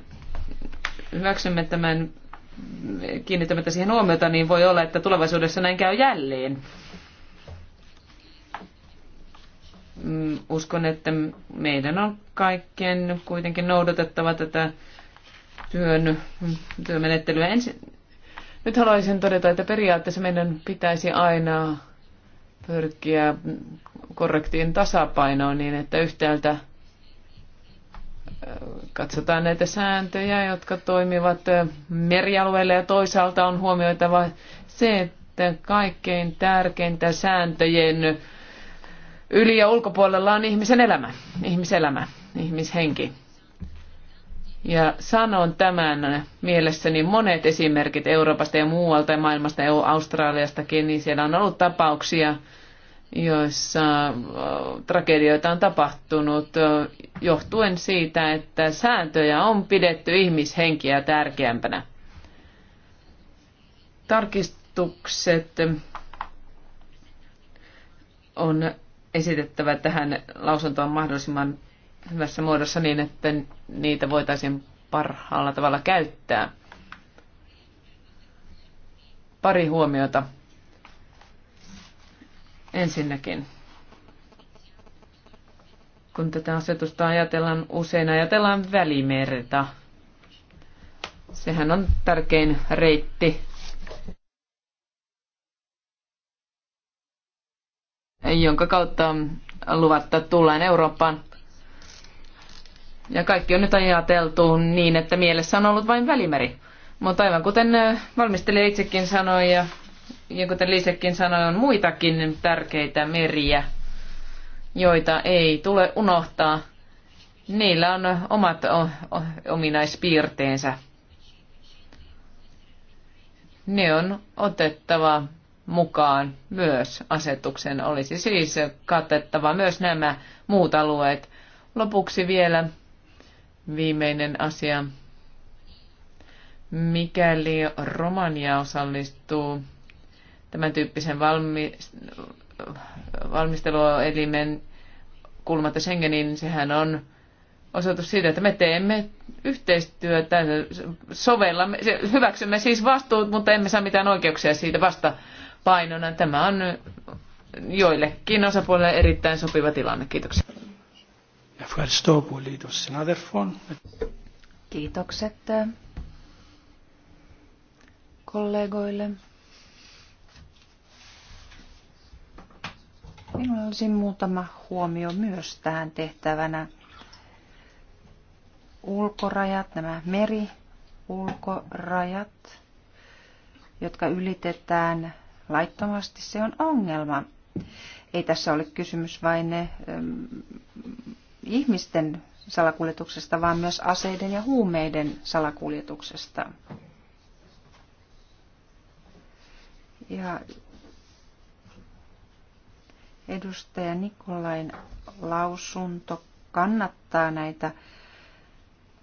hyväksymme tämän kiinnittämättä siihen huomiota, niin voi olla, että tulevaisuudessa näin käy jälleen. Mm, uskon, että meidän on kaikkien kuitenkin noudatettava tätä työn, työmenettelyä. Ensin, nyt haluaisin todeta, että periaatteessa meidän pitäisi aina pyrkiä korrektiin tasapainoon niin, että yhtäältä katsotaan näitä sääntöjä, jotka toimivat merialueelle ja toisaalta on huomioitava se, että kaikkein tärkeintä sääntöjen yli ja ulkopuolella on ihmisen elämä, ihmiselämä, ihmishenki. Ja sanon tämän mielessäni monet esimerkit Euroopasta ja muualta ja maailmasta, EU-Australiastakin, niin siellä on ollut tapauksia, joissa äh, tragedioita on tapahtunut äh, johtuen siitä, että sääntöjä on pidetty ihmishenkiä tärkeämpänä. Tarkistukset on esitettävä tähän lausuntoon mahdollisimman hyvässä muodossa niin, että niitä voitaisiin parhaalla tavalla käyttää. Pari huomiota Ensinnäkin, kun tätä asetusta ajatellaan, usein ajatellaan välimerta. Sehän on tärkein reitti jonka kautta luvatta tullaan Eurooppaan. Ja kaikki on nyt ajateltu niin, että mielessä on ollut vain välimeri. Mutta aivan kuten valmistelija itsekin sanoi ja ja kuten Lisekin sanoi, on muitakin tärkeitä meriä, joita ei tule unohtaa. Niillä on omat ominaispiirteensä. Ne on otettava mukaan myös asetuksen. Olisi siis katettava myös nämä muut alueet. Lopuksi vielä viimeinen asia. Mikäli Romania osallistuu tämän tyyppisen valmi, valmisteluelimen kulmata Schengenin, sehän on osoitus siitä, että me teemme yhteistyötä, sovellamme, hyväksymme siis vastuut, mutta emme saa mitään oikeuksia siitä vasta painona. Tämä on joillekin osapuolille erittäin sopiva tilanne. Kiitoksia. Kiitokset kollegoille. Minulla olisi muutama huomio myös tähän tehtävänä. Ulkorajat, nämä meriulkorajat, jotka ylitetään laittomasti, se on ongelma. Ei tässä ole kysymys vain ne, eh, ähm, ihmisten salakuljetuksesta, vaan myös aseiden ja huumeiden salakuljetuksesta. Ja Edustaja Nikolain lausunto kannattaa näitä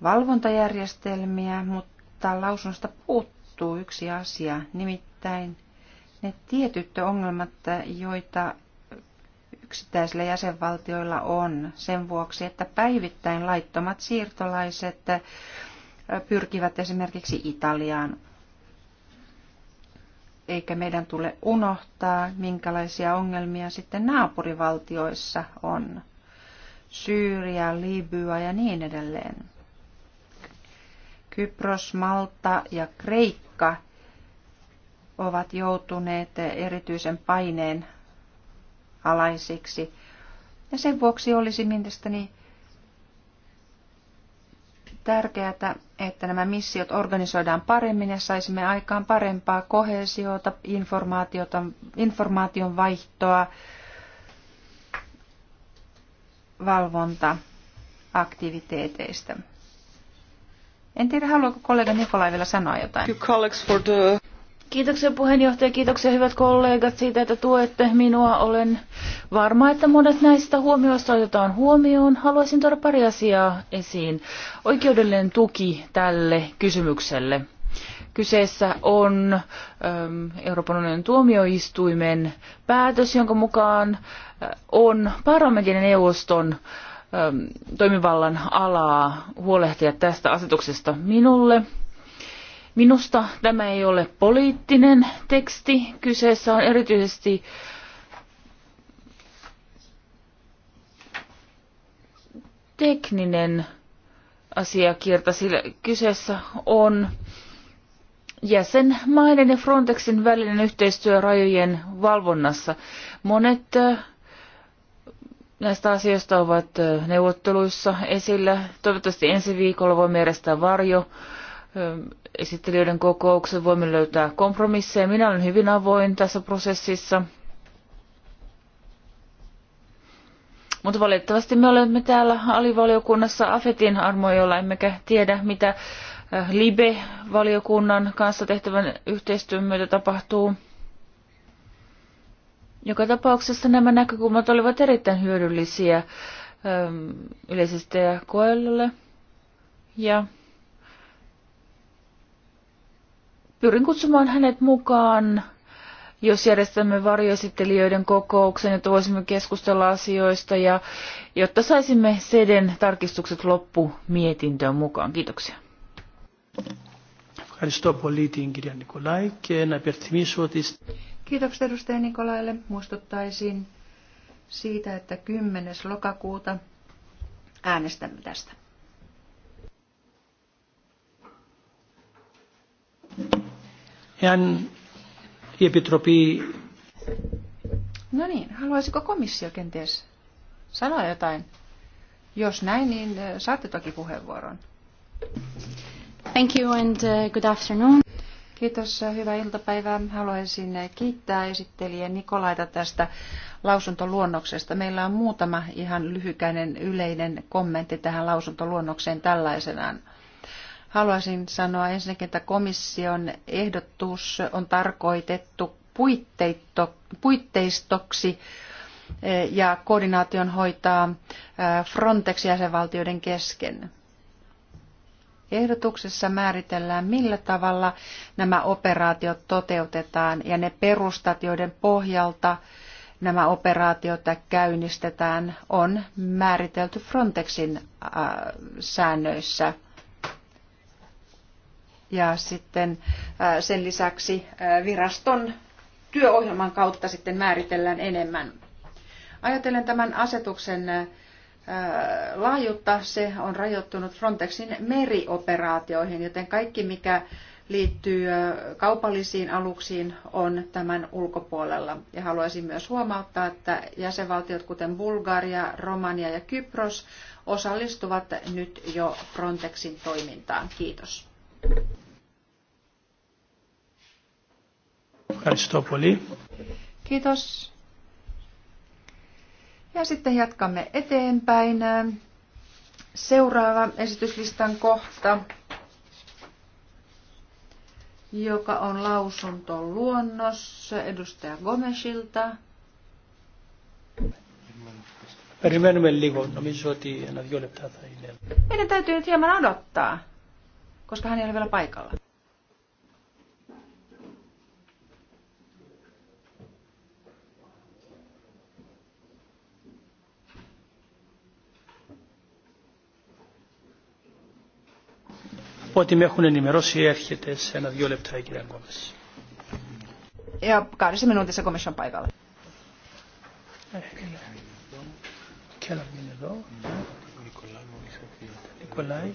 valvontajärjestelmiä, mutta lausunnosta puuttuu yksi asia, nimittäin ne tietyt ongelmat, joita yksittäisillä jäsenvaltioilla on sen vuoksi, että päivittäin laittomat siirtolaiset pyrkivät esimerkiksi Italiaan, eikä meidän tule unohtaa, minkälaisia ongelmia sitten naapurivaltioissa on. Syyria, Libya ja niin edelleen. Kypros, Malta ja Kreikka ovat joutuneet erityisen paineen alaisiksi. Ja sen vuoksi olisi mielestäni tärkeää, että nämä missiot organisoidaan paremmin ja saisimme aikaan parempaa kohesiota, informaatiota, informaation vaihtoa, valvonta aktiviteeteista. En tiedä, haluaako kollega Nikolai vielä sanoa jotain. Kiitoksia puheenjohtaja, kiitoksia hyvät kollegat siitä, että tuette minua. Olen varma, että monet näistä huomioista otetaan huomioon. Haluaisin tuoda pari asiaa esiin. Oikeudellinen tuki tälle kysymykselle. Kyseessä on ähm, Euroopan unionin tuomioistuimen päätös, jonka mukaan äh, on parlamentin ja neuvoston ähm, toimivallan alaa huolehtia tästä asetuksesta minulle Minusta tämä ei ole poliittinen teksti. Kyseessä on erityisesti tekninen asiakirta, sillä kyseessä on jäsenmaiden ja Frontexin välinen yhteistyö rajojen valvonnassa. Monet äh, näistä asioista ovat äh, neuvotteluissa esillä. Toivottavasti ensi viikolla voimme järjestää varjo esittelijöiden kokouksen, voimme löytää kompromisseja. Minä olen hyvin avoin tässä prosessissa. Mutta valitettavasti me olemme täällä alivaliokunnassa AFETin armoilla, emmekä tiedä mitä äh, LIBE-valiokunnan kanssa tehtävän yhteistyön myötä tapahtuu. Joka tapauksessa nämä näkökulmat olivat erittäin hyödyllisiä ähm, yleisesti ja koelulle. Ja pyrin kutsumaan hänet mukaan, jos järjestämme varjoesittelijöiden kokouksen, että voisimme keskustella asioista ja jotta saisimme seden tarkistukset loppu mietintöön mukaan. Kiitoksia. Kiitoksia edustaja Nikolaille. Muistuttaisin siitä, että 10. lokakuuta äänestämme tästä. Εάν η Επιτροπή... No niin, haluaisiko komissio kenties sanoa jotain? Jos näin, niin saatte toki puheenvuoron. Thank you and good afternoon. Kiitos, hyvää iltapäivää. Haluaisin kiittää esittelijä Nikolaita tästä lausuntoluonnoksesta. Meillä on muutama ihan lyhykäinen yleinen kommentti tähän lausuntoluonnokseen tällaisenaan. Haluaisin sanoa ensinnäkin, että komission ehdotus on tarkoitettu puitteistoksi eh, ja koordinaation hoitaa eh, Frontex jäsenvaltioiden kesken. Ehdotuksessa määritellään, millä tavalla nämä operaatiot toteutetaan ja ne perustat, joiden pohjalta nämä operaatiot käynnistetään, on määritelty Frontexin äh, säännöissä – ja sitten sen lisäksi viraston työohjelman kautta sitten määritellään enemmän. Ajatellen tämän asetuksen laajuutta, se on rajoittunut Frontexin merioperaatioihin, joten kaikki mikä liittyy kaupallisiin aluksiin on tämän ulkopuolella. Ja haluaisin myös huomauttaa, että jäsenvaltiot kuten Bulgaria, Romania ja Kypros osallistuvat nyt jo Frontexin toimintaan. Kiitos. Kiitos. Ja sitten jatkamme eteenpäin. Seuraava esityslistan kohta, joka on lausunto luonnos edustaja Gomesilta. Περιμένουμε λίγο, νομίζω ότι ένα-δύο Meidän täytyy nyt hieman odottaa koska hän ei ole vielä paikalla. Ό,τι με έχουν ενημερώσει έρχεται σε ένα-δύο λεπτά η κυρία Γκόμες. Ja kahdessa minuutissa komission paikalle. Keller minä Nikolai.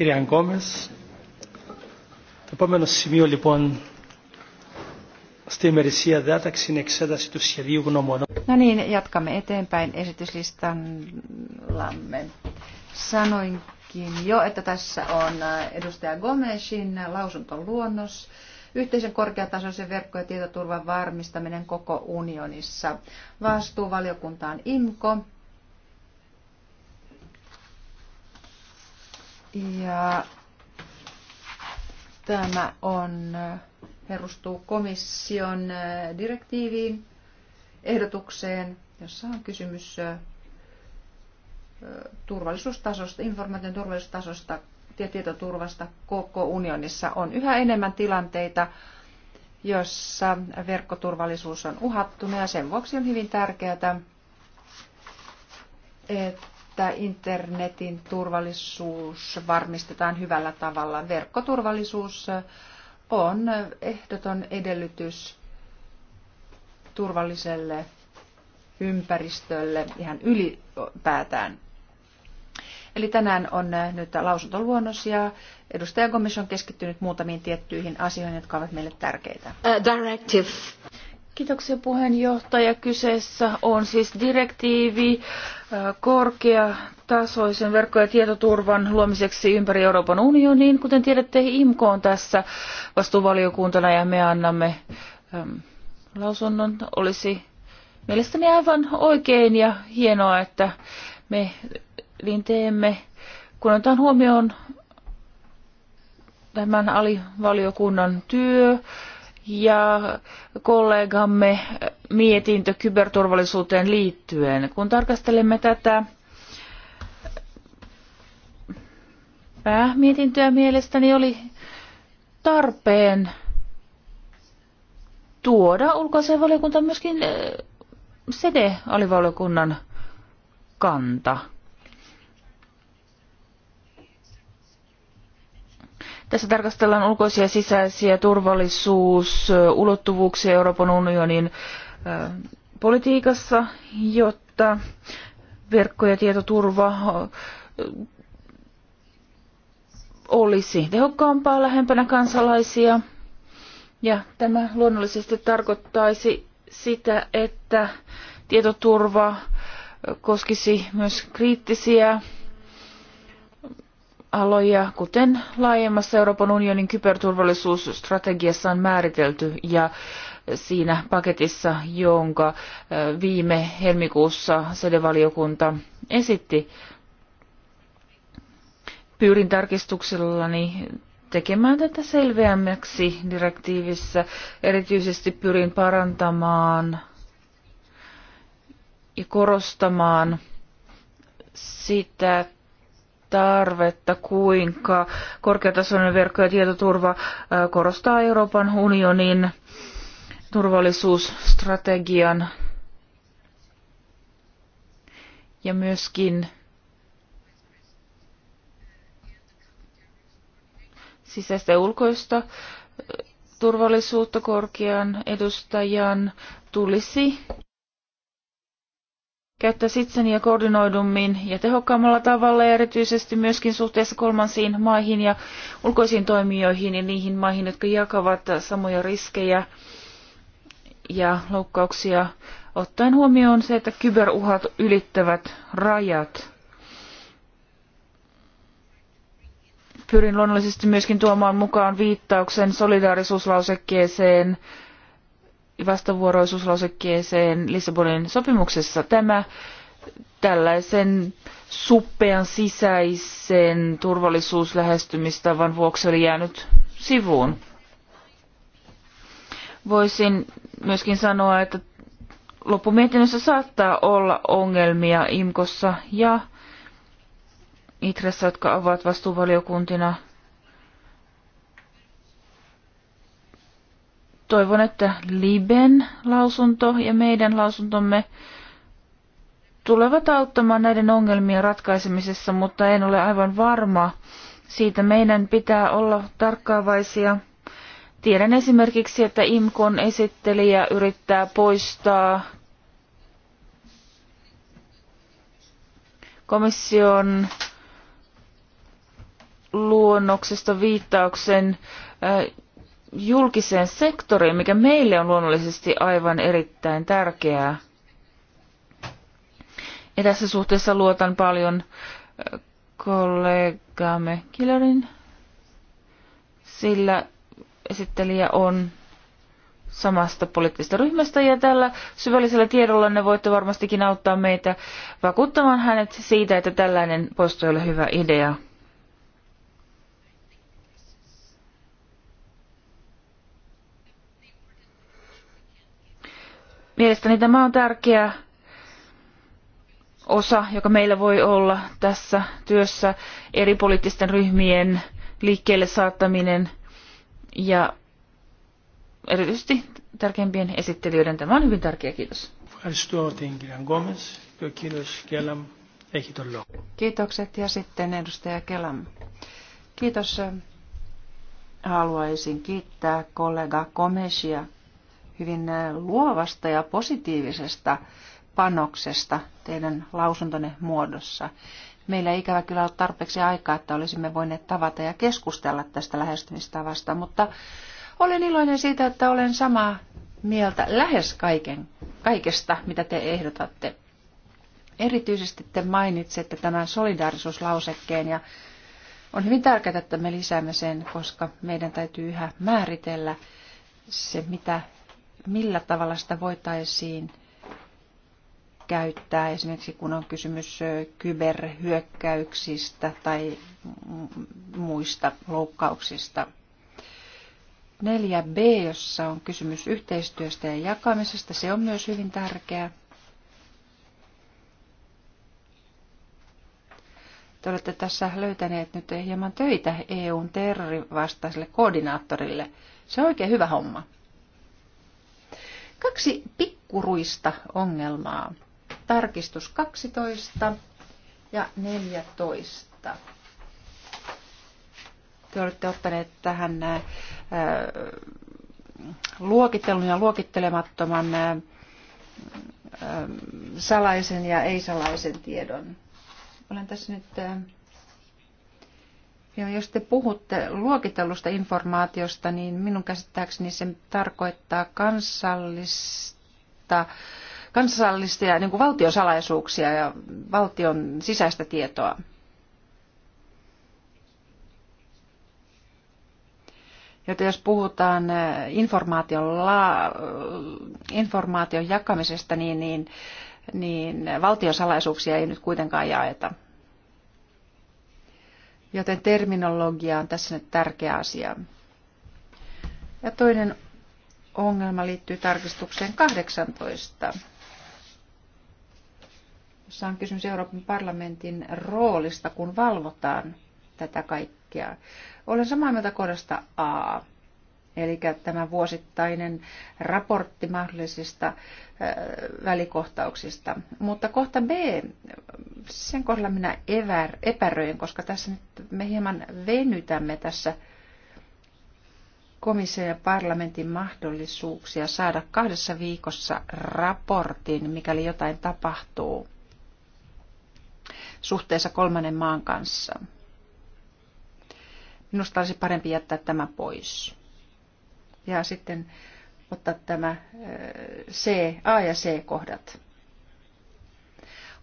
κυρία Γκόμες. Το επόμενο σημείο λοιπόν στη ημερησία διάταξη είναι εξέταση του σχεδίου γνωμονών. No niin, jatkamme eteenpäin esityslistallamme. Sanoinkin jo, että tässä on edustaja Gomesin lausuntoluonnos. Yhteisen korkeatasoisen verkko- ja tietoturvan varmistaminen koko unionissa. Vastuuvaliokunta on IMKO Ja tämä on, perustuu komission äh, direktiiviin, ehdotukseen, jossa on kysymys äh, turvallisuustasosta, informaation turvallisuustasosta ja tietoturvasta koko unionissa on yhä enemmän tilanteita, jossa verkkoturvallisuus on uhattuna ja sen vuoksi on hyvin tärkeää, että että internetin turvallisuus varmistetaan hyvällä tavalla. Verkkoturvallisuus on ehdoton edellytys turvalliselle ympäristölle ihan ylipäätään. Eli tänään on nyt lausuntoluonnos ja edustaja Gomes on keskittynyt muutamiin tiettyihin asioihin, jotka ovat meille tärkeitä. Uh, directive. Kiitoksia puheenjohtaja. Kyseessä on siis direktiivi äh, korkeatasoisen verkko- ja tietoturvan luomiseksi ympäri Euroopan unioniin. Kuten tiedätte, IMKO on tässä vastuuvaliokuntana ja me annamme äm, lausunnon. Olisi mielestäni aivan oikein ja hienoa, että me niin teemme, kun otetaan huomioon tämän alivaliokunnan työ, ja kollegamme mietintö kyberturvallisuuteen liittyen. Kun tarkastelemme tätä päämietintöä mielestäni oli tarpeen tuoda ulkoasianvaliokunta myöskin eh, sede-alivaliokunnan kanta. Tässä tarkastellaan ulkoisia ja sisäisiä turvallisuusulottuvuuksia Euroopan unionin politiikassa, jotta verkko- ja tietoturva olisi tehokkaampaa lähempänä kansalaisia. Ja tämä luonnollisesti tarkoittaisi sitä, että tietoturva koskisi myös kriittisiä aloja, kuten laajemmassa Euroopan unionin kyberturvallisuusstrategiassa on määritelty ja siinä paketissa, jonka viime helmikuussa sedevaliokunta esitti. Pyyrin tarkistuksellani tekemään tätä selveämmäksi direktiivissä. Erityisesti pyrin parantamaan ja korostamaan sitä tarvetta, kuinka korkeatasoinen verkko- ja tietoturva korostaa Euroopan unionin turvallisuusstrategian ja myöskin sisäistä ja ulkoista turvallisuutta korkean edustajan tulisi käyttäisi itseni ja koordinoidummin ja tehokkaammalla tavalla ja erityisesti myöskin suhteessa kolmansiin maihin ja ulkoisiin toimijoihin ja niihin maihin, jotka jakavat samoja riskejä ja loukkauksia, ottaen huomioon se, että kyberuhat ylittävät rajat. Pyrin luonnollisesti myöskin tuomaan mukaan viittauksen solidaarisuuslausekkeeseen vastavuoroisuuslausekkeeseen Lissabonin sopimuksessa. Tämä tällaisen suppean sisäisen turvallisuuslähestymistavan vuoksi oli jäänyt sivuun. Voisin myöskin sanoa, että loppumietinnössä saattaa olla ongelmia IMKossa ja ITRESSA, jotka ovat vastuuvaliokuntina – toivon, että Liben lausunto ja meidän lausuntomme tulevat auttamaan näiden ongelmien ratkaisemisessa, mutta en ole aivan varma siitä. Meidän pitää olla tarkkaavaisia. Tiedän esimerkiksi, että IMKon esittelijä yrittää poistaa komission luonnoksesta viittauksen äh, julkiseen sektoriin, mikä meille on luonnollisesti aivan erittäin tärkeää. Ja tässä suhteessa luotan paljon äh, kollegaamme Kilarin, sillä esittelijä on samasta poliittisesta ryhmästä ja tällä syvällisellä tiedolla ne voitte varmastikin auttaa meitä vakuuttamaan hänet siitä, että tällainen poisto ei ole hyvä idea. Mielestäni tämä on tärkeä osa, joka meillä voi olla tässä työssä, eri poliittisten ryhmien liikkeelle saattaminen ja erityisesti tärkeimpien esittelijöiden. Tämä on hyvin tärkeä. Kiitos. Kiitokset ja sitten edustaja Kelam. Kiitos. Haluaisin kiittää kollega Komesia hyvin äh, luovasta ja positiivisesta panoksesta teidän lausuntonne muodossa. Meillä ei ikävä kyllä ole tarpeeksi aikaa, että olisimme voineet tavata ja keskustella tästä lähestymistavasta, mutta olen iloinen siitä, että olen samaa mieltä lähes kaiken, kaikesta, mitä te ehdotatte. Erityisesti te mainitsette tämän solidaarisuuslausekkeen ja on hyvin tärkeää, että me lisäämme sen, koska meidän täytyy yhä määritellä se, mitä millä tavalla sitä voitaisiin käyttää esimerkiksi kun on kysymys kyberhyökkäyksistä tai muista loukkauksista. 4b, jossa on kysymys yhteistyöstä ja jakamisesta, se on myös hyvin tärkeää. Te olette tässä löytäneet nyt hieman töitä EUn terrorivastaiselle koordinaattorille. Se on oikein hyvä homma. Kaksi pikkuruista ongelmaa. Tarkistus 12 ja 14. Te olette ottaneet tähän ää, äh, luokittelun ja luokittelemattoman ää, äh, äh, salaisen ja ei-salaisen tiedon. Olen tässä nyt ja jos te puhutte luokitellusta informaatiosta, niin minun käsittääkseni se tarkoittaa kansallista, ja niin kuin valtiosalaisuuksia ja valtion sisäistä tietoa. Joten jos puhutaan eh, informaation, la, informaation jakamisesta, niin, niin, niin valtiosalaisuuksia ei nyt kuitenkaan jaeta. Joten terminologia on tässä nyt tärkeä asia. Ja toinen ongelma liittyy tarkistukseen 18, jossa on kysymys Euroopan parlamentin roolista, kun valvotaan tätä kaikkea. Olen samaa mieltä kohdasta A. Eli tämä vuosittainen raportti mahdollisista välikohtauksista. Mutta kohta B, sen kohdalla minä evär, epäröin, koska tässä nyt me hieman venytämme tässä komission ja parlamentin mahdollisuuksia saada kahdessa viikossa raportin, mikäli jotain tapahtuu suhteessa kolmannen maan kanssa. Minusta olisi parempi jättää tämä pois ja sitten ottaa tämä C, A ja C-kohdat.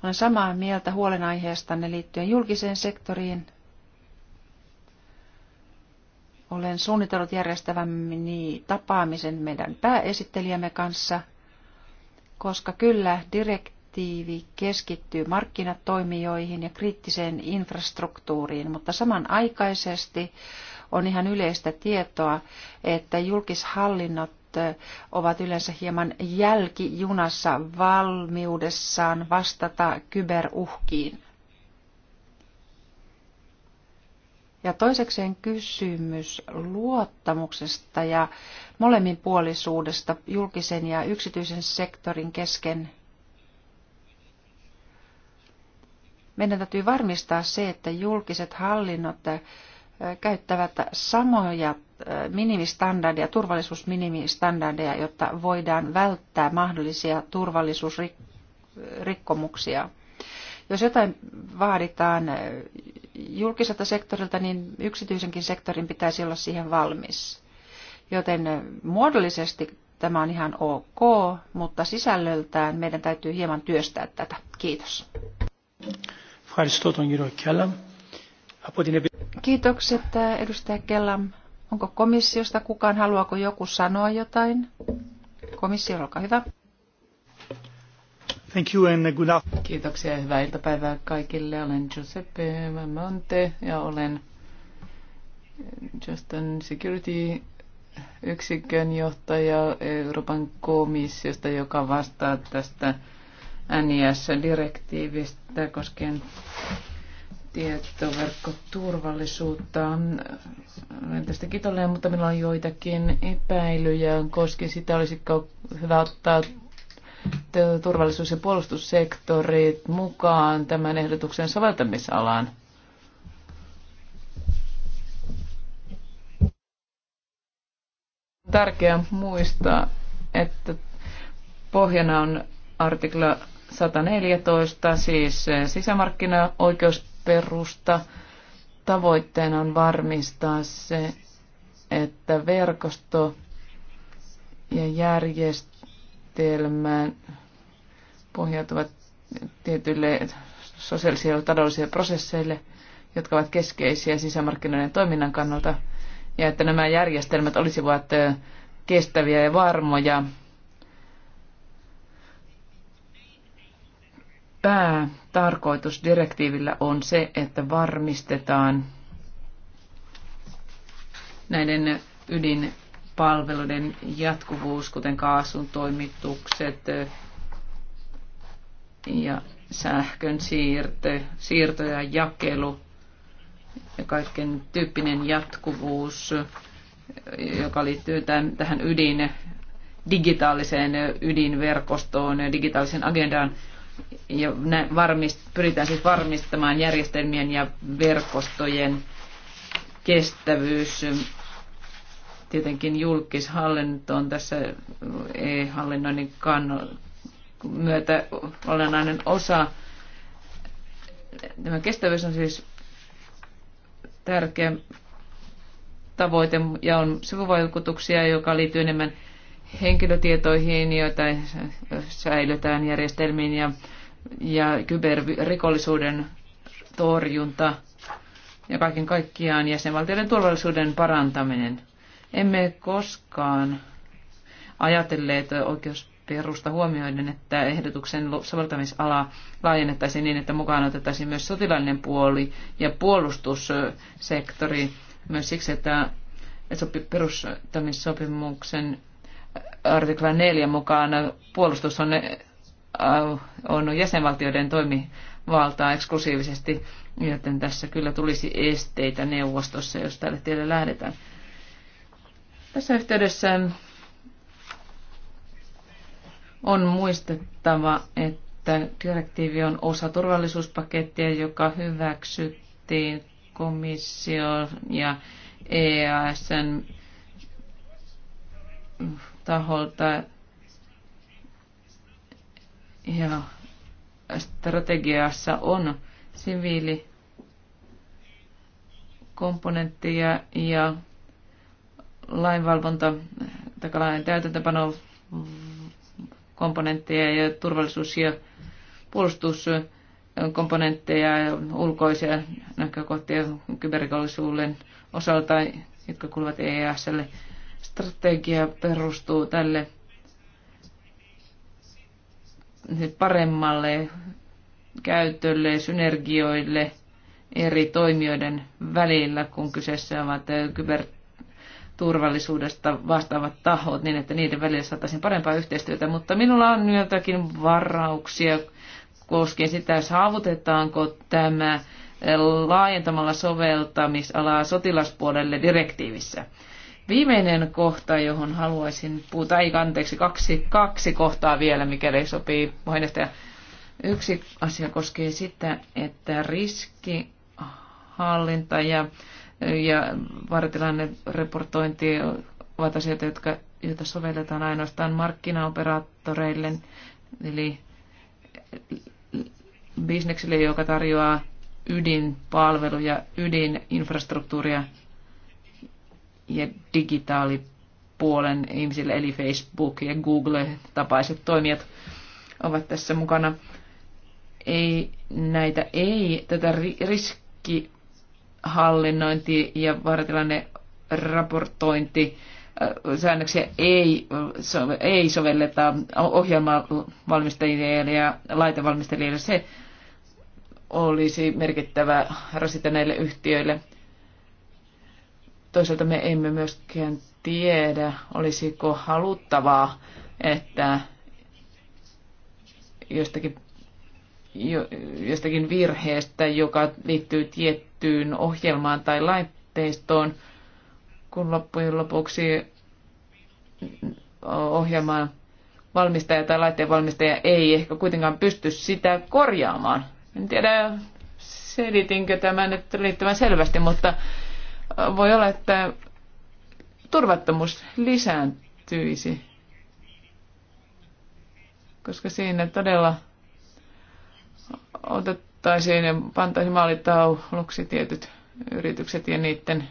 Olen samaa mieltä huolenaiheestanne liittyen julkiseen sektoriin. Olen suunnitellut järjestävämmin tapaamisen meidän pääesittelijämme kanssa, koska kyllä direktiivi keskittyy markkinatoimijoihin ja kriittiseen infrastruktuuriin, mutta samanaikaisesti on ihan yleistä tietoa, että julkishallinnot ovat yleensä hieman jälkijunassa valmiudessaan vastata kyberuhkiin. Ja toisekseen kysymys luottamuksesta ja molemminpuolisuudesta julkisen ja yksityisen sektorin kesken. Meidän täytyy varmistaa se, että julkiset hallinnot käyttävät samoja minimistandardeja, turvallisuusminimistandardeja, jotta voidaan välttää mahdollisia turvallisuusrikkomuksia. Jos jotain vaaditaan julkiselta sektorilta, niin yksityisenkin sektorin pitäisi olla siihen valmis. Joten muodollisesti tämä on ihan ok, mutta sisällöltään meidän täytyy hieman työstää tätä. Kiitos. Kiitos. Kiitokset eh, edustaja Kellam. Onko komissiosta kukaan? Haluaako joku sanoa jotain? Komissio, olkaa hyvä. Thank you and good afternoon. Kiitoksia ja hyvää iltapäivää kaikille. Olen Giuseppe Monte ja olen Justin Security yksikön johtaja Euroopan komissiosta, joka vastaa tästä NIS-direktiivistä koskien tietoverkkoturvallisuutta. Olen tästä kitollinen, mutta minulla on joitakin epäilyjä koskien sitä, olisiko hyvä ottaa turvallisuus- ja puolustussektorit mukaan tämän ehdotuksen soveltamisalaan. Tärkeää muistaa, että pohjana on artikla 114, siis sisämarkkinaoikeus perusta Tavoitteena on varmistaa se, että verkosto ja järjestelmään pohjautuvat tietyille sosiaalisille ja taloudellisille prosesseille, jotka ovat keskeisiä sisämarkkinoiden toiminnan kannalta, ja että nämä järjestelmät olisivat kestäviä ja varmoja päätarkoitus direktiivillä on se, että varmistetaan näiden ydinpalveluiden jatkuvuus, kuten kaasun toimitukset ja sähkön siirto, siirto ja jakelu ja kaiken tyyppinen jatkuvuus, joka liittyy tämän, tähän ydin digitaaliseen ydinverkostoon ja digitaalisen agendaan ja nä, varmist, pyritään siis varmistamaan järjestelmien ja verkostojen kestävyys. Tietenkin julkishallinto on tässä e-hallinnoinnin kann- myötä olennainen osa. Tämä kestävyys on siis tärkeä tavoite ja on sivuvaikutuksia, joka liittyy enemmän henkilötietoihin, joita säilytään järjestelmiin ja, ja kyberrikollisuuden torjunta ja kaiken kaikkiaan jäsenvaltioiden turvallisuuden parantaminen. Emme koskaan ajatelleet oikeusperusta huomioiden, että ehdotuksen soveltamisala laajennettaisiin niin, että mukaan otettaisiin myös sotilainen puoli ja puolustussektori, myös siksi, että perustamissopimuksen artiklan 4 mukaan puolustus on, äh, on jäsenvaltioiden toimivaltaa eksklusiivisesti, joten tässä kyllä tulisi esteitä neuvostossa, jos tälle tielle lähdetään. Tässä yhteydessä on muistettava, että direktiivi on osa turvallisuuspakettia, joka hyväksyttiin komission ja EASn taholta. Ja strategiassa on siviili komponenttia ja, lainvalvonta takalainen lain täytäntöpano komponentteja ja turvallisuus- ja puolustuskomponentteja ja ulkoisia näkökohtia kyberrikollisuuden osalta, jotka kuuluvat EASlle strategia perustuu tälle paremmalle käytölle, synergioille eri toimijoiden välillä, kun kyseessä ovat kyberturvallisuudesta vastaavat tahot, niin että niiden välillä saataisiin parempaa yhteistyötä. Mutta minulla on joitakin varauksia koskien sitä, saavutetaanko tämä laajentamalla soveltamisalaa sotilaspuolelle direktiivissä. Viimeinen kohta, johon haluaisin puhua, ei anteeksi, kaksi, kaksi kohtaa vielä, mikäli sopii puheenjohtaja. Yksi asia koskee sitä, että riskihallinta ja, ja vartilainen reportointi ovat asioita, jotka, joita sovelletaan ainoastaan markkinaoperaattoreille, eli bisnekselle, joka tarjoaa ydinpalveluja, ydininfrastruktuuria ja digitaalipuolen ihmisille, eli Facebook ja Google-tapaiset toimijat ovat tässä mukana. Ei näitä, ei tätä riskihallinnointi ja vaaratilanne raportointi äh, säännöksiä ei, ei sovelleta ohjelmavalmistajille ja laitevalmistajille. Se olisi merkittävä rasite näille yhtiöille. Toisaalta me emme myöskään tiedä, olisiko haluttavaa, että jostakin, jo, jostakin virheestä, joka liittyy tiettyyn ohjelmaan tai laitteistoon, kun loppujen lopuksi ohjelman valmistaja tai laitteen valmistaja ei ehkä kuitenkaan pysty sitä korjaamaan. En tiedä, selitinkö tämän nyt riittävän selvästi, mutta voi olla, että turvattomuus lisääntyisi, koska siinä todella otettaisiin ja pantaisiin maalitauluksi tietyt yritykset ja niiden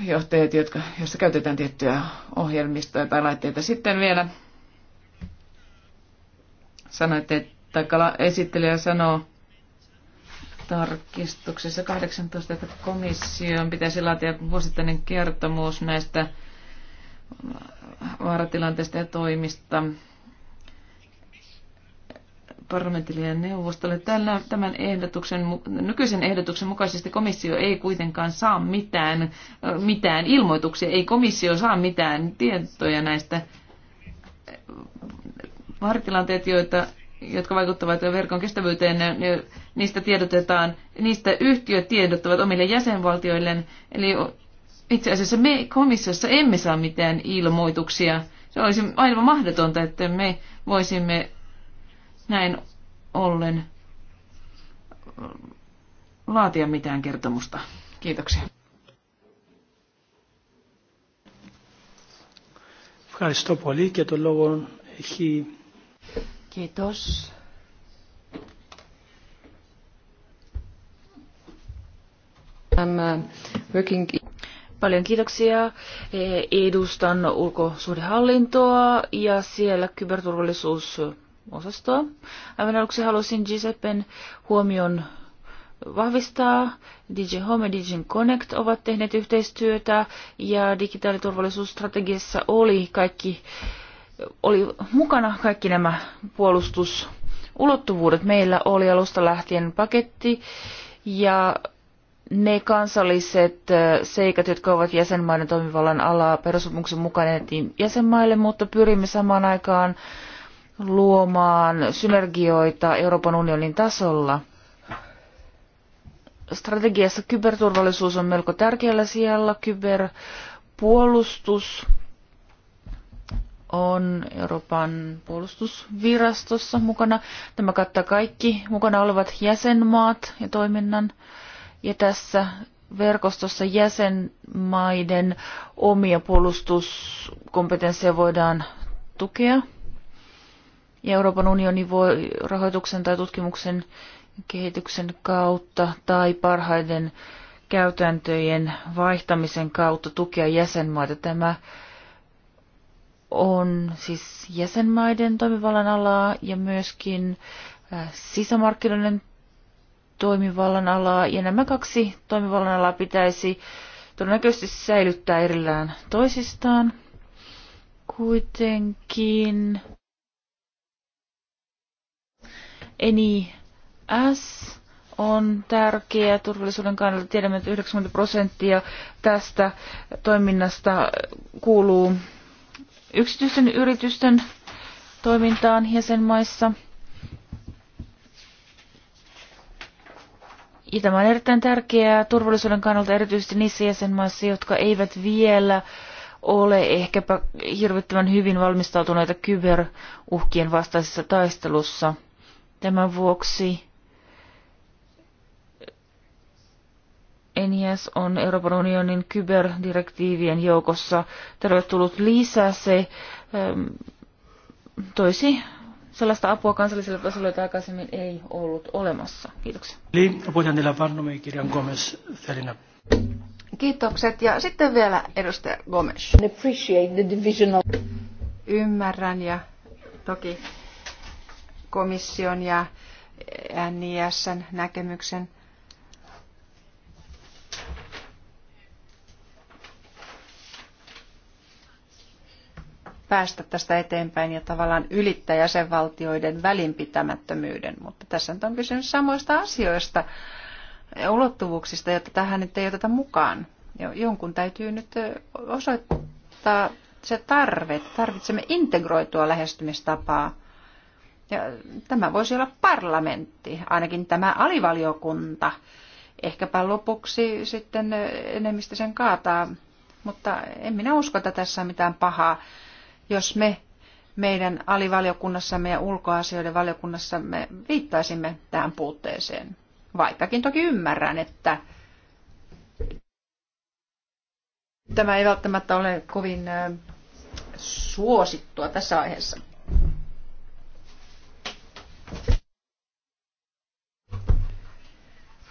johtajat, jotka, jossa käytetään tiettyjä ohjelmistoja tai laitteita. Sitten vielä sanoitte, että esittelijä sanoo, tarkistuksessa 18, että komission pitäisi laatia vuosittainen kertomus näistä vaaratilanteista ja toimista parlamentille ja neuvostolle. Tällä, tämän ehdotuksen, nykyisen ehdotuksen mukaisesti komissio ei kuitenkaan saa mitään, mitään ilmoituksia, ei komissio saa mitään tietoja näistä vaaratilanteet, joita, jotka vaikuttavat verkon kestävyyteen, ne, niistä tiedotetaan, niistä yhtiöt tiedottavat omille jäsenvaltioilleen. Eli itse asiassa me komissiossa emme saa mitään ilmoituksia. Se olisi aivan mahdotonta, että me voisimme näin ollen laatia mitään kertomusta. Kiitoksia. Ευχαριστώ πολύ και το λόγο έχει... Kiitos. Uh, Paljon kiitoksia. E, edustan ulkosuhdehallintoa ja siellä kyberturvallisuusosastoa. Aivan aluksi haluaisin Giuseppen huomion vahvistaa. DJ Home ja DJ Connect ovat tehneet yhteistyötä ja digitaaliturvallisuusstrategiassa oli kaikki oli mukana kaikki nämä puolustusulottuvuudet. Meillä oli alusta lähtien paketti ja ne kansalliset seikat, jotka ovat jäsenmaiden toimivallan alaa perussopimuksen mukainen jäsenmaille, mutta pyrimme samaan aikaan luomaan synergioita Euroopan unionin tasolla. Strategiassa kyberturvallisuus on melko tärkeällä siellä Kyberpuolustus on Euroopan puolustusvirastossa mukana. Tämä kattaa kaikki mukana olevat jäsenmaat ja toiminnan. Ja tässä verkostossa jäsenmaiden omia puolustuskompetensseja voidaan tukea. Ja Euroopan unioni voi rahoituksen tai tutkimuksen kehityksen kautta tai parhaiden käytäntöjen vaihtamisen kautta tukea jäsenmaita. Tämä on siis jäsenmaiden toimivallan alaa ja myöskin äh, sisämarkkinoiden toimivallan alaa, ja nämä kaksi toimivallan alaa pitäisi todennäköisesti säilyttää erillään toisistaan. Kuitenkin NIS on tärkeä turvallisuuden kannalta. Tiedämme, että 90 prosenttia tästä toiminnasta kuuluu yksityisten yritysten toimintaan jäsenmaissa – Ja tämä on erittäin tärkeää turvallisuuden kannalta erityisesti niissä jäsenmaissa, jotka eivät vielä ole ehkäpä hirvittävän hyvin valmistautuneita kyberuhkien vastaisessa taistelussa. Tämän vuoksi NIS on Euroopan unionin kyberdirektiivien joukossa tervetullut lisää Se ähm, toisi sellaista apua kansalliselle tasolle, jota aikaisemmin ei ollut olemassa. Kiitoksia. Kiitokset. Ja sitten vielä edustaja Gomes. Ymmärrän ja toki komission ja NISn näkemyksen päästä tästä eteenpäin ja tavallaan ylittää jäsenvaltioiden välinpitämättömyyden. Mutta tässä nyt on kysymys samoista asioista ja ulottuvuuksista, jotta tähän nyt ei oteta mukaan. Jonkun täytyy nyt osoittaa se tarve. Tarvitsemme integroitua lähestymistapaa. Ja tämä voisi olla parlamentti, ainakin tämä alivaliokunta. Ehkäpä lopuksi sitten enemmistö sen kaataa, mutta en minä usko, että tässä on mitään pahaa jos me meidän alivaliokunnassamme ja ulkoasioiden valiokunnassamme viittaisimme tähän puutteeseen. Vaikkakin toki ymmärrän, että tämä ei välttämättä ole kovin suosittua tässä aiheessa.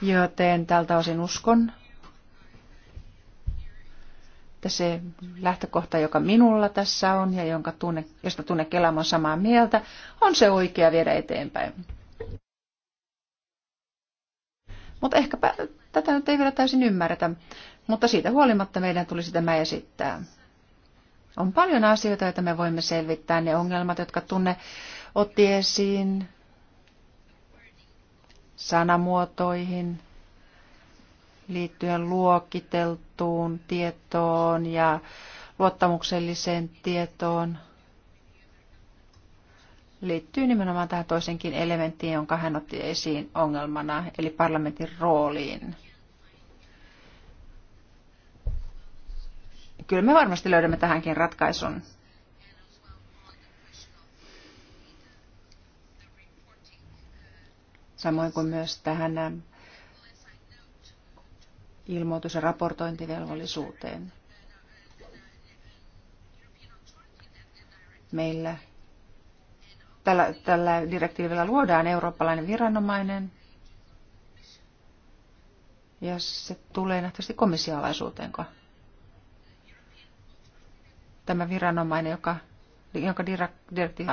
Joten tältä osin uskon, että se lähtökohta, joka minulla tässä on ja jonka tunne, josta tunne Kelam on samaa mieltä, on se oikea viedä eteenpäin. Mutta ehkäpä tätä nyt ei vielä täysin ymmärretä, mutta siitä huolimatta meidän tulisi tämä esittää. On paljon asioita, joita me voimme selvittää, ne ongelmat, jotka tunne otti esiin, sanamuotoihin, liittyen luokiteltuun tietoon ja luottamukselliseen tietoon liittyy nimenomaan tähän toisenkin elementtiin, jonka hän otti esiin ongelmana, eli parlamentin rooliin. Kyllä me varmasti löydämme tähänkin ratkaisun. Samoin kuin myös tähän ilmoitus- ja raportointivelvollisuuteen. Meillä tällä, tällä direktiivillä luodaan eurooppalainen viranomainen ja se tulee nähtävästi komissialaisuuteenko. Tämä viranomainen, joka, jonka direktiivi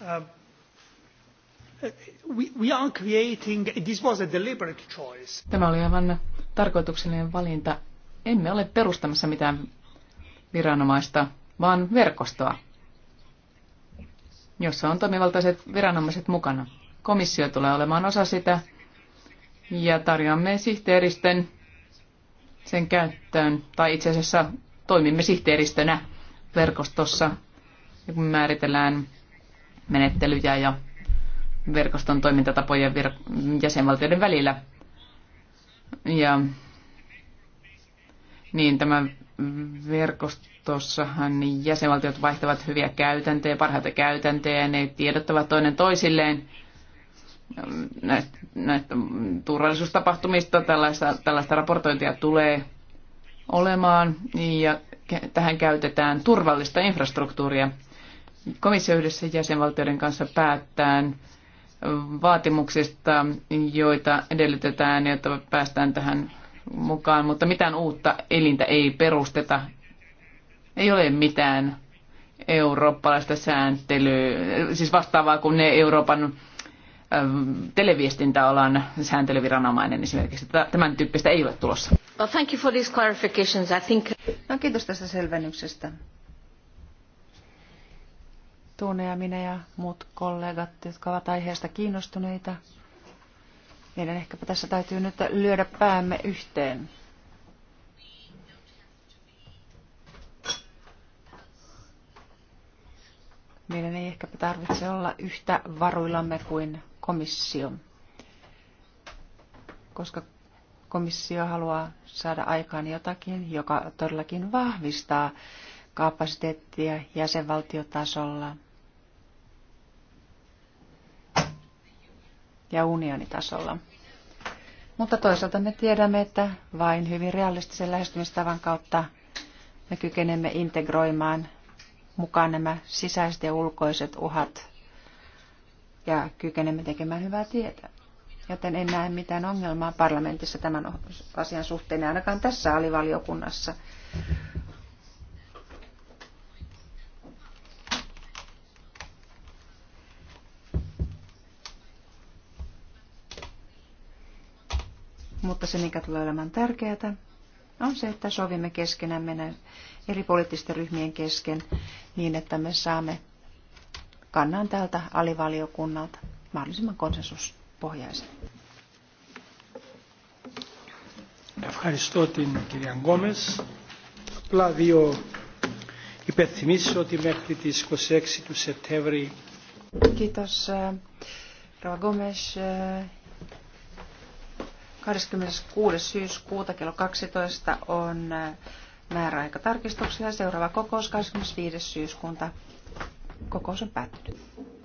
Uh, we, we are creating, this was a deliberate choice. Tämä oli aivan tarkoituksellinen valinta. Emme ole perustamassa mitään viranomaista, vaan verkostoa, jossa on toimivaltaiset viranomaiset mukana. Komissio tulee olemaan osa sitä ja tarjoamme sihteeristön sen käyttöön, tai itse asiassa toimimme sihteeristönä verkostossa, ja kun määritellään menettelyjä ja verkoston toimintatapojen vir- jäsenvaltioiden välillä. Ja niin tämä verkostossahan jäsenvaltiot vaihtavat hyviä käytäntöjä, parhaita käytäntöjä, ne tiedottavat toinen toisilleen näistä, näistä turvallisuustapahtumista, tällaista, tällaista raportointia tulee olemaan ja tähän käytetään turvallista infrastruktuuria. Komissio yhdessä jäsenvaltioiden kanssa päättää vaatimuksista, joita edellytetään, jotta päästään tähän mukaan, mutta mitään uutta elintä ei perusteta. Ei ole mitään eurooppalaista sääntelyä, siis vastaavaa kuin ne Euroopan ähm, televiestintäalan sääntelyviranomainen esimerkiksi. Tämän tyyppistä ei ole tulossa. Well, thank you for these clarifications. I think... No, kiitos tästä selvennyksestä. Tuune ja minä ja muut kollegat, jotka ovat aiheesta kiinnostuneita. Meidän ehkäpä tässä täytyy nyt lyödä päämme yhteen. Meidän ei ehkäpä tarvitse olla yhtä varuillamme kuin komissio, koska komissio haluaa saada aikaan jotakin, joka todellakin vahvistaa kapasiteettia jäsenvaltiotasolla – ja unionitasolla. Mutta toisaalta me tiedämme, että vain hyvin realistisen lähestymistavan kautta me kykenemme integroimaan mukaan nämä sisäiset ja ulkoiset uhat ja kykenemme tekemään hyvää tietä. Joten en näe mitään ongelmaa parlamentissa tämän asian suhteen, ainakaan tässä alivaliokunnassa. mutta se mikä tulee olemaan tärkeää on se, että sovimme keskenämme eri poliittisten ryhmien kesken niin, että me saamme kannan tältä alivaliokunnalta mahdollisimman konsensuspohjaisen. Ευχαριστώ την κυρία Γκόμες. Απλά δύο υπενθυμίσεις ότι μέχρι τις 26 του Σεπτέμβρη Kiitos Rova Gomes 26. syyskuuta kello 12 on äh, määräaika tarkistuksella. Seuraava kokous 25. syyskuuta. Kokous on päättynyt.